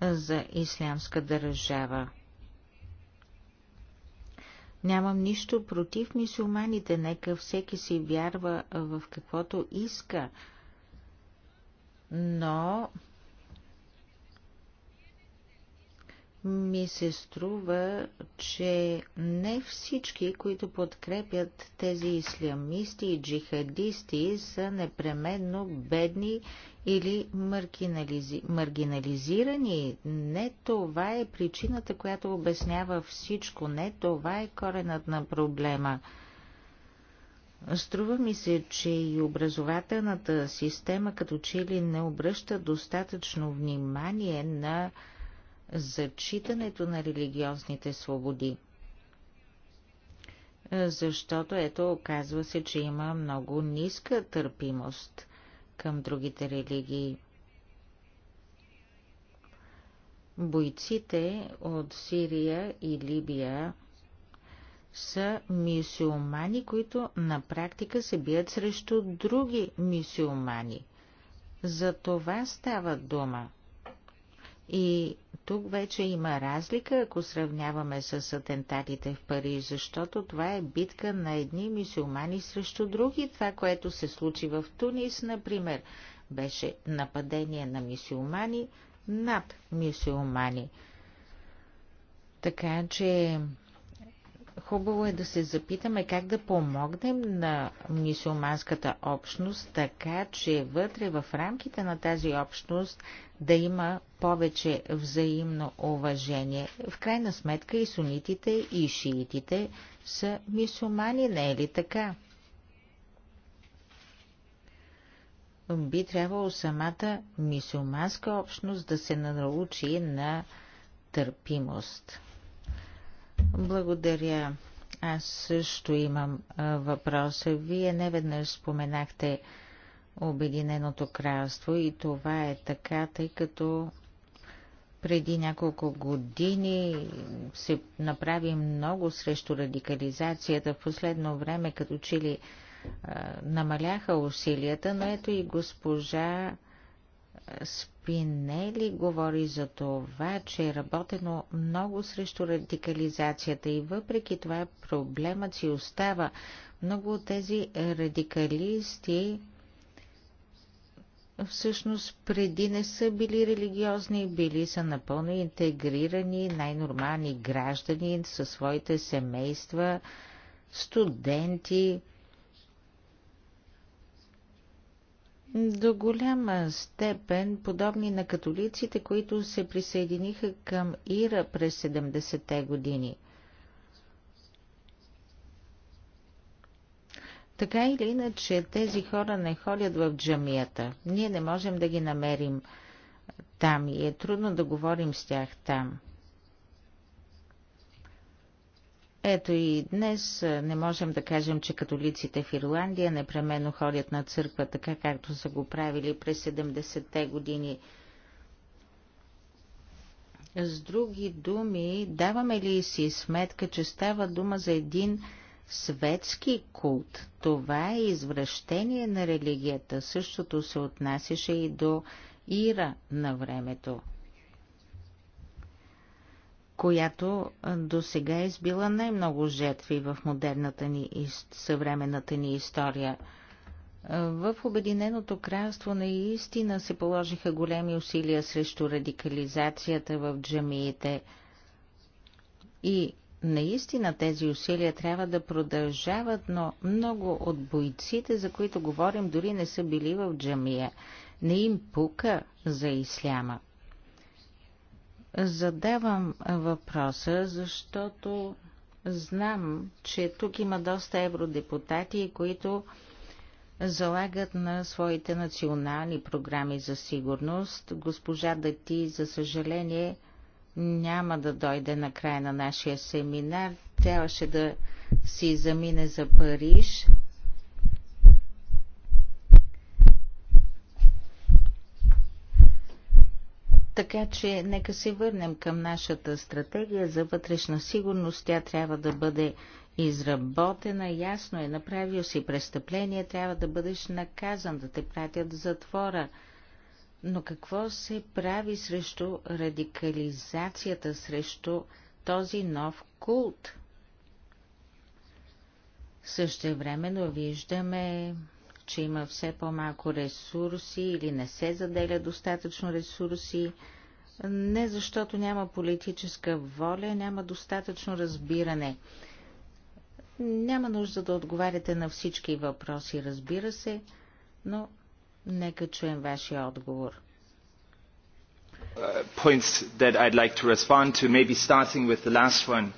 за ислямска държава. Нямам нищо против мисюлманите, нека всеки си вярва в каквото иска, но ми се струва, че не всички, които подкрепят тези ислямисти и джихадисти, са непременно бедни или маргинализи... маргинализирани. Не това е причината, която обяснява всичко. Не това е коренът на проблема. Струва ми се, че и образователната система като че ли не обръща достатъчно внимание на зачитането на религиозните свободи. Защото ето, оказва се, че има много ниска търпимост към другите религии. Бойците от Сирия и Либия са мисиомани, които на практика се бият срещу други мисиомани. За това става дума. И тук вече има разлика, ако сравняваме с атентатите в Париж, защото това е битка на едни мисюлмани срещу други. Това, което се случи в Тунис, например, беше нападение на мисюлмани над мисюлмани. Така че Хубаво е да се запитаме как да помогнем на мисулманската общност, така че вътре в рамките на тази общност да има повече взаимно уважение. В крайна сметка и сунитите, и шиитите са мисулмани, не е ли така? Би трябвало самата мисулманска общност да се научи на търпимост. Благодаря. Аз също имам въпроса. Вие не веднъж споменахте Обединеното кралство и това е така, тъй като преди няколко години се направи много срещу радикализацията. В последно време, като че ли намаляха усилията, но ето и госпожа Спинели говори за това, че е работено много срещу радикализацията и въпреки това проблемът си остава. Много от тези радикалисти всъщност преди не са били религиозни, били са напълно интегрирани, най-нормални граждани със своите семейства, студенти, До голяма степен, подобни на католиците, които се присъединиха към Ира през 70-те години. Така или иначе, тези хора не ходят в джамията. Ние не можем да ги намерим там и е трудно да говорим с тях там. Ето и днес не можем да кажем, че католиците в Ирландия непременно ходят на църква, така както са го правили през 70-те години. С други думи, даваме ли си сметка, че става дума за един светски култ? Това е извращение на религията. Същото се отнасяше и до Ира на времето която до сега е избила най-много жертви в модерната ни и съвременната ни история. В Обединеното кралство наистина се положиха големи усилия срещу радикализацията в джамиите. И наистина тези усилия трябва да продължават, но много от бойците, за които говорим, дори не са били в джамия. Не им пука за исляма. Задавам въпроса, защото знам, че тук има доста евродепутати, които залагат на своите национални програми за сигурност. Госпожа Дати, за съжаление, няма да дойде на края на нашия семинар. Трябваше да си замине за Париж, Така че нека се върнем към нашата стратегия за вътрешна сигурност. Тя трябва да бъде изработена. Ясно е, направил си престъпление, трябва да бъдеш наказан, да те пратят в затвора. Но какво се прави срещу радикализацията, срещу този нов култ? времено виждаме че има все по-малко ресурси или не се заделя достатъчно ресурси, не защото няма политическа воля, няма достатъчно разбиране. Няма нужда да отговаряте на всички въпроси, разбира се, но нека чуем вашия отговор. Uh, points that I'd like to respond to, maybe starting with the last one.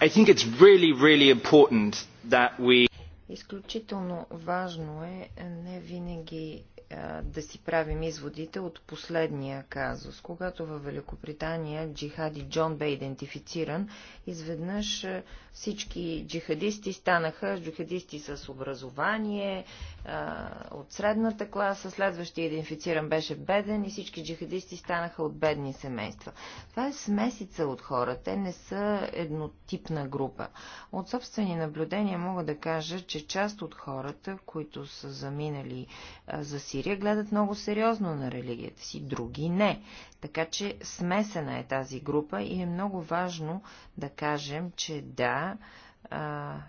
I think it's really, really important that we Изключително важно е не винаги а, да си правим изводите от последния казус. Когато във Великобритания джихади Джон бе идентифициран, изведнъж всички джихадисти станаха джихадисти с образование, а, от средната класа, следващия идентифициран беше беден и всички джихадисти станаха от бедни семейства. Това е смесица от хора, те не са еднотипна група. От собствени наблюдения мога да кажа, че че част от хората, които са заминали за Сирия, гледат много сериозно на религията си, други не. Така че смесена е тази група и е много важно да кажем, че да,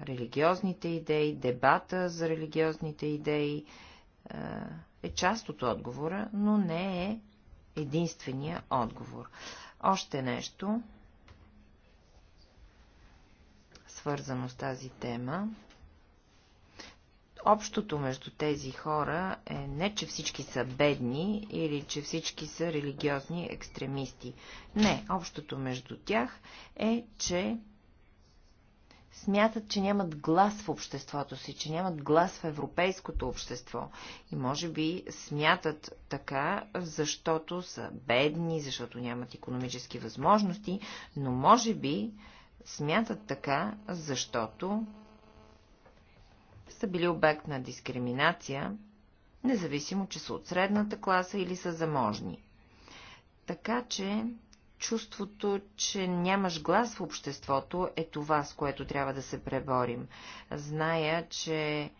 религиозните идеи, дебата за религиозните идеи е част от отговора, но не е единствения отговор. Още нещо, свързано с тази тема. Общото между тези хора е не, че всички са бедни или че всички са религиозни екстремисти. Не, общото между тях е, че смятат, че нямат глас в обществото си, че нямат глас в европейското общество. И може би смятат така, защото са бедни, защото нямат економически възможности, но може би смятат така, защото са били обект на дискриминация, независимо, че са от средната класа или са заможни. Така че чувството, че нямаш глас в обществото е това, с което трябва да се преборим. Зная, че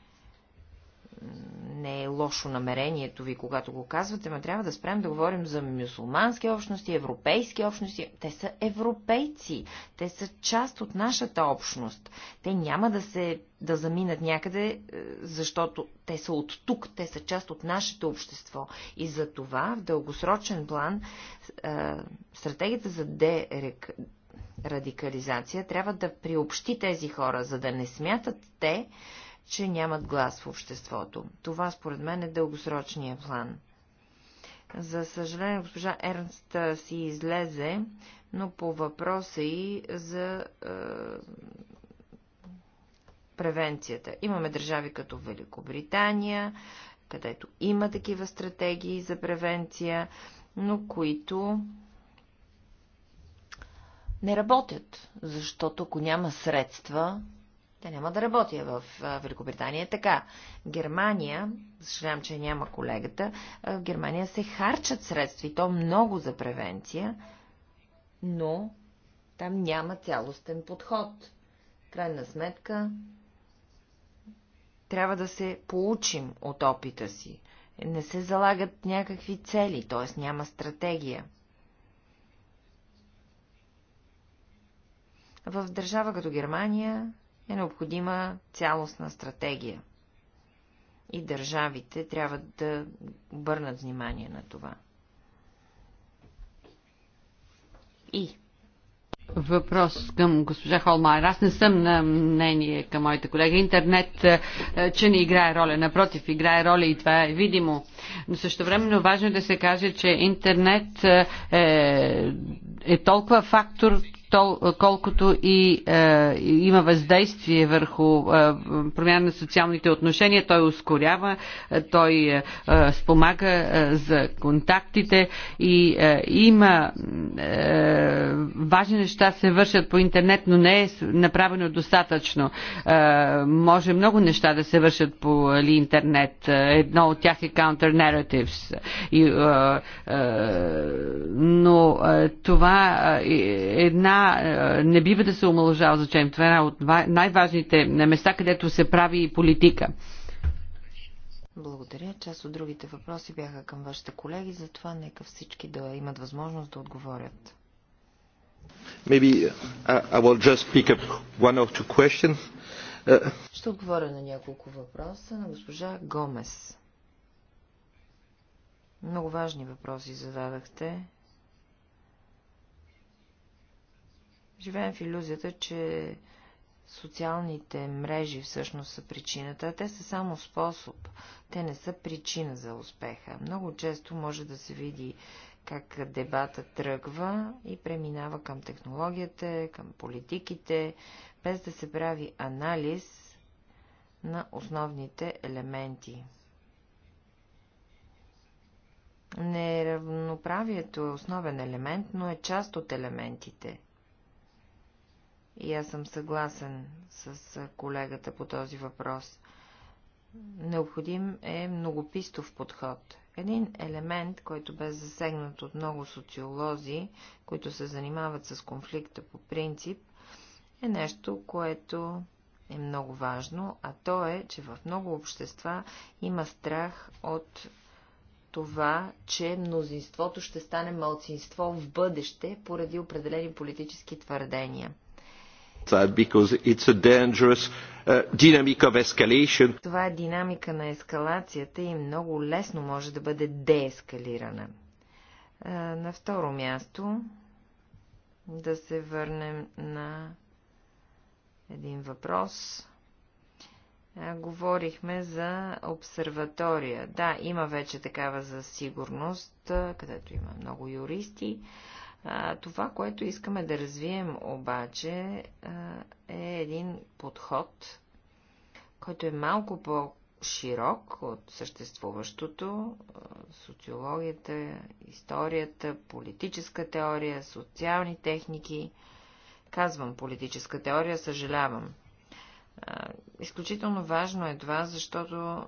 не е лошо намерението ви, когато го казвате, но трябва да спрем да говорим за мюсулмански общности, европейски общности. Те са европейци. Те са част от нашата общност. Те няма да се да заминат някъде, е, защото те са от тук, те са част от нашето общество. И за това в дългосрочен план е, стратегията за дерек радикализация трябва да приобщи тези хора, за да не смятат те, че нямат глас в обществото. Това, според мен, е дългосрочния план. За съжаление, госпожа Ернст си излезе, но по въпроса и за е, превенцията. Имаме държави като Великобритания, където има такива стратегии за превенция, но които не работят, защото ако няма средства, те няма да работя в Великобритания. Така, Германия, съжалявам, че няма колегата, в Германия се харчат средства и то много за превенция, но там няма цялостен подход. Крайна сметка, трябва да се получим от опита си. Не се залагат някакви цели, т.е. няма стратегия. В държава като Германия е необходима цялостна стратегия. И държавите трябва да обърнат внимание на това. И Въпрос към госпожа Холмайер. Аз не съм на мнение към моите колеги. Интернет, е, е, че не играе роля. Напротив, играе роля и това е видимо. Но също времено важно е да се каже, че интернет е, е, е толкова фактор, тол, колкото и е, има въздействие върху е, промяна на социалните отношения. Той ускорява, е, той е, спомага е, за контактите и е, има е, важни неща се вършат по интернет, но не е направено достатъчно. Е, може много неща да се вършат по ли интернет. Е, едно от тях е Counter Narratives. И, е, е, но е, това е една е, не бива да се омалъжава за чем. Това е една от най-важните места, където се прави и политика. Благодаря. Част от другите въпроси бяха към вашите колеги, затова нека всички да имат възможност да отговорят. Maybe uh, I will just pick up one or two questions. Uh... Ще отговоря на няколко въпроса на госпожа Гомес. Много важни въпроси зададахте. Живеем в иллюзията, че социалните мрежи всъщност са причината, те са само способ. Те не са причина за успеха. Много често може да се види как дебата тръгва и преминава към технологията, към политиките, без да се прави анализ на основните елементи. Неравноправието е основен елемент, но е част от елементите – и аз съм съгласен с колегата по този въпрос. Необходим е многопистов подход. Един елемент, който бе засегнат от много социолози, които се занимават с конфликта по принцип, е нещо, което е много важно, а то е, че в много общества има страх от това, че мнозинството ще стане малцинство в бъдеще поради определени политически твърдения that because it's a dangerous uh, dynamic of escalation. Това е динамика на ескалацията и много лесно може да бъде деескалирана. Е, на второ място да се върнем на един въпрос. Е, говорихме за обсерватория. Да, има вече такава за сигурност, е, където има много юристи. А, това, което искаме да развием обаче, е един подход, който е малко по-широк от съществуващото. Социологията, историята, политическа теория, социални техники. Казвам политическа теория, съжалявам. Изключително важно е това, защото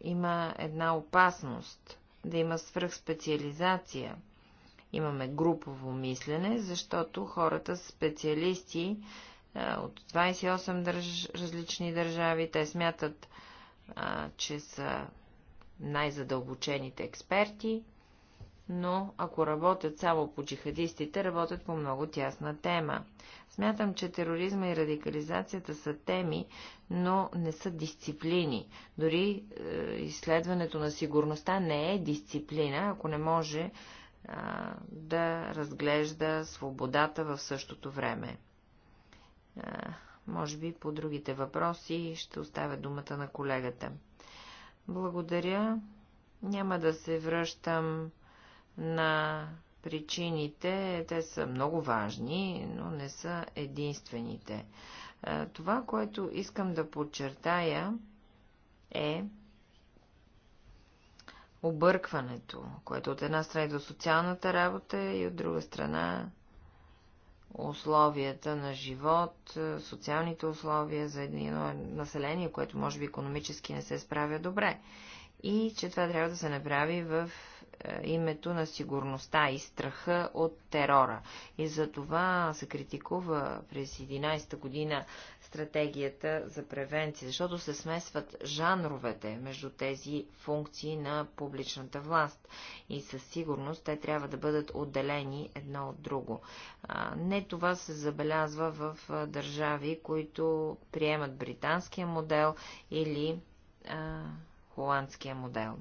има една опасност да има свръхспециализация – Имаме групово мислене, защото хората са специалисти е, от 28 държ... различни държави, те смятат, е, че са най-задълбочените експерти, но ако работят само по джихадистите, работят по много тясна тема. Смятам, че тероризма и радикализацията са теми, но не са дисциплини. Дори е, изследването на сигурността не е дисциплина, ако не може а, да разглежда свободата в същото време. А, може би по другите въпроси ще оставя думата на колегата. Благодаря. Няма да се връщам на причините. Те са много важни, но не са единствените. Това, което искам да подчертая е, объркването, което от една страна е до социалната работа и от друга страна условията на живот, е, социалните условия за едно население, което може би економически не се справя добре. И че това трябва да се направи в е, името на сигурността и страха от терора. И за това се критикува през 11-та година стратегията за превенция, защото се смесват жанровете между тези функции на публичната власт. И със сигурност те трябва да бъдат отделени едно от друго. Не това се забелязва в държави, които приемат британския модел или холандския модел.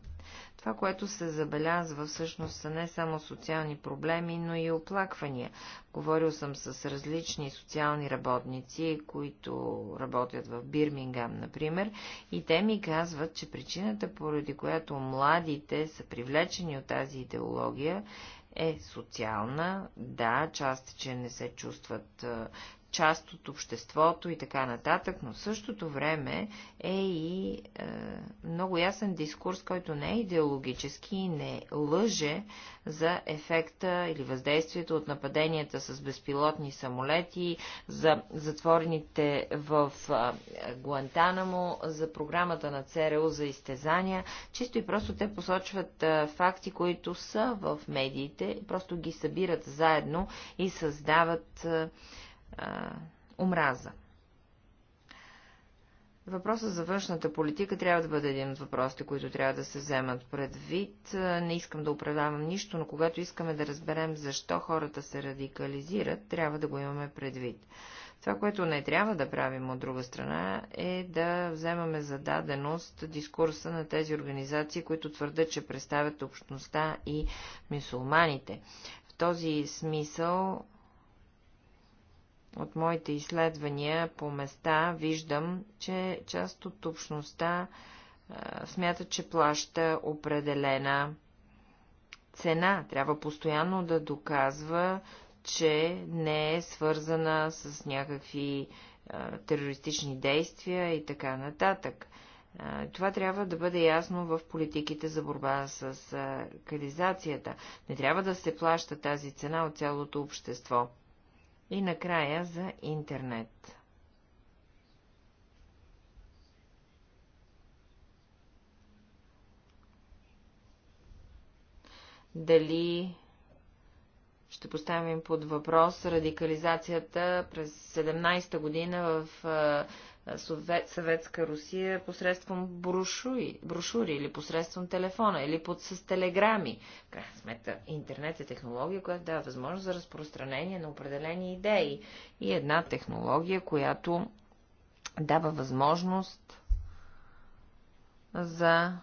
Това, което се забелязва, всъщност са не само социални проблеми, но и оплаквания. Говорил съм с различни социални работници, които работят в Бирмингам, например, и те ми казват, че причината, поради която младите са привлечени от тази идеология, е социална, да, част, че не се чувстват част от обществото и така нататък, но в същото време е и е, много ясен дискурс, който не е идеологически и не лъже за ефекта или въздействието от нападенията с безпилотни самолети, за затворените в е, Гуантанамо, за програмата на ЦРУ за изтезания. Чисто и просто те посочват е, факти, които са в медиите, просто ги събират заедно и създават. Е, омраза. Въпросът за външната политика трябва да бъде един от въпросите, които трябва да се вземат предвид. Не искам да оправдавам нищо, но когато искаме да разберем защо хората се радикализират, трябва да го имаме предвид. Това, което не трябва да правим от друга страна, е да вземаме за даденост дискурса на тези организации, които твърдят, че представят общността и мисулманите. В този смисъл от моите изследвания по места виждам, че част от общността а, смята, че плаща определена цена. Трябва постоянно да доказва, че не е свързана с някакви а, терористични действия и така нататък. Това трябва да бъде ясно в политиките за борба с кализацията. Не трябва да се плаща тази цена от цялото общество. И накрая за интернет. Дали ще поставим под въпрос радикализацията през 17-та година в Совет, Съветска Русия посредством брошури, брошури или посредством телефона или под, с телеграми. В крайна сметка, интернет е технология, която дава възможност за разпространение на определени идеи. И една технология, която дава възможност за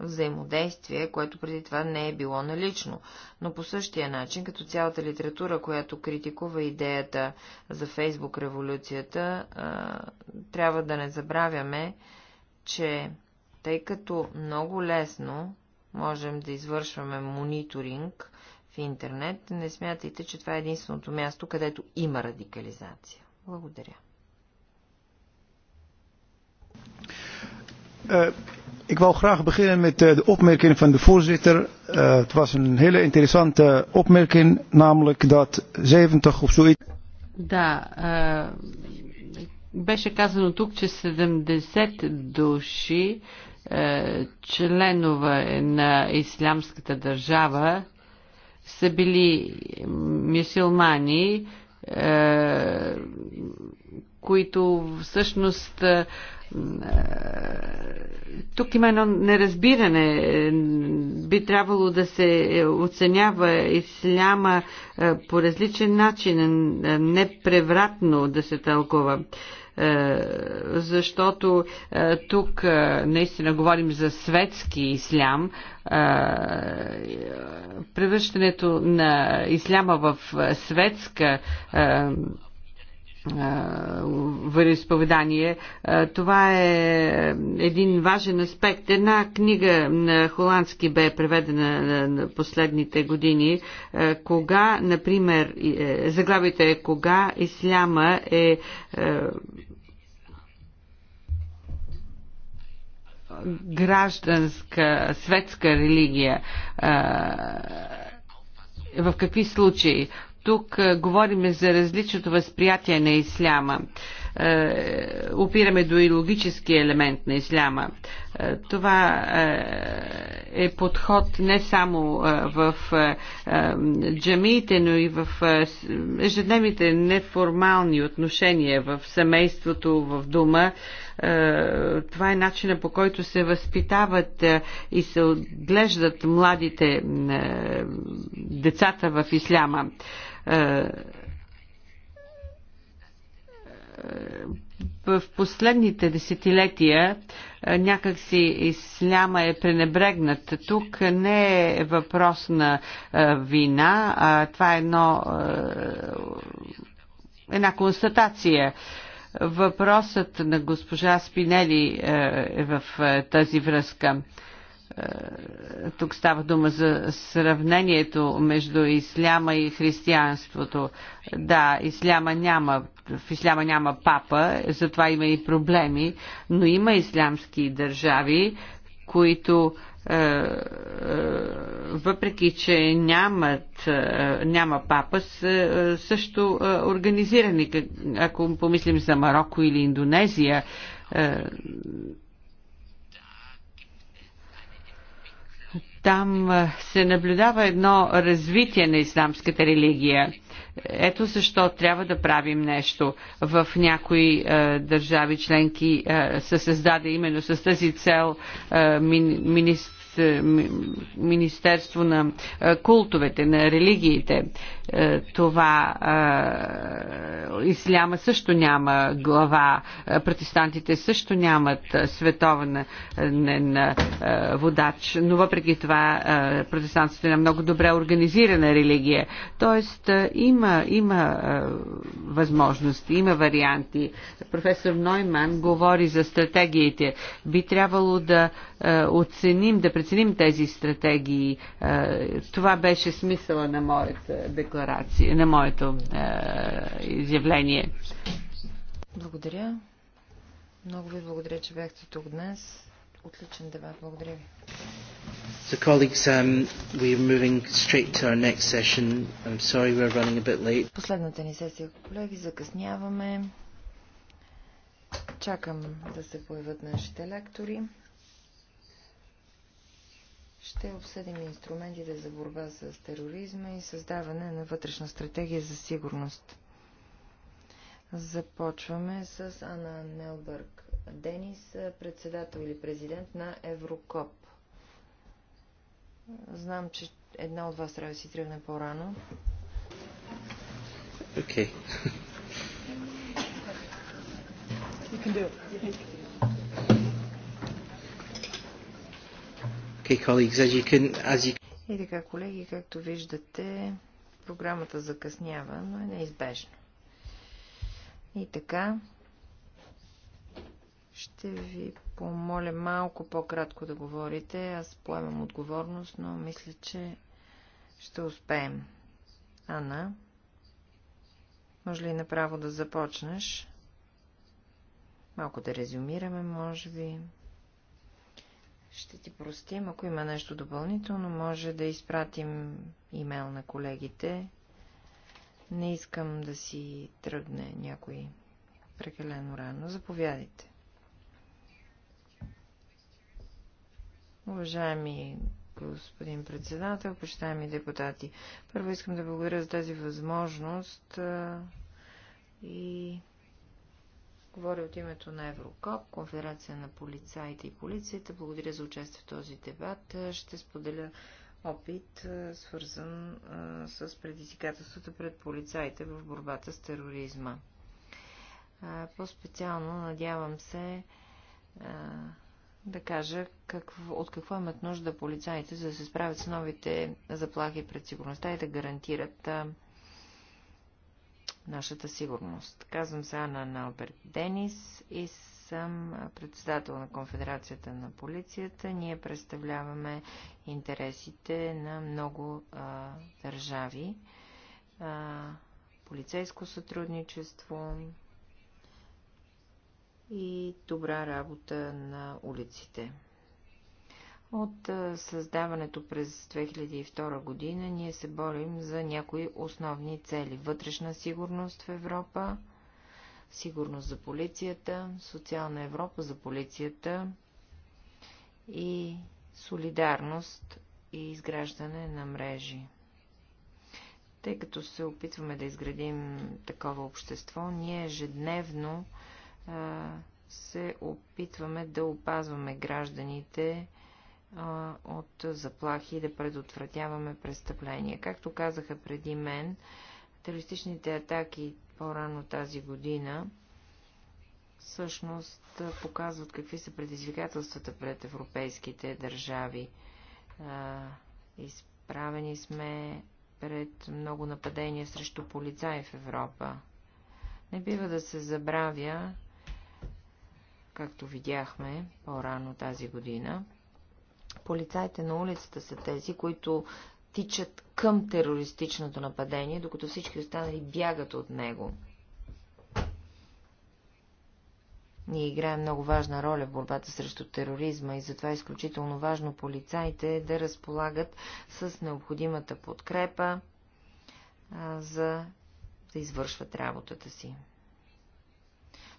взаимодействие, което преди това не е било налично. Но по същия начин, като цялата литература, която критикува идеята за Фейсбук революцията, трябва да не забравяме, че тъй като много лесно можем да извършваме мониторинг в интернет, не смятайте, че това е единственото място, където има радикализация. Благодаря. Е, Ik wou graag beginnen met de opmerking van de voorzitter. Uh, het was een hele interessante opmerking, namelijk dat 70 of zoiets. Да, uh, беше казано тук, че 70 души uh, членове на ислямската държава са били мюсюлмани, които всъщност тук има едно неразбиране. Би трябвало да се оценява исляма е, по различен начин, е, непревратно да се тълкува е, защото тук наистина говорим за светски ислям. Превръщането на исляма в светска е, вероисповедание. Е, това е един важен аспект. Една книга на холандски бе преведена на последните години. Е, кога, например, заглавите е Кога исляма е гражданска, светска религия в какви случаи тук е, говорим за различното възприятие на исляма. Е, опираме до и логически елемент на исляма. Е, това е подход не само в джамиите, но и в ежедневните неформални отношения в семейството, в дома. Това е начина по който се възпитават и се отглеждат младите децата в исляма. Е, е, в последните десетилетия е, някакси исляма е пренебрегнат. Тук не е въпрос на вина, а това е едно, една констатация. Въпросът на госпожа Спинели е в тази връзка тук става дума за сравнението между исляма и християнството. Да, исляма няма, в исляма няма папа, затова има и проблеми, но има ислямски държави, които е, е, въпреки че нямат, е, няма папа, са също организирани. Ако помислим за Марокко или Индонезия, Там се наблюдава едно развитие на исламската религия. Ето защо трябва да правим нещо. В някои е, държави членки е, са създаде именно с тази цел е, мини, министр е, Министерство на е, култовете, на религиите. Е, това исляма също няма глава, протестантите също нямат световен водач, но въпреки това протестантите е много добре организирана религия. Тоест има, има възможности, има варианти. Професор Нойман говори за стратегиите. Би трябвало да е, оценим, да преценим тези стратегии. Е, това беше смисъла на моята декларация, на моето е, изявление. Благодаря. Много ви благодаря, че бяхте тук днес. Отличен дебат. Благодаря ви. So colleagues, um, are moving straight to our next session. I'm sorry we're running a bit late. Последната ни сесия, колеги, закъсняваме. Чакам да се появят нашите лектори ще обсъдим инструментите за борба с тероризма и създаване на вътрешна стратегия за сигурност. Започваме с Ана Нелбърг Денис, председател или президент на Еврокоп. Знам, че една от вас трябва да си тръгне по-рано. Окей. Okay. Okay, colleagues, as you can, as you... И така, колеги, както виждате, програмата закъснява, но е неизбежно. И така, ще ви помоля малко по-кратко да говорите. Аз поемам отговорност, но мисля, че ще успеем. Ана, може ли направо да започнеш? Малко да резюмираме, може би. Ще ти простим, ако има нещо допълнително, може да изпратим имейл на колегите. Не искам да си тръгне някой прекалено рано. Заповядайте. Уважаеми господин председател, почитаеми депутати, първо искам да благодаря за тази възможност и говоря от името на Еврокоп, конфедерация на полицаите и полицията. Благодаря за участие в този дебат. Е, ще споделя опит, е, свързан е, с предизвикателствата пред полицаите в борбата с тероризма. По-специално надявам се да кажа какво, от какво имат нужда полицаите, за да се справят с новите заплахи пред сигурността и да гарантират нашата сигурност. Казвам се Анна Налберт Денис и съм председател на Конфедерацията на полицията. Ние представляваме интересите на много а, държави. А, полицейско сътрудничество и добра работа на улиците. От създаването през 2002 година ние се борим за някои основни цели. Вътрешна сигурност в Европа, сигурност за полицията, социална Европа за полицията и солидарност и изграждане на мрежи. Тъй като се опитваме да изградим такова общество, ние ежедневно а, се опитваме да опазваме гражданите от заплахи и да предотвратяваме престъпления. Както казаха преди мен, терористичните атаки по-рано тази година всъщност показват какви са предизвикателствата пред европейските държави. Изправени сме пред много нападения срещу полицаи в Европа. Не бива да се забравя, както видяхме по-рано тази година, полицаите на улицата са тези, които тичат към терористичното нападение, докато всички останали бягат от него. Ние играем много важна роля в борбата срещу тероризма и затова е изключително важно полицаите да разполагат с необходимата подкрепа а, за да извършват работата си.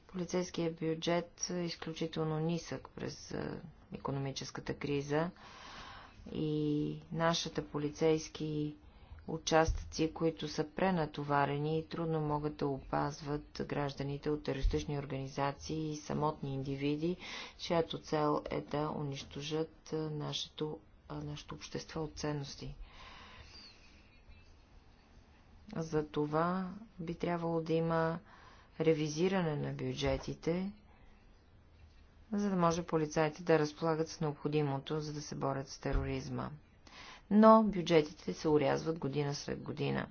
Полицейският бюджет е изключително нисък през економическата криза и нашата полицейски участъци, които са пренатоварени и трудно могат да опазват гражданите от терористични организации и самотни индивиди, чиято цел е да унищожат нашето, нашето общество от ценности. За това би трябвало да има ревизиране на бюджетите за да може полицаите да разполагат с необходимото, за да се борят с тероризма. Но бюджетите се урязват година след година.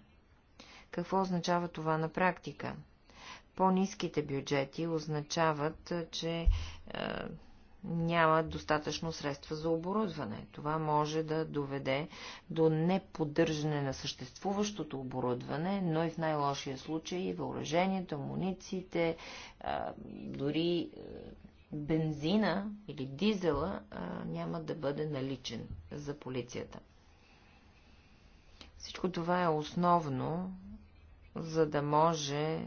Какво означава това на практика? По-низките бюджети означават, че е, няма достатъчно средства за оборудване. Това може да доведе до неподдържане на съществуващото оборудване, но и в най-лошия случай въоръжението, амунициите, е, дори е, бензина или дизела а, няма да бъде наличен за полицията. Всичко това е основно, за да може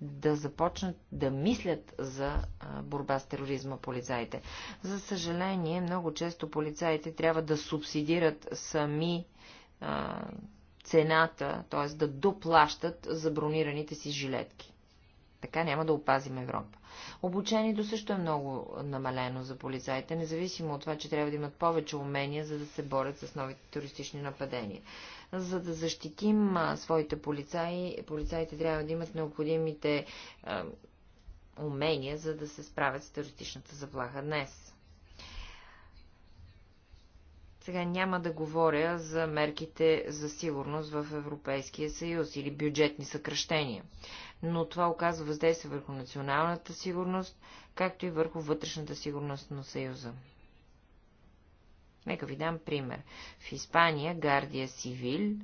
да започнат да мислят за борба с тероризма полицаите. За съжаление, много често полицаите трябва да субсидират сами а, цената, т.е. да доплащат за бронираните си жилетки. Така няма да опазим Европа. Обучението също е много намалено за полицаите, независимо от това, че трябва да имат повече умения, за да се борят с новите туристични нападения. За да защитим своите полицаи, полицаите трябва да имат необходимите умения, за да се справят с терористичната заплаха днес. Сега няма да говоря за мерките за сигурност в Европейския съюз или бюджетни съкръщения но това оказва въздействие върху националната сигурност, както и върху вътрешната сигурност на Съюза. Нека ви дам пример. В Испания Гардия Сивил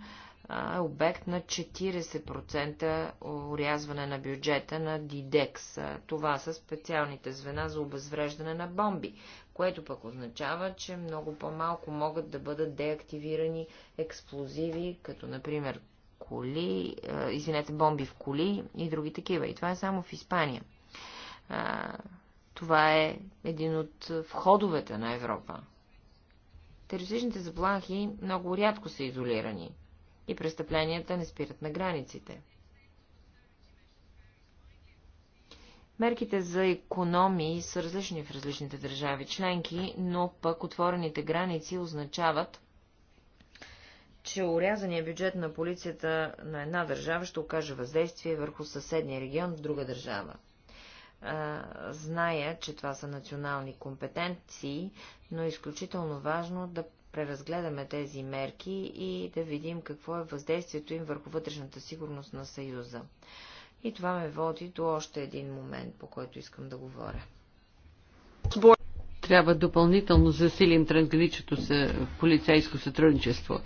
е обект на 40% урязване на бюджета на Дидекс. Това са специалните звена за обезвреждане на бомби, което пък означава, че много по-малко могат да бъдат деактивирани експлозиви, като например коли, извинете, бомби в коли и други такива. И това е само в Испания. Това е един от входовете на Европа. Терористичните заплахи много рядко са изолирани и престъпленията не спират на границите. Мерките за економии са различни в различните държави членки, но пък отворените граници означават, че урязания бюджет на полицията на една държава ще окаже въздействие върху съседния регион в друга държава. А, зная, че това са национални компетенции, но е изключително важно да преразгледаме тези мерки и да видим какво е въздействието им върху вътрешната сигурност на Съюза. И това ме води до още един момент, по който искам да говоря. Трябва допълнително засилим трансграничното полицейско сътрудничество.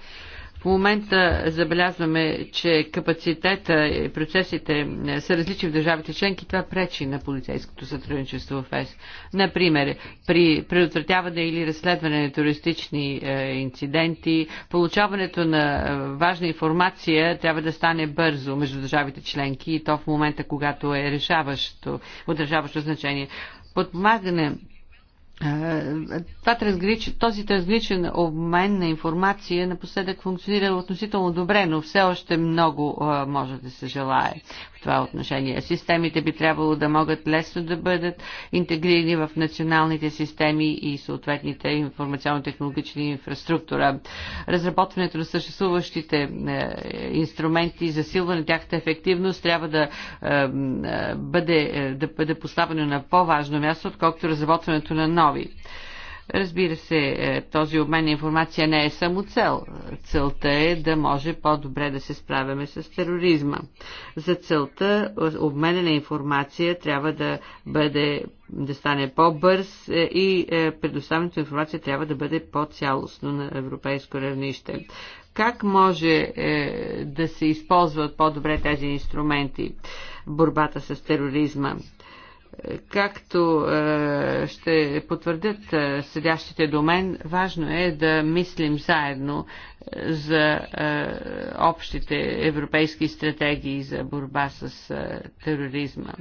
В момента забелязваме, че капацитета и процесите е, са различни в държавите членки. Това пречи на полицейското сътрудничество в ЕС. Например, при предотвратяване или разследване на туристични е, инциденти, получаването на е, важна информация трябва да стане бързо между държавите членки и то в момента, когато е решаващо, от решаващо значение. Подпомагане този трансграничен обмен на информация напоследък функционира относително добре, но все още много може да се желае в това отношение. Системите би трябвало да могат лесно да бъдат интегрирани в националните системи и съответните информационно-технологични инфраструктура. Разработването на съществуващите е, инструменти за силване на тяхната ефективност трябва да е, е, бъде, да бъде поставено на по-важно място, отколкото разработването на нови нови. Разбира се, е, този обмен на информация не е само цел. Целта е да може по-добре да се справяме с тероризма. За целта обмена на информация трябва да бъде да стане по-бърз е, и е, предоставянето на информация трябва да бъде по-цялостно на европейско равнище. Как може да се използват по-добре тези инструменти? Борбата с тероризма Както е, ще потвърдят е, седящите до мен, важно е да мислим заедно е, за общите европейски стратегии за борба с тероризма.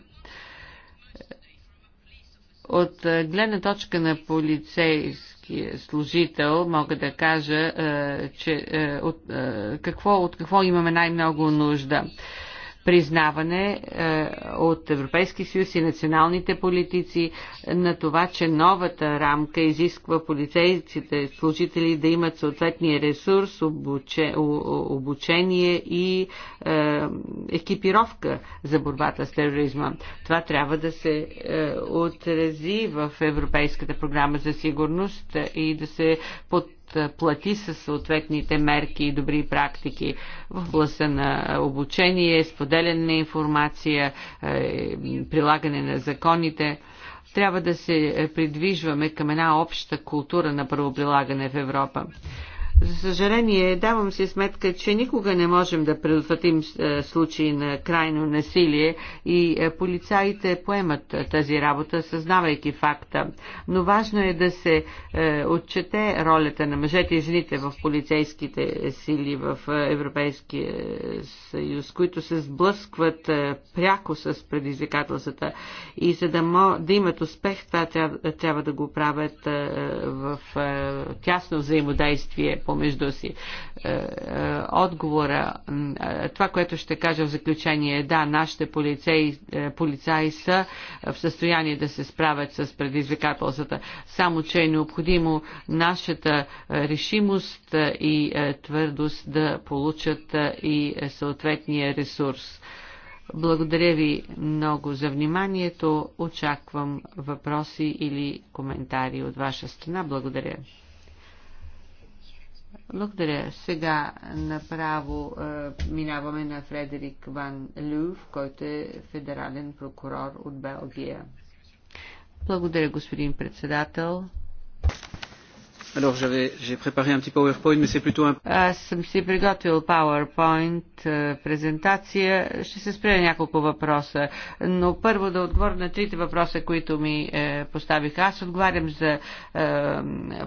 От гледна точка на полицейския служител мога да кажа, че от какво, от какво имаме най-много нужда признаване е, от Европейски съюз и националните политици на това, че новата рамка изисква полицейците, служители да имат съответния ресурс, обучение и е, екипировка за борбата с тероризма. Това трябва да се е, отрази в Европейската програма за сигурност и да се подпомогне плати с съответните мерки и добри практики в областта на обучение, споделяне на информация, е, прилагане на законите трябва да се е, придвижваме към една обща култура на правоприлагане в Европа. За съжаление, давам си сметка, че никога не можем да предотвратим е, случаи на крайно насилие и е, полицаите поемат е, тази работа, съзнавайки факта. Но важно е да се отчете ролята на мъжете и жените в полицейските сили в Европейския съюз, които се сблъскват пряко с предизвикателствата. И за да, мо, да имат успех, това трябва, трябва да го правят в тясно взаимодействие помежду си. Е, е, отговора, е, това, което ще кажа в заключение е да, нашите полицаи, полицаи са в състояние да се справят с предизвикателствата, само че е необходимо нашата решимост и твърдост да получат и съответния ресурс. Благодаря ви много за вниманието. Очаквам въпроси или коментари от ваша страна. Благодаря. Благодаря. Сега направо е, минаваме на Фредерик Ван Люв, който е федерален прокурор от Белгия. Благодаря, господин председател. Аз съм си приготвил PowerPoint е, презентация. Ще се спре няколко въпроса, но първо да отговоря на трите въпроса, които ми е, поставих. Аз отговарям за е,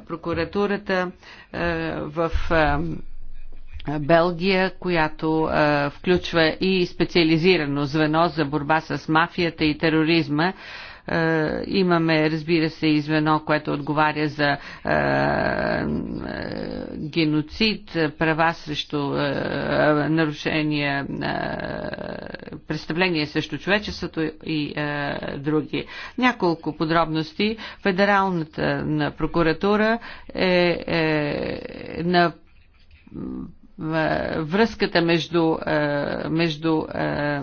прокуратурата е, в... Белгия, която включва и специализирано звено за борба с мафията и тероризма. Е, имаме, разбира се, и звено, което отговаря за е, е, геноцид, права срещу нарушения, представление срещу човечеството и други. Няколко подробности. Федералната прокуратура е на връзката между, е, между е,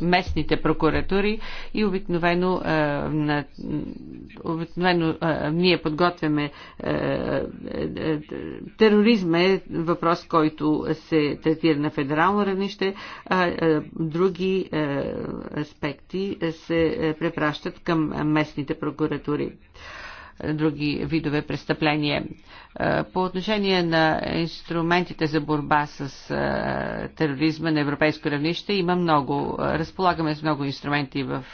местните прокуратури и обикновено, е, обикновено ние подготвяме тероризма е въпрос, който се третира на федерално равнище, а други аспекти се препращат към местните прокуратури други видове престъпления. Е, по отношение на инструментите за борба с е, тероризма на европейско равнище има много. Е, разполагаме с много инструменти в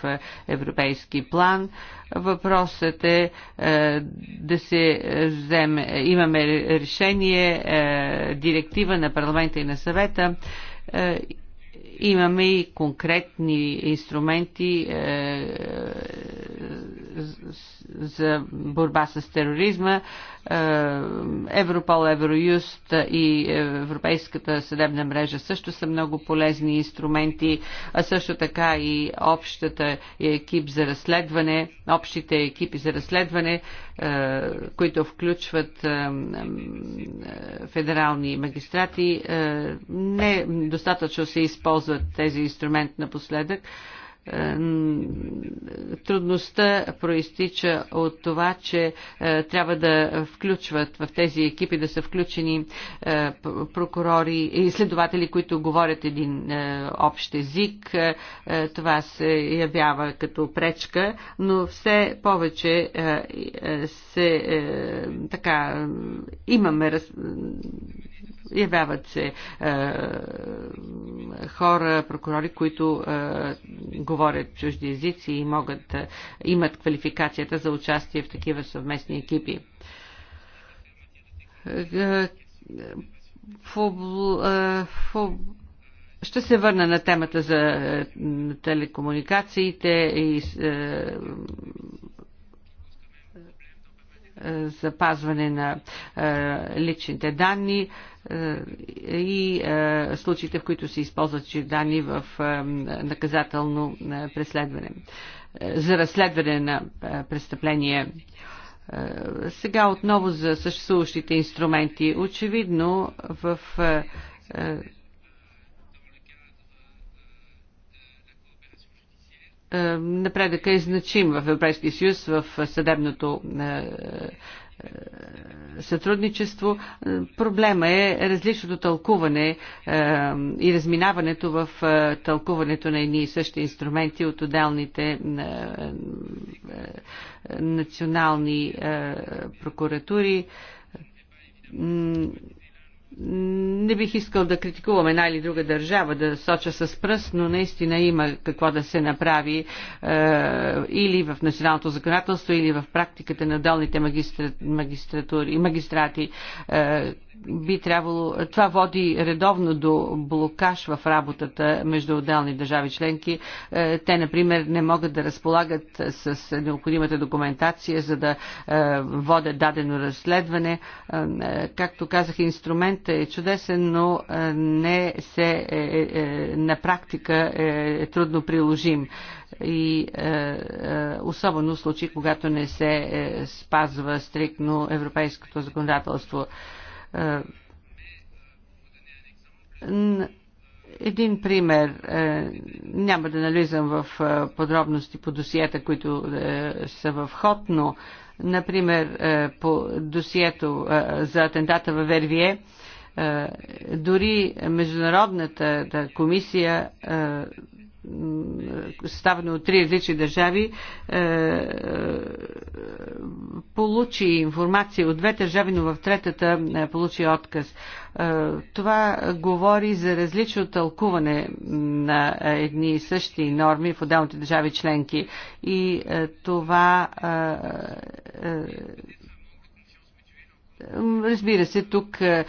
европейски план. Въпросът е да се вземе. Имаме решение, директива на парламента и на съвета имаме и конкретни инструменти за борба с тероризма, е, Европол, Евроюст и Европейската съдебна мрежа също са много полезни инструменти, а също така и общата екип за разследване, общите екипи за разследване, е, които включват е, федерални магистрати. Не достатъчно се използват тези инструменти напоследък трудността проистича от това, че е, трябва да включват в тези екипи да са включени е, прокурори и следователи, които говорят един е, общ език. Това се явява като пречка, но все повече се така имаме Явяват се е, хора, прокурори, които е, говорят чужди езици и могат, е, имат квалификацията за участие в такива съвместни екипи. Е, е, ще се върна на темата за е, телекомуникациите и е, запазване на е, личните данни е, и случаите, в които се използват че данни в наказателно преследване, за разследване на престъпление. Сега отново за съществуващите инструменти. Очевидно в Е, напредъка е значим в Европейския съюз в съдебното е, е, сътрудничество. Проблема е различното тълкуване и разминаването в тълкуването на едни и същи инструменти от отделните национални прокуратури не бих искал да критикувам една или друга държава, да соча с пръст, но наистина има какво да се направи е, или в националното законодателство, или в практиката на долните магистра, магистратури, магистрати, е, би трябвало, това води редовно до блокаж в работата между отделни държави членки. Е, те, например, не могат да разполагат с необходимата документация, за да е, водят дадено разследване. Е, както казах, инструментът е чудесен, но не се на практика е трудно приложим и е, е, особено в случаи, когато не се е, спазва стрикно европейското законодателство. Един пример, е, няма да нализам в е, подробности по досиета, които е, са в ход, но например по досието за атентата в Вервие, дори Международната комисия съставено от три различни държави, е, е, получи информация от две държави, но в третата е, получи отказ. Това говори за различно тълкуване на едни и същи норми в отделните държави членки. И това Разбира се, тук е, е,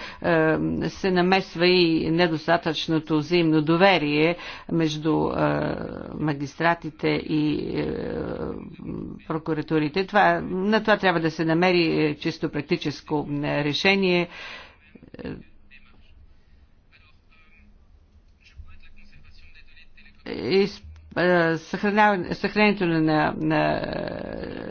се намесва и недостатъчното взаимно доверие между е, магистратите и прокуратурите. Това, на това трябва да се намери чисто практическо решение. Изп е, съхранението на, на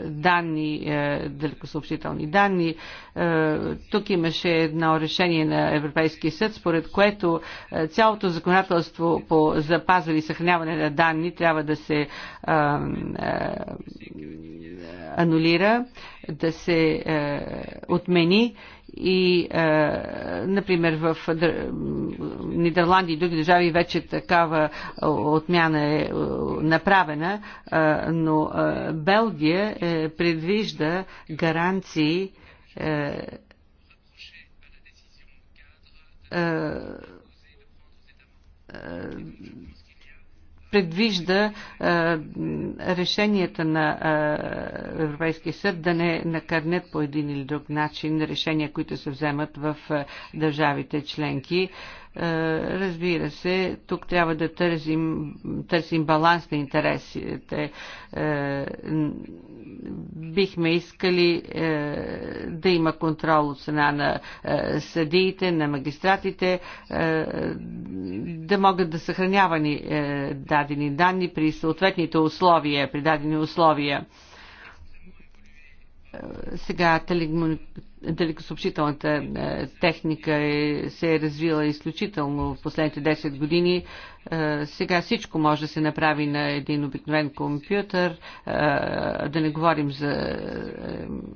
данни, е, далекосъобщителни данни. Е, тук имаше едно решение на Европейския съд, според което цялото законодателство по запазване и съхраняване на данни трябва да се анулира, да се отмени и, а, е, например, в Нидерландия и други държави вече такава е, отмяна е, е направена, а, но а, Белгия е, предвижда гаранции е, е, предвижда е, решенията на е, Европейския съд да не накърнят по един или друг начин решения, които се вземат в е, държавите членки. Е, разбира се, тук трябва да търсим, търсим баланс на интересите. Е, бихме искали е, да има контрол от страна на съдиите, на магистратите, да могат да съхранявани дадени данни при съответните условия, при дадени условия сега телекосъобщителната е, техника е, се е развила изключително в последните 10 години. Е, сега всичко може да се направи на един обикновен компютър, е, да не говорим за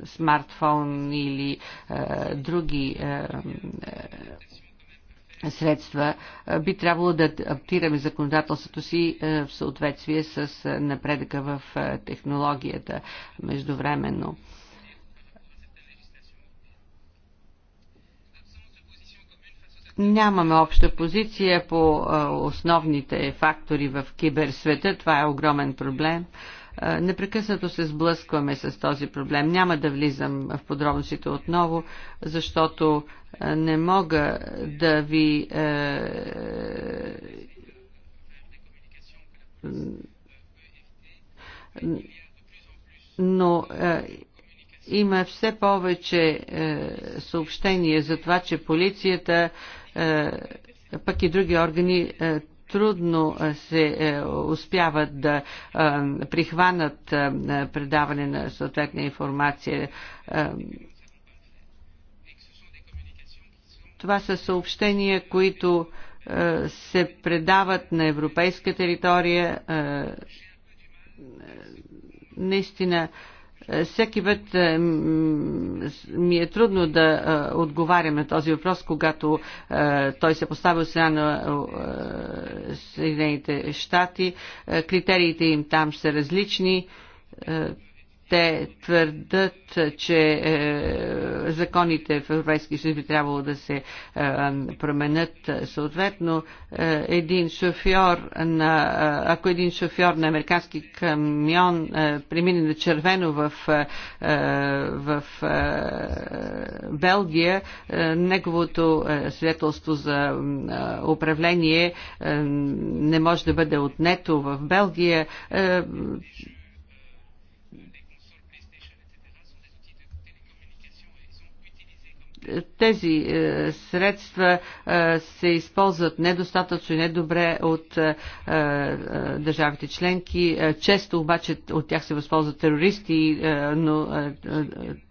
смартфон или други средства, би трябвало да адаптираме законодателството си в съответствие с напредъка в технологията междувременно. Нямаме обща позиция по основните фактори в киберсвета. Това е огромен проблем. Непрекъснато се сблъскваме с този проблем. Няма да влизам в подробностите отново, защото не мога да ви но е, има все повече е, съобщения за това, че полицията е, пък и други органи е, трудно е, се успяват да прихванат предаване на съответна информация. Това са съобщения, които се предават на европейска територия. Наистина всеки път е, ми е трудно да е, отговарям на този въпрос, когато е, той се постави от страна на Съединените щати. Критериите им там са различни те твърдат, че е, законите в Европейския съюз би трябвало да се е, променят е, съответно. Е, един шофьор на, е, ако един шофьор на американски камион е, премине на червено в, е, е, в е, Белгия, е, неговото е, свидетелство за е, управление е, не може да бъде отнето в Белгия. Е, тези е, средства е, се използват недостатъчно и недобре от е, държавите членки. Често обаче от тях се възползват терористи, но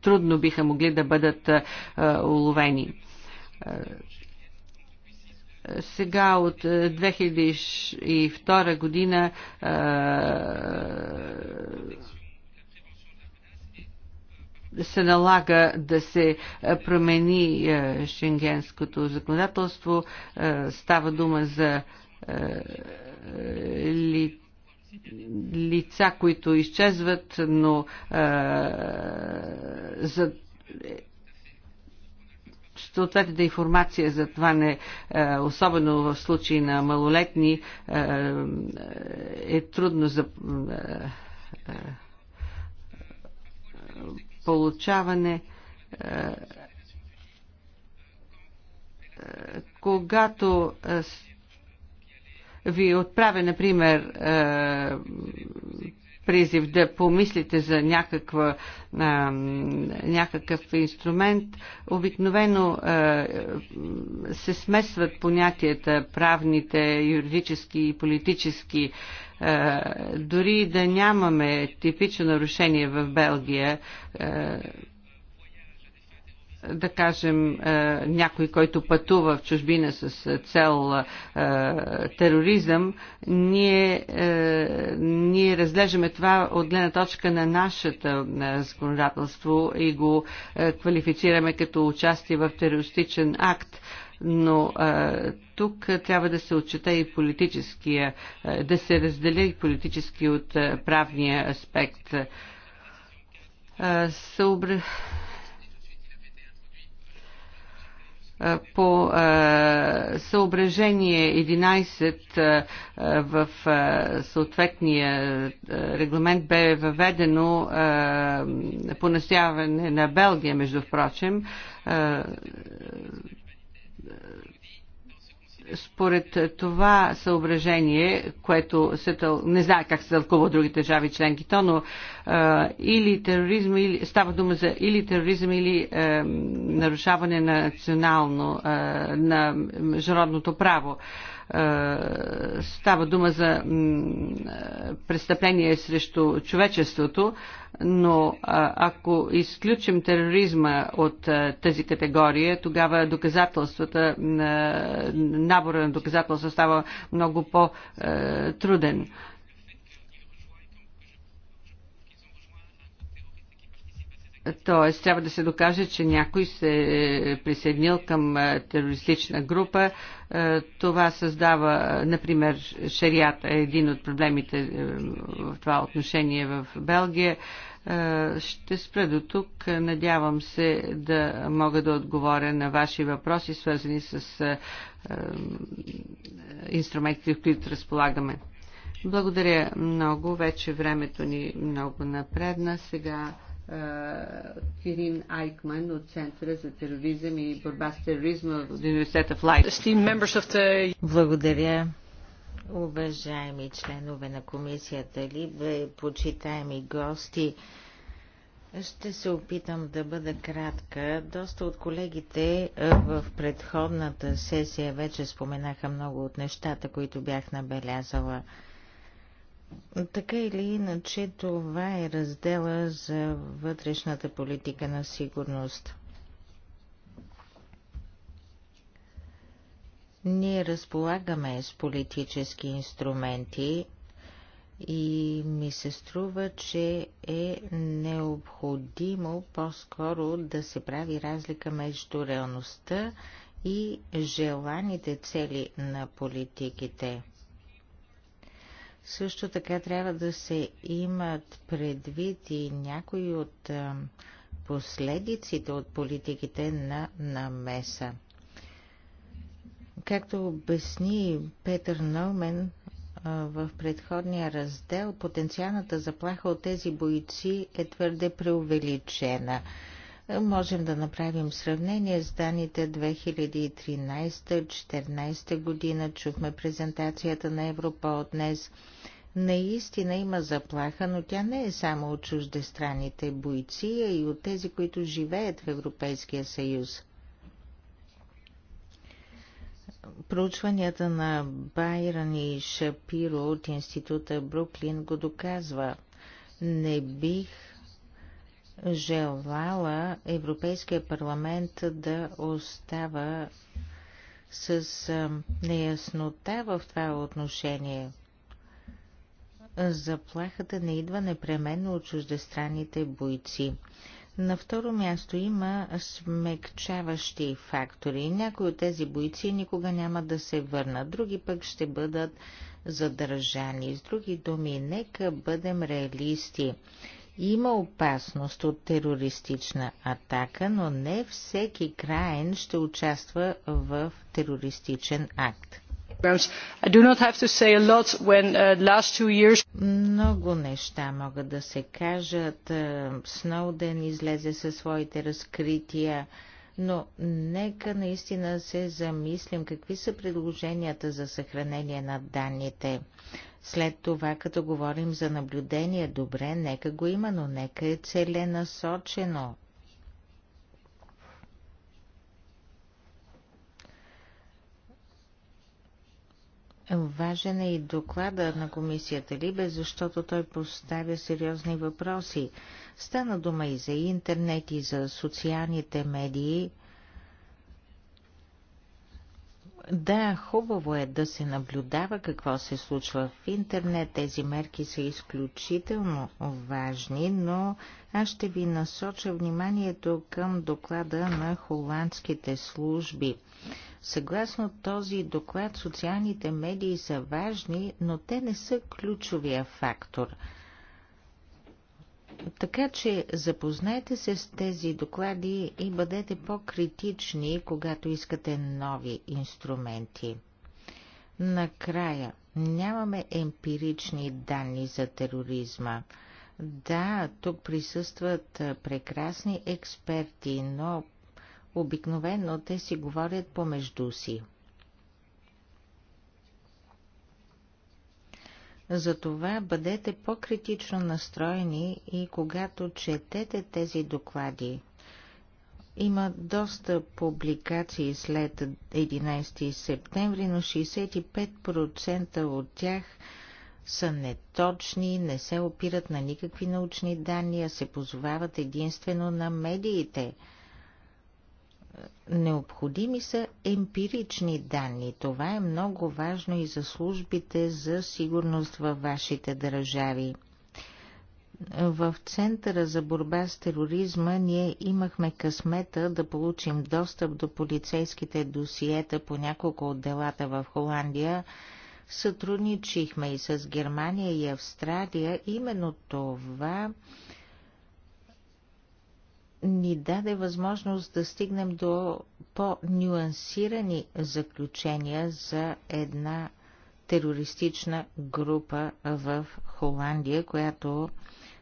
трудно биха могли да бъдат уловени. Сега от 2002 година се налага да се е, промени е, шенгенското законодателство. Е, става дума за ли, лица, които изчезват, но за съответната информация за това не, особено в случай на малолетни, е трудно за получаване е, е, когато е, ви отправя, например, призив да помислите за някаква, а, някакъв инструмент. Обикновено а, се смесват понятията правните, юридически и политически. А, дори да нямаме типично нарушение в Белгия, а, да кажем, е, някой, който пътува в чужбина с е, цел е, тероризъм, ние, ние разглеждаме това от гледна точка на нашата законодателство и го квалифицираме като участие в терористичен акт но а, тук трябва да се отчете и политическия, а, да се разделя и политически от а, правния аспект. А, съобр... по съображение 11 в съответния регламент бе въведено по настояване на Белгия, между впрочем, според това съображение, което се тъл... не знае как се тълкува другите държави членки, то, но а, или тероризъм, или, става дума за или тероризъм, или а, нарушаване на национално, а, на международното право. А, става дума за престъпление срещу човечеството, но ако изключим тероризма от тази категория, тогава доказателствата, набора на доказателства става много по-труден. т.е. трябва да се докаже, че някой се е присъединил към е, терористична група. Е, това създава, е, например, шарията е един от проблемите в това отношение в Белгия. Ще спра до тук. Надявам се да мога да отговоря на ваши въпроси, свързани с инструментите, в които разполагаме. Благодаря много. Вече времето ни много напредна. Сега Кирин е, Айкман от Центъра за тероризъм и борба с тероризма от университета в Лайт. Благодаря. Уважаеми членове на комисията Либе, почитаеми гости, ще се опитам да бъда кратка. Доста от колегите е, в предходната сесия вече споменаха много от нещата, които бях набелязала. Така или иначе, това е раздела за вътрешната политика на сигурност. Ние разполагаме с политически инструменти и ми се струва, че е необходимо по-скоро да се прави разлика между реалността и желаните цели на политиките. Също така трябва да се имат предвид и някои от последиците от политиките на намеса. Както обясни Петър Ноумен в предходния раздел, потенциалната заплаха от тези бойци е твърде преувеличена. Можем да направим сравнение с данните 2013-2014 година. Чухме презентацията на Европол днес. Наистина има заплаха, но тя не е само от чуждестранните бойци, а и от тези, които живеят в Европейския съюз. Проучванията на Байран и Шапиро от института Бруклин го доказва. Не бих желала Европейския парламент да остава с неяснота в това отношение. Заплахата не идва непременно от чуждестранните бойци. На второ място има смекчаващи фактори. Някои от тези бойци никога няма да се върнат, други пък ще бъдат задържани. С други думи, нека бъдем реалисти. Има опасност от терористична атака, но не всеки краен ще участва в терористичен акт. Years... Много неща могат да се кажат. Е, Сноуден излезе със своите разкрития но нека наистина се замислим какви са предложенията за съхранение на данните. След това, като говорим за наблюдение, добре, нека го има, но нека е целенасочено. Важен е и доклада на комисията Либе, защото той поставя сериозни въпроси. Стана дума и за интернет, и за социалните медии. Да, хубаво е да се наблюдава какво се случва в интернет. Тези мерки са изключително важни, но аз ще ви насоча вниманието към доклада на холандските служби. Съгласно този доклад, социалните медии са важни, но те не са ключовия фактор – така че запознайте се с тези доклади и бъдете по-критични, когато искате нови инструменти. Накрая, нямаме емпирични данни за тероризма. Да, тук присъстват прекрасни експерти, но обикновено те си говорят помежду си. Затова бъдете по-критично настроени и когато четете тези доклади. Има доста публикации след 11 септември, но 65% от тях са неточни, не се опират на никакви научни данни, а се позовават единствено на медиите – Необходими са емпирични данни. Това е много важно и за службите за сигурност във вашите държави. В Центъра за борба с тероризма ние имахме късмета да получим достъп до полицейските досиета по няколко от делата в Холандия. Сътрудничихме и с Германия и Австралия. Именно това ни даде възможност да стигнем до по-нюансирани заключения за една терористична група в Холандия, която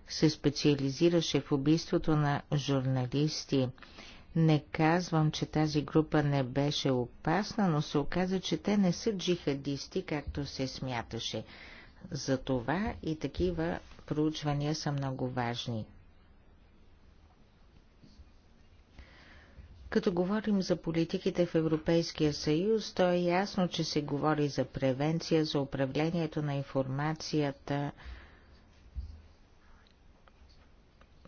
се специализираше в убийството на журналисти. Не казвам, че тази група не беше опасна, но се оказа, че те не са джихадисти, както се смяташе. За това и такива проучвания са много важни. Като говорим за политиките в Европейския съюз, то е ясно, че се говори за превенция, за управлението на информацията,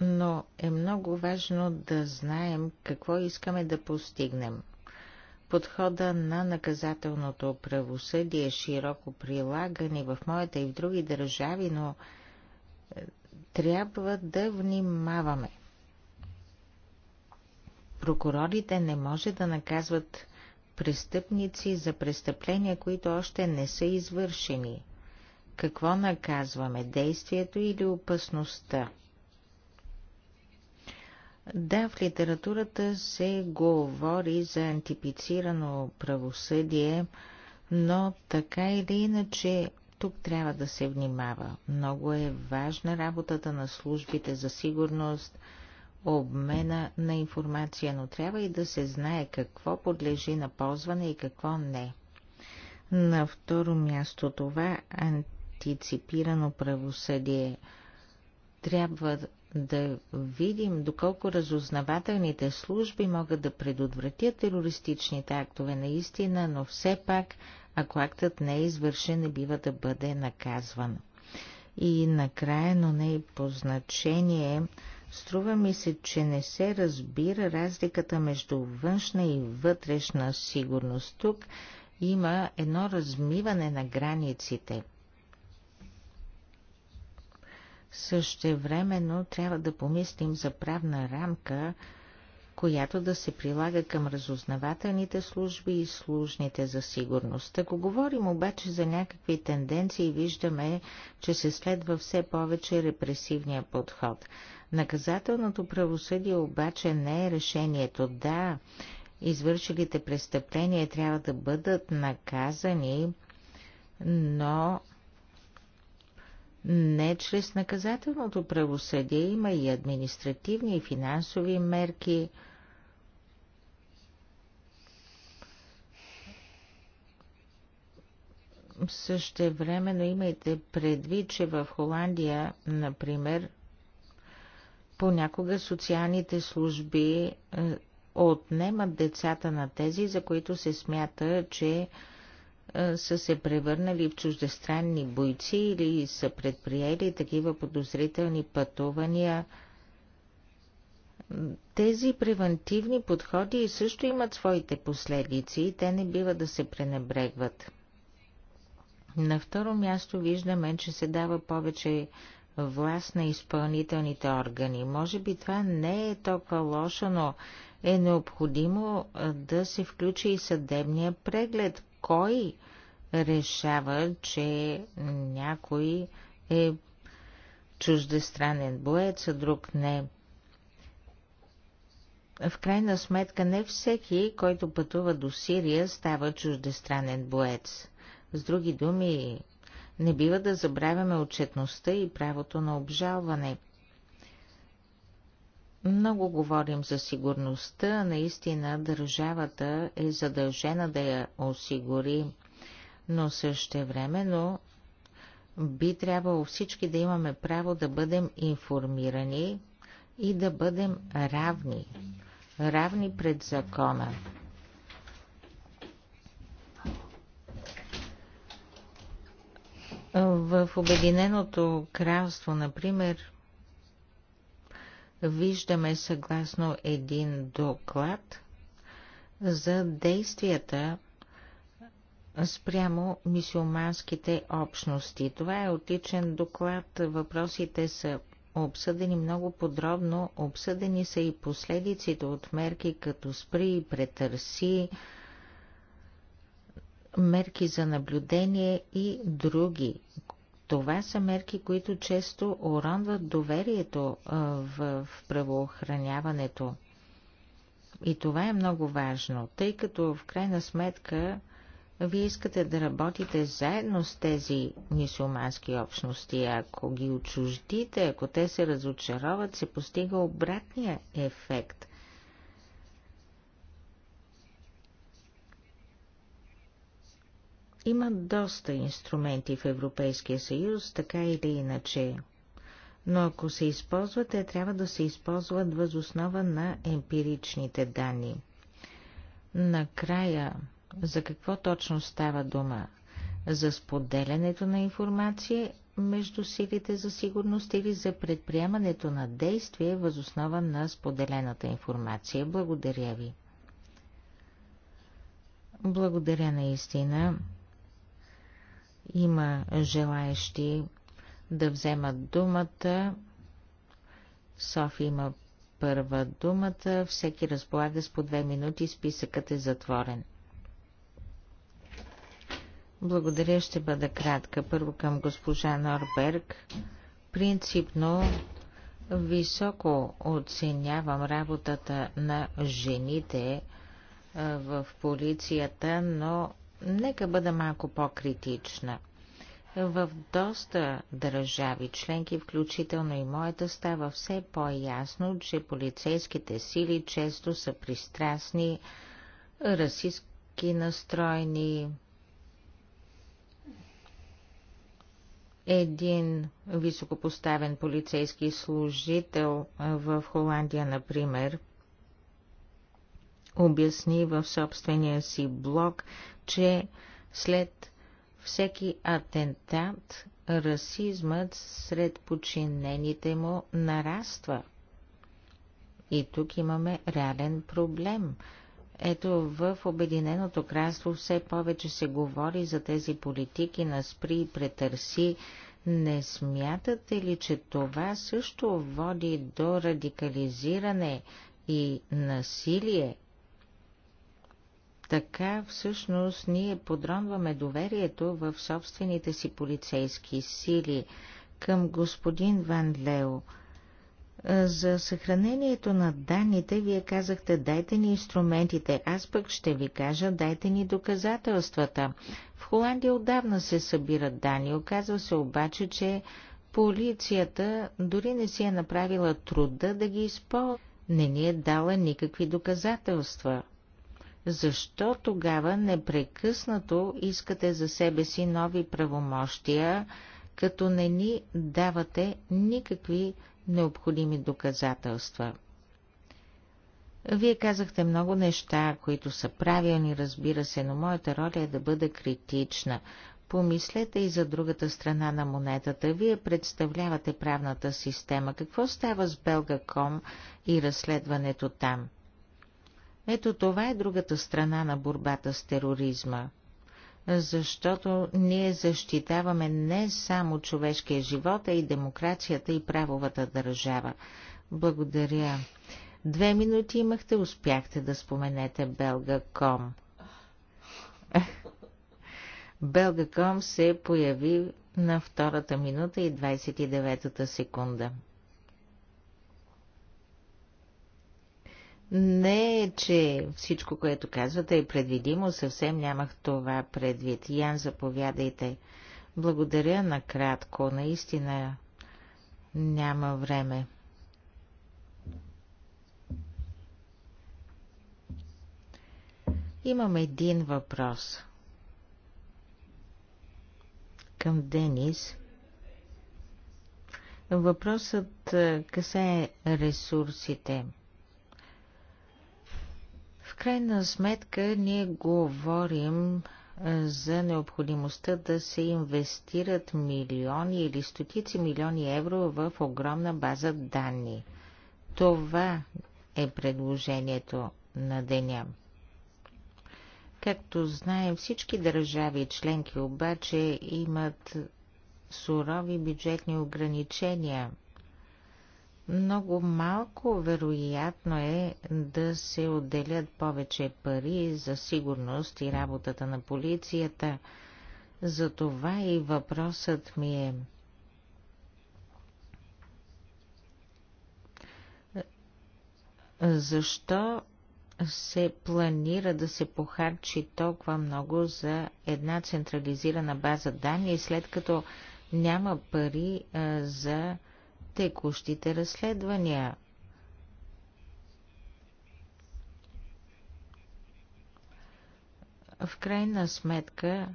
но е много важно да знаем какво искаме да постигнем. Подхода на наказателното правосъдие е широко прилаган и в моята и в други държави, но е, трябва да внимаваме прокурорите не може да наказват престъпници за престъпления, които още не са извършени. Какво наказваме? Действието или опасността? Да, в литературата се говори за антипицирано правосъдие, но така или иначе тук трябва да се внимава. Много е важна работата на службите за сигурност – обмена на информация, но трябва и да се знае какво подлежи на ползване и какво не. На второ място това антиципирано правосъдие. Трябва да видим доколко разузнавателните служби могат да предотвратят терористичните актове наистина, но все пак, ако актът не е извършен, не бива да бъде наказван. И накрая, но не и по значение, Струва ми се, че не се разбира разликата между външна и вътрешна сигурност. Тук има едно размиване на границите. Същевременно трябва да помислим за правна рамка, която да се прилага към разузнавателните служби и служните за сигурност. Ако говорим обаче за някакви тенденции, виждаме, че се следва все повече репресивния подход. Наказателното правосъдие обаче не е решението. Да, извършилите престъпления трябва да бъдат наказани, но не чрез наказателното правосъдие има и административни и финансови мерки. времено имайте предвид, че в Холандия, например, Понякога социалните служби е, отнемат децата на тези, за които се смята, че е, са се превърнали в чуждестранни бойци или са предприели такива подозрителни пътувания. Тези превентивни подходи също имат своите последици и те не бива да се пренебрегват. На второ място виждаме, че се дава повече власт на изпълнителните органи. Може би това не е толкова лошо, но е необходимо да се включи и съдебния преглед. Кой решава, че някой е чуждестранен боец, а друг не? В крайна сметка не всеки, който пътува до Сирия, става чуждестранен боец. С други думи, не бива да забравяме отчетността и правото на обжалване. Много говорим за сигурността, наистина държавата е задължена да я осигури, но същевременно би трябвало всички да имаме право да бъдем информирани и да бъдем равни. Равни пред закона. В Обединеното кралство, например, виждаме съгласно един доклад за действията спрямо мисиоманските общности. Това е отличен доклад. Въпросите са обсъдени много подробно. Обсъдени са и последиците от мерки като спри и претърси, мерки за наблюдение и други. Това са мерки, които често уронват доверието в правоохраняването. И това е много важно, тъй като в крайна сметка вие искате да работите заедно с тези мисулмански общности. Ако ги очуждите, ако те се разочароват, се постига обратния ефект. Има доста инструменти в Европейския съюз, така или иначе. Но ако се използват, те трябва да се използват възоснова на емпиричните данни. Накрая, за какво точно става дума? За споделянето на информация между силите за сигурност или за предприемането на действие възоснова на споделената информация. Благодаря ви. Благодаря наистина. Има желаещи да вземат думата. Софи има първа думата. Всеки разполага с по две минути. Списъкът е затворен. Благодаря, ще бъда кратка. Първо към госпожа Норберг. Принципно високо оценявам работата на жените в полицията, но нека бъда малко по-критична. В доста държави членки, включително и моята, става все по-ясно, че полицейските сили често са пристрастни, расистски настроени. Един високопоставен полицейски служител в Холандия, например, обясни в собствения си блог, че след всеки атентат расизмът сред подчинените му нараства. И тук имаме реален проблем. Ето в Обединеното кралство все повече се говори за тези политики на спри и претърси. Не смятате ли, че това също води до радикализиране и насилие така всъщност ние подронваме доверието в собствените си полицейски сили към господин Ван Лео. За съхранението на данните вие казахте дайте ни инструментите, аз пък ще ви кажа дайте ни доказателствата. В Холандия отдавна се събират данни, оказва се обаче, че полицията дори не си е направила труда да ги използва. Не ни е дала никакви доказателства. Защо тогава непрекъснато искате за себе си нови правомощия, като не ни давате никакви необходими доказателства? Вие казахте много неща, които са правилни, разбира се, но моята роля е да бъда критична. Помислете и за другата страна на монетата. Вие представлявате правната система. Какво става с Белгаком и разследването там? Ето това е другата страна на борбата с тероризма. Защото ние защитаваме не само човешкия живот, а и демокрацията и правовата държава. Благодаря. Две минути имахте, успяхте да споменете Белгаком. Белгаком се появи на втората минута и 29-та секунда. Не е, че всичко, което казвате е предвидимо, съвсем нямах това предвид. Ян, заповядайте. Благодаря накратко, наистина няма време. Имам един въпрос. Към Денис. Въпросът касае ресурсите крайна сметка ние говорим е, за необходимостта да се инвестират милиони или стотици милиони евро в огромна база данни. Това е предложението на деня. Както знаем, всички държави членки обаче имат сурови бюджетни ограничения – много малко вероятно е да се отделят повече пари за сигурност и работата на полицията. Затова и въпросът ми е защо се планира да се похарчи толкова много за една централизирана база данни, след като няма пари а, за текущите разследвания. В крайна сметка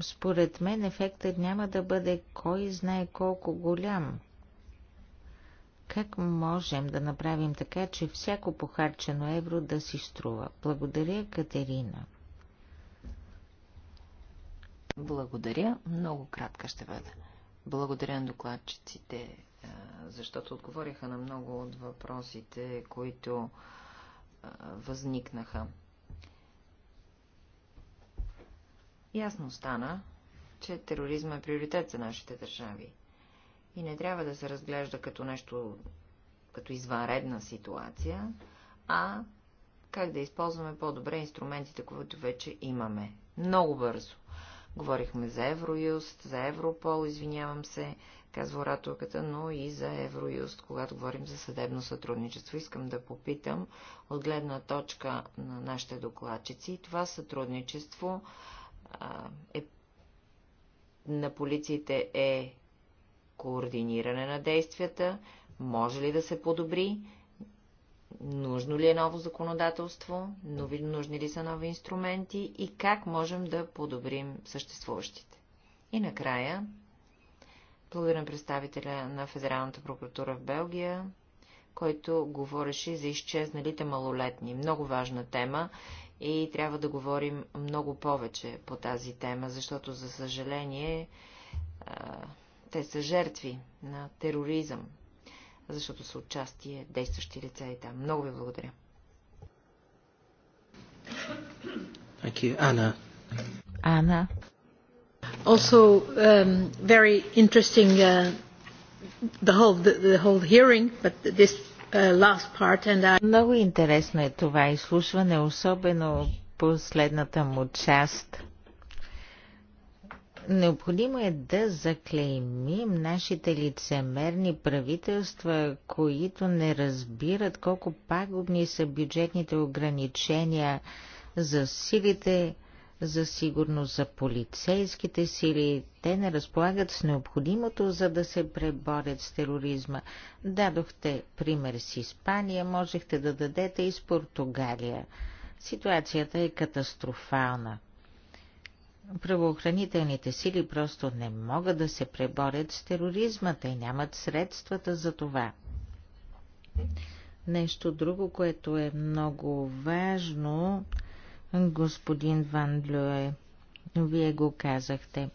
според мен ефектът няма да бъде кой знае колко голям. Как можем да направим така, че всяко похарчено евро да си струва? Благодаря, Катерина. Благодаря. Много кратка ще бъда. Благодаря на докладчиците, е, защото отговориха на много от въпросите, които е, възникнаха. Ясно стана, че тероризма е приоритет за нашите държави и не трябва да се разглежда като нещо, като извънредна ситуация, а как да използваме по-добре инструментите, които вече имаме. Много бързо. Говорихме за Евроюст, за Европол, извинявам се, казва ораторката, но и за Евроюст, когато говорим за съдебно сътрудничество. Искам да попитам от гледна точка на нашите докладчици. Това сътрудничество а, е, на полициите е координиране на действията, може ли да се подобри, нужно ли е ново законодателство, нужни ли са нови инструменти и как можем да подобрим съществуващите. И накрая, благодарен представителя на Федералната прокуратура в Белгия, който говореше за изчезналите малолетни. Много важна тема и трябва да говорим много повече по тази тема, защото, за съжаление, те са жертви на тероризъм защото са участие действащи лица и там. Много ви благодаря. Thank you, Anna. Anna. Also, um, very interesting uh, the whole the, the whole hearing, but this uh, last part and I. Много интересно е това изслушване, особено последната му част. Необходимо е да заклеймим нашите лицемерни правителства, които не разбират колко пагубни са бюджетните ограничения за силите за сигурност, за полицейските сили. Те не разполагат с необходимото, за да се преборят с тероризма. Дадохте пример с Испания, можехте да дадете и с Португалия. Ситуацията е катастрофална. Правоохранителните сили просто не могат да се преборят с тероризма, те нямат средствата за това. Нещо друго, което е много важно, господин Ван Блюе, вие го казахте.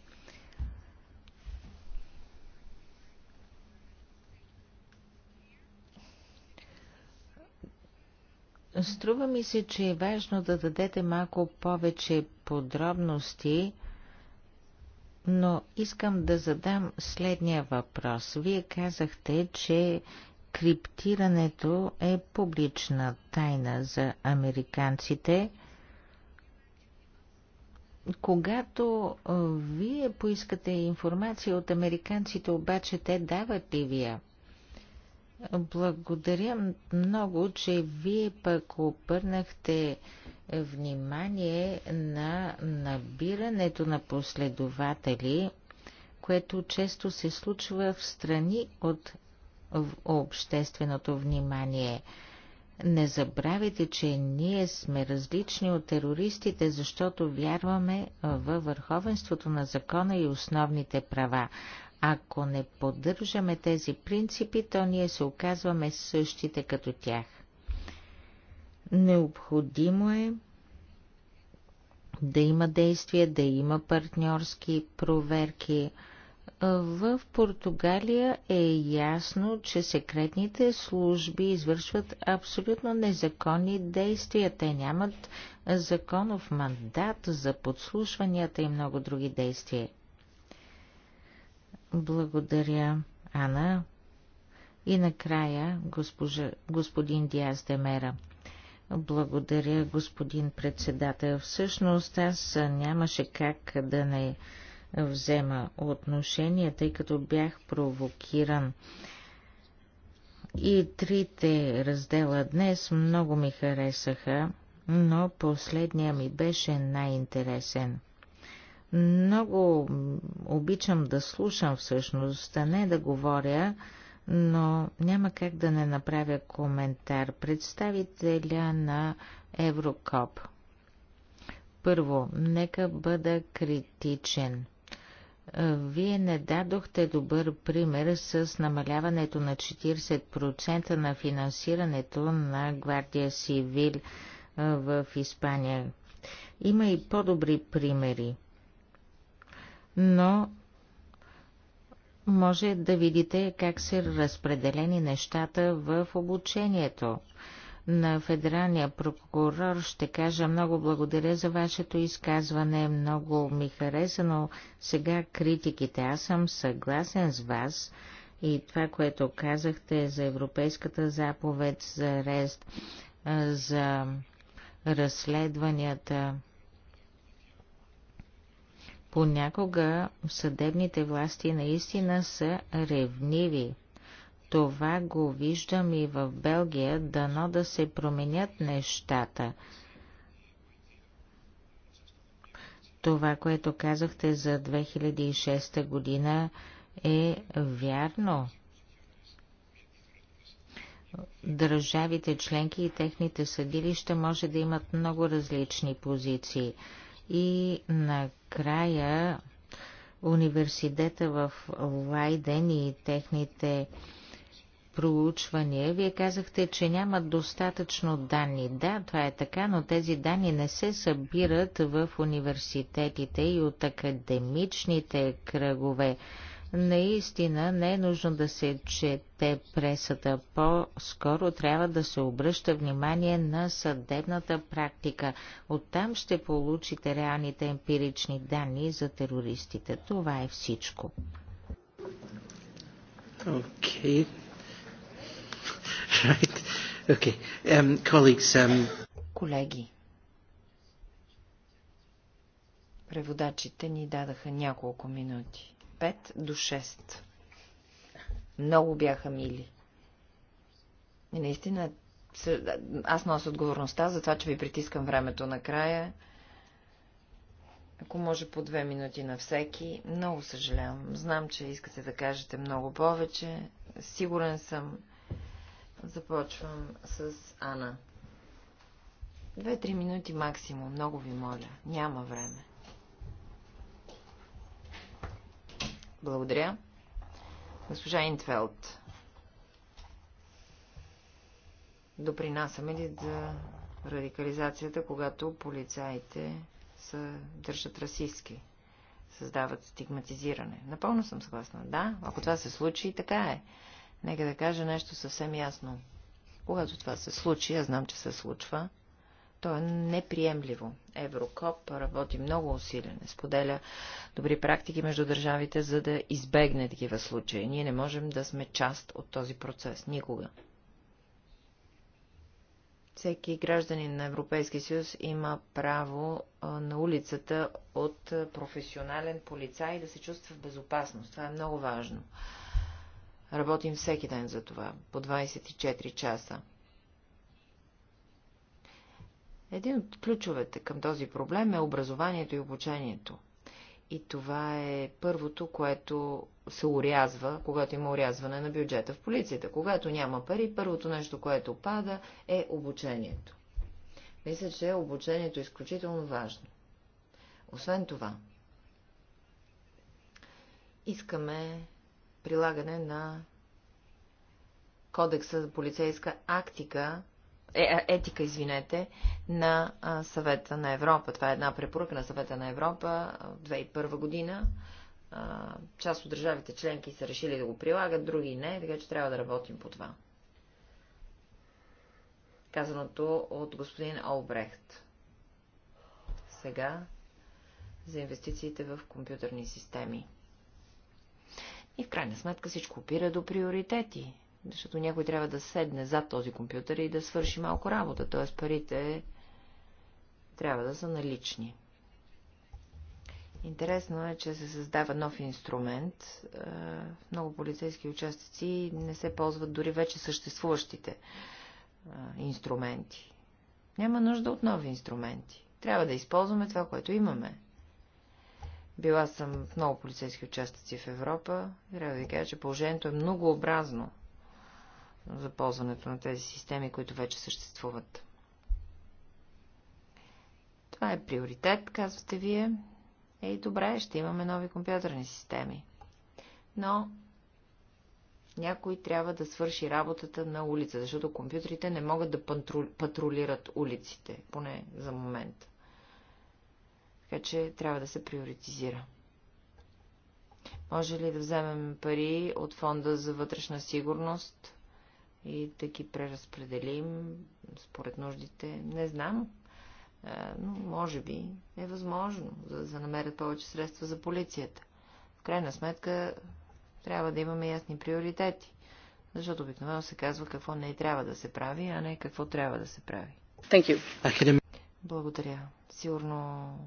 Струва ми се, че е важно да дадете малко повече подробности, но искам да задам следния въпрос. Вие казахте, че криптирането е публична тайна за американците. Когато вие поискате информация от американците, обаче те дават ли вие благодаря много, че вие пък обърнахте внимание на набирането на последователи, което често се случва в страни от общественото внимание. Не забравяйте, че ние сме различни от терористите, защото вярваме във върховенството на закона и основните права. Ако не поддържаме тези принципи, то ние се оказваме същите като тях. Необходимо е да има действия, да има партньорски проверки. В Португалия е ясно, че секретните служби извършват абсолютно незаконни действия. Те нямат законов мандат за подслушванията и много други действия. Благодаря, Ана. И накрая госпожа, господин Диас Демера. Благодаря, господин председател. Всъщност аз нямаше как да не взема отношение, тъй като бях провокиран. И трите раздела днес много ми харесаха, но последния ми беше най-интересен. Много обичам да слушам всъщност, а не да говоря, но няма как да не направя коментар. Представителя на Еврокоп. Първо, нека бъда критичен. Вие не дадохте добър пример с намаляването на 40% на финансирането на Гвардия Сивил в Испания. Има и по-добри примери но може да видите как са разпределени нещата в обучението. На федералния прокурор ще кажа много благодаря за вашето изказване, много ми хареса, но сега критиките. Аз съм съгласен с вас и това, което казахте за Европейската заповед за арест, за разследванията. Понякога съдебните власти наистина са ревниви. Това го виждам и в Белгия, дано да се променят нещата. Това, което казахте за 2006 година е вярно. Държавите членки и техните съдилища може да имат много различни позиции. И накрая университета в Лайден и техните проучвания, вие казахте, че няма достатъчно данни. Да, това е така, но тези данни не се събират в университетите и от академичните кръгове. Наистина не е нужно да се чете пресата. По-скоро трябва да се обръща внимание на съдебната практика. Оттам ще получите реалните емпирични данни за терористите. Това е всичко. Okay. Right. Okay. Um, colleagues, um... Колеги, преводачите ни дадаха няколко минути. Пет до 6. Много бяха мили. И наистина, аз нося отговорността за това, че ви притискам времето накрая. Ако може по две минути на всеки, много съжалявам. Знам, че искате да кажете много повече. Сигурен съм. Започвам с Ана. Две-три минути максимум, много ви моля. Няма време. Благодаря. Госпожа Интфелд. Допринасяме ли за радикализацията, когато полицаите са, държат расистски? Създават стигматизиране. Напълно съм съгласна. Да, ако това се случи, така е. Нека да кажа нещо съвсем ясно. Когато това се случи, аз знам, че се случва, то е неприемливо. Еврокоп работи много усилено, споделя добри практики между държавите, за да избегне такива случаи. Ние не можем да сме част от този процес. Никога. Всеки гражданин на Европейския съюз има право на улицата от професионален полицай да се чувства в безопасност. Това е много важно. Работим всеки ден за това, по 24 часа. Един от ключовете към този проблем е образованието и обучението. И това е първото, което се урязва, когато има урязване на бюджета в полицията. Когато няма пари, първото нещо, което пада, е обучението. Мисля, че обучението е изключително важно. Освен това, искаме прилагане на кодекса за полицейска актика е, е, етика, извинете, на съвета на Европа. Това е една препоръка на съвета на Европа в 2001 година. Част от държавите членки са решили да го прилагат, други не, така че трябва да работим по това. Казаното от господин Олбрехт. Сега за инвестициите в компютърни системи. И в крайна сметка всичко опира до приоритети. Защото някой трябва да седне зад този компютър и да свърши малко работа, т.е. парите трябва да са налични. Интересно е, че се създава нов инструмент. Е, много полицейски участъци не се ползват дори вече съществуващите е, инструменти. Няма нужда от нови инструменти. Трябва да използваме това, което имаме. Била съм в много полицейски участъци в Европа и трябва да ви кажа, че положението е многообразно за ползването на тези системи, които вече съществуват. Това е приоритет, казвате вие. Ей, добре, ще имаме нови компютърни системи. Но някой трябва да свърши работата на улица, защото компютрите не могат да патрулират улиците, поне за момент. Така че трябва да се приоритизира. Може ли да вземем пари от фонда за вътрешна сигурност и да ги преразпределим според нуждите. Не знам, но може би е възможно, за да намерят повече средства за полицията. В крайна сметка трябва да имаме ясни приоритети, защото обикновено се казва какво не трябва да се прави, а не какво трябва да се прави. Thank you. Благодаря. Сигурно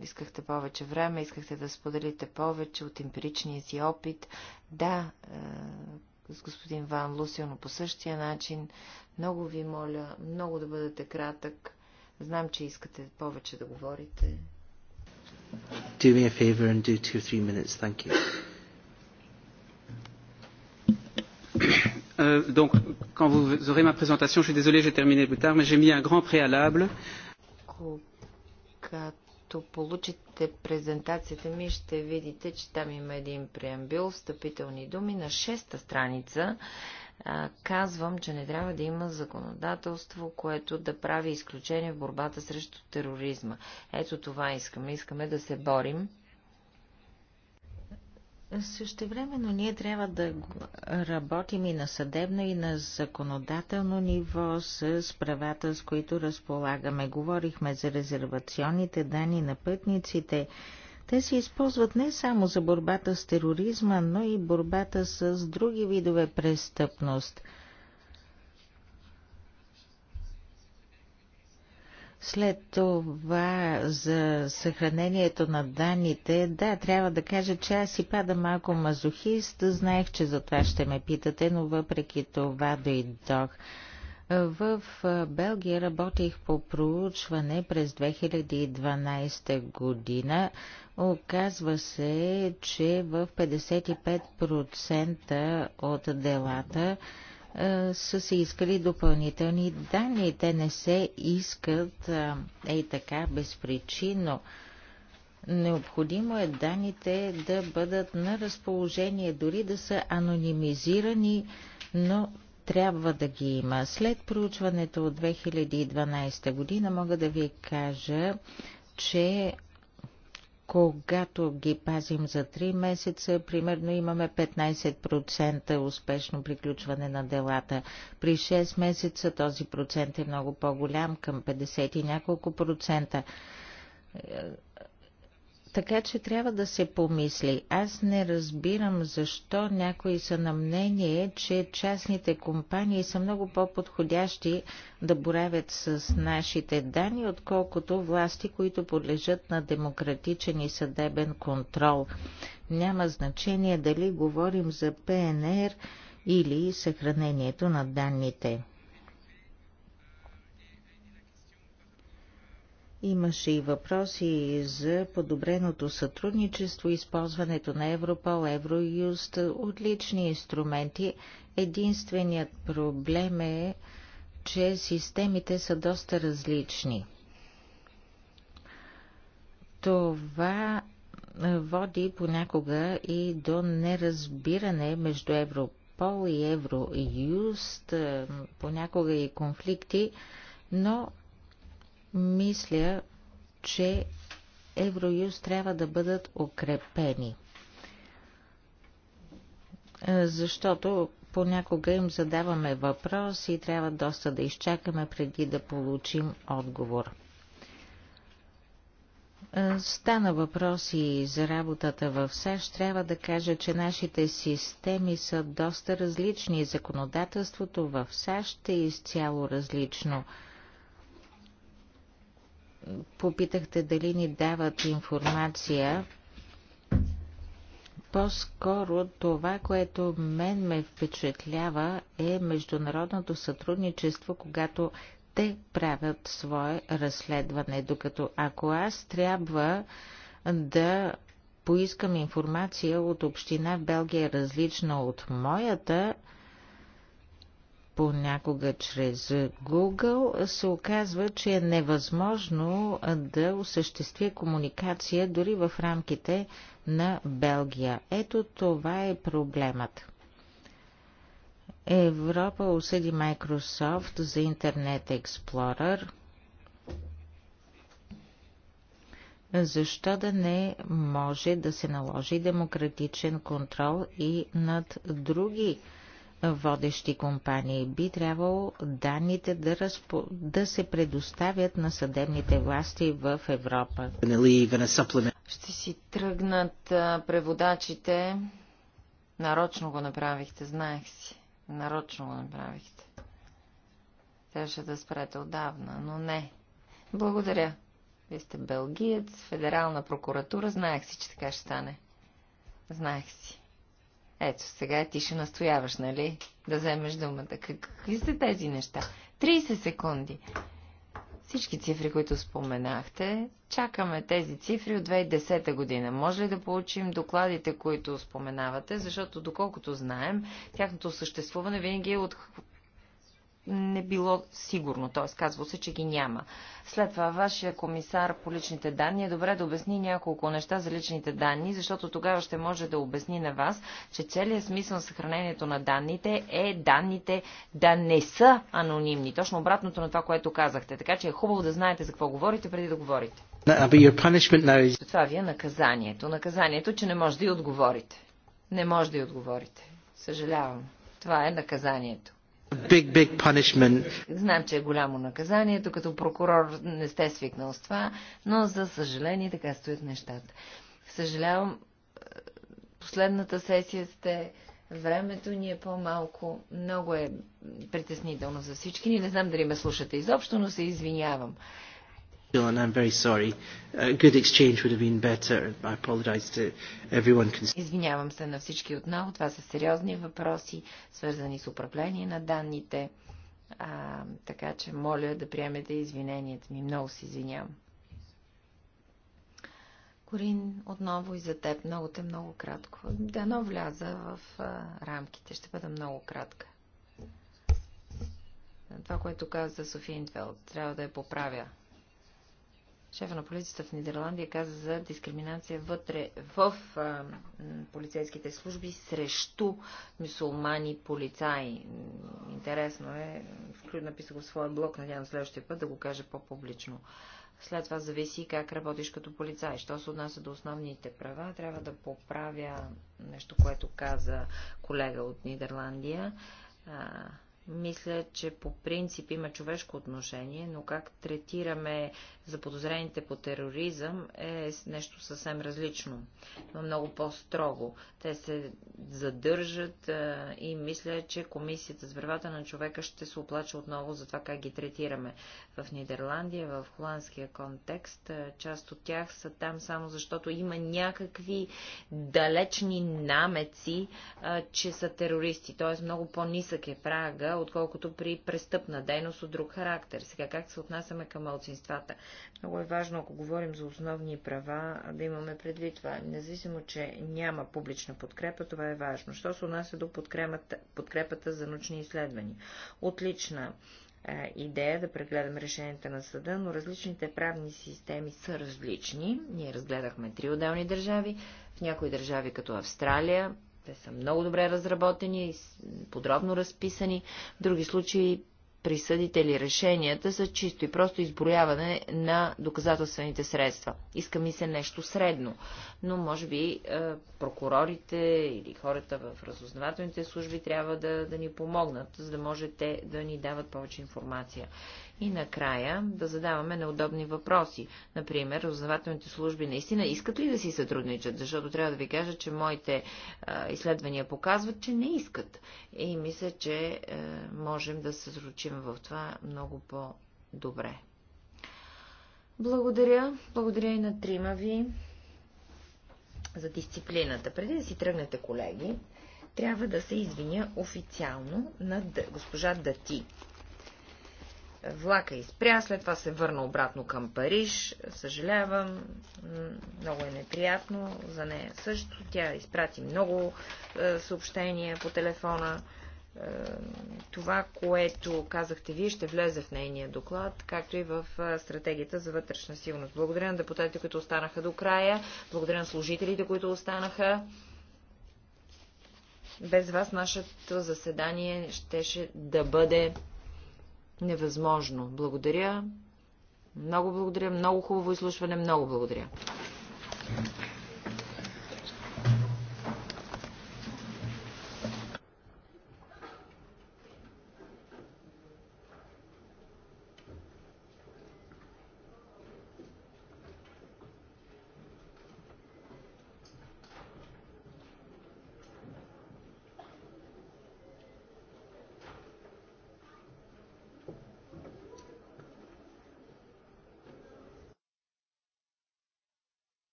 искахте повече време, искахте да споделите повече от емпиричния си опит. Да, е, с господин Ван Лусилно по същия начин. Много ви моля, много да бъдете кратък. Знам, че искате повече да говорите. Do me a favor and do two or three minutes. Thank you. donc, quand vous aurez ma présentation, je suis désolé, j'ai terminé plus tard, mais j'ai mis un grand préalable. Когато когато получите презентацията ми, ще видите, че там има един преамбил, встъпителни думи. На шеста страница а, казвам, че не трябва да има законодателство, което да прави изключение в борбата срещу тероризма. Ето това искаме. Искаме да се борим но ние трябва да работим и на съдебно, и на законодателно ниво с правата, с които разполагаме. Говорихме за резервационните данни на пътниците. Те се използват не само за борбата с тероризма, но и борбата с други видове престъпност – След това за съхранението на данните, да, трябва да кажа, че аз си пада малко мазохист. Знаех, че за това ще ме питате, но въпреки това дойдох. В Белгия работих по проучване през 2012 година. Оказва се, че в 55% от делата са се искали допълнителни данни. Те не се искат е така безпричинно. Необходимо е данните да бъдат на разположение, дори да са анонимизирани, но трябва да ги има. След проучването от 2012 година мога да ви кажа, че когато ги пазим за 3 месеца, примерно имаме 15% успешно приключване на делата. При 6 месеца този процент е много по-голям, към 50 и няколко процента. Така че трябва да се помисли. Аз не разбирам защо някои са на мнение, че частните компании са много по-подходящи да боравят с нашите данни, отколкото власти, които подлежат на демократичен и съдебен контрол. Няма значение дали говорим за ПНР или съхранението на данните. Имаше и въпроси за подобреното сътрудничество, използването на Европол, Евроюст, отлични инструменти. Единственият проблем е, че системите са доста различни. Това води понякога и до неразбиране между Европол и Евроюст, понякога и конфликти, но мисля, че Евроюз трябва да бъдат укрепени. Е, защото понякога им задаваме въпрос и трябва доста да изчакаме преди да получим отговор. Е, стана въпрос и за работата в САЩ. Трябва да кажа, че нашите системи са доста различни. Законодателството в САЩ е изцяло различно попитахте дали ни дават информация. По-скоро това, което мен ме впечатлява е международното сътрудничество, когато те правят свое разследване, докато ако аз трябва да поискам информация от община в Белгия различна от моята, понякога чрез Google, се оказва, че е невъзможно да осъществи комуникация дори в рамките на Белгия. Ето това е проблемът. Европа осъди Microsoft за Internet Explorer. Защо да не може да се наложи демократичен контрол и над други? водещи компании. Би трябвало данните да, разпо... да се предоставят на съдебните власти в Европа. Ще си тръгнат преводачите. Нарочно го направихте, знаех си. Нарочно го направихте. Трябваше да спрете отдавна, но не. Благодаря. Вие сте белгиец, федерална прокуратура. Знаех си, че така ще стане. Знаех си. Ето, сега е ти ще настояваш, нали? Да вземеш думата. Какви са тези неща? 30 секунди. Всички цифри, които споменахте, чакаме тези цифри от 2010 година. Може ли да получим докладите, които споменавате, защото доколкото знаем, тяхното съществуване винаги е от не било сигурно, т.е. казва се, че ги няма. След това вашия комисар по личните данни е добре да обясни няколко неща за личните данни, защото тогава ще може да обясни на вас, че целият смисъл на съхранението на данните е данните да не са анонимни. Точно обратното на това, което казахте. Така че е хубаво да знаете за какво говорите преди да говорите. Това ви е наказанието. Наказанието, че не може да и отговорите. Не може да и отговорите. Съжалявам. Това е наказанието. Big, big punishment. Знам, че е голямо наказанието, като прокурор не сте свикнал с това, но за съжаление така стоят нещата. Съжалявам, последната сесия сте Времето ни е по-малко. Много е притеснително за всички. не знам дали ме слушате изобщо, но се извинявам. Dylan, I'm very sorry. A good exchange would have been better. I apologize to everyone. Извинявам се на всички отново. Това са сериозни въпроси, свързани с управление на данните. А, така че моля да приемете извиненията ми. Много се извинявам. Корин, отново и за теб. Много те много кратко. Да но вляза в а, рамките. Ще бъда много кратка. Това, което каза София Интвелд, трябва да я поправя. Шефа на полицията в Нидерландия каза за дискриминация вътре в а, полицейските служби срещу мусулмани полицаи. Интересно е, написа го в своя блог, надявам следващия път да го каже по-публично. След това зависи как работиш като полицай. Що се отнася до основните права, трябва да поправя нещо, което каза колега от Нидерландия. Мисля, че по принцип има човешко отношение, но как третираме заподозрените по тероризъм е нещо съвсем различно, но много по-строго. Те се задържат и мисля, че Комисията с правата на човека ще се оплача отново за това как ги третираме. В Нидерландия, в холандския контекст, част от тях са там само защото има някакви далечни намеци, че са терористи. Т.е. много по-нисък е прага отколкото при престъпна дейност от друг характер. Сега как се отнасяме към малцинствата? Много е важно, ако говорим за основни права, да имаме предвид това. Независимо, че няма публична подкрепа, това е важно. Що се отнася до подкрепата, подкрепата за научни изследвания? Отлична е, идея да прегледам решенията на съда, но различните правни системи са различни. Ние разгледахме три отделни държави. В някои държави, като Австралия, те са много добре разработени и подробно разписани. В други случаи присъдите или решенията са чисто и просто изброяване на доказателствените средства. Иска ми се нещо средно, но може би е, прокурорите или хората в разузнавателните служби трябва да, да ни помогнат, за да може те да ни дават повече информация. И накрая да задаваме неудобни въпроси. Например, разузнавателните служби наистина искат ли да си сътрудничат? Защото трябва да ви кажа, че моите а, изследвания показват, че не искат. И мисля, че а, е, можем да се сручим в това много по-добре. Благодаря. Благодаря и на трима ви за дисциплината. Преди да си тръгнете, колеги, трябва да се извиня официално на госпожа Дати. Влака изпря, след това се върна обратно към Париж. Съжалявам, много е неприятно за нея също. Тя изпрати много е, съобщения по телефона. Е, това, което казахте вие, ще влезе в нейния доклад, както и в е, стратегията за вътрешна сигурност. Благодаря на депутатите, които останаха до края. Благодаря на служителите, които останаха. Без вас нашето заседание щеше да бъде невъзможно. Благодаря. Много благодаря. Много хубаво изслушване. Много благодаря.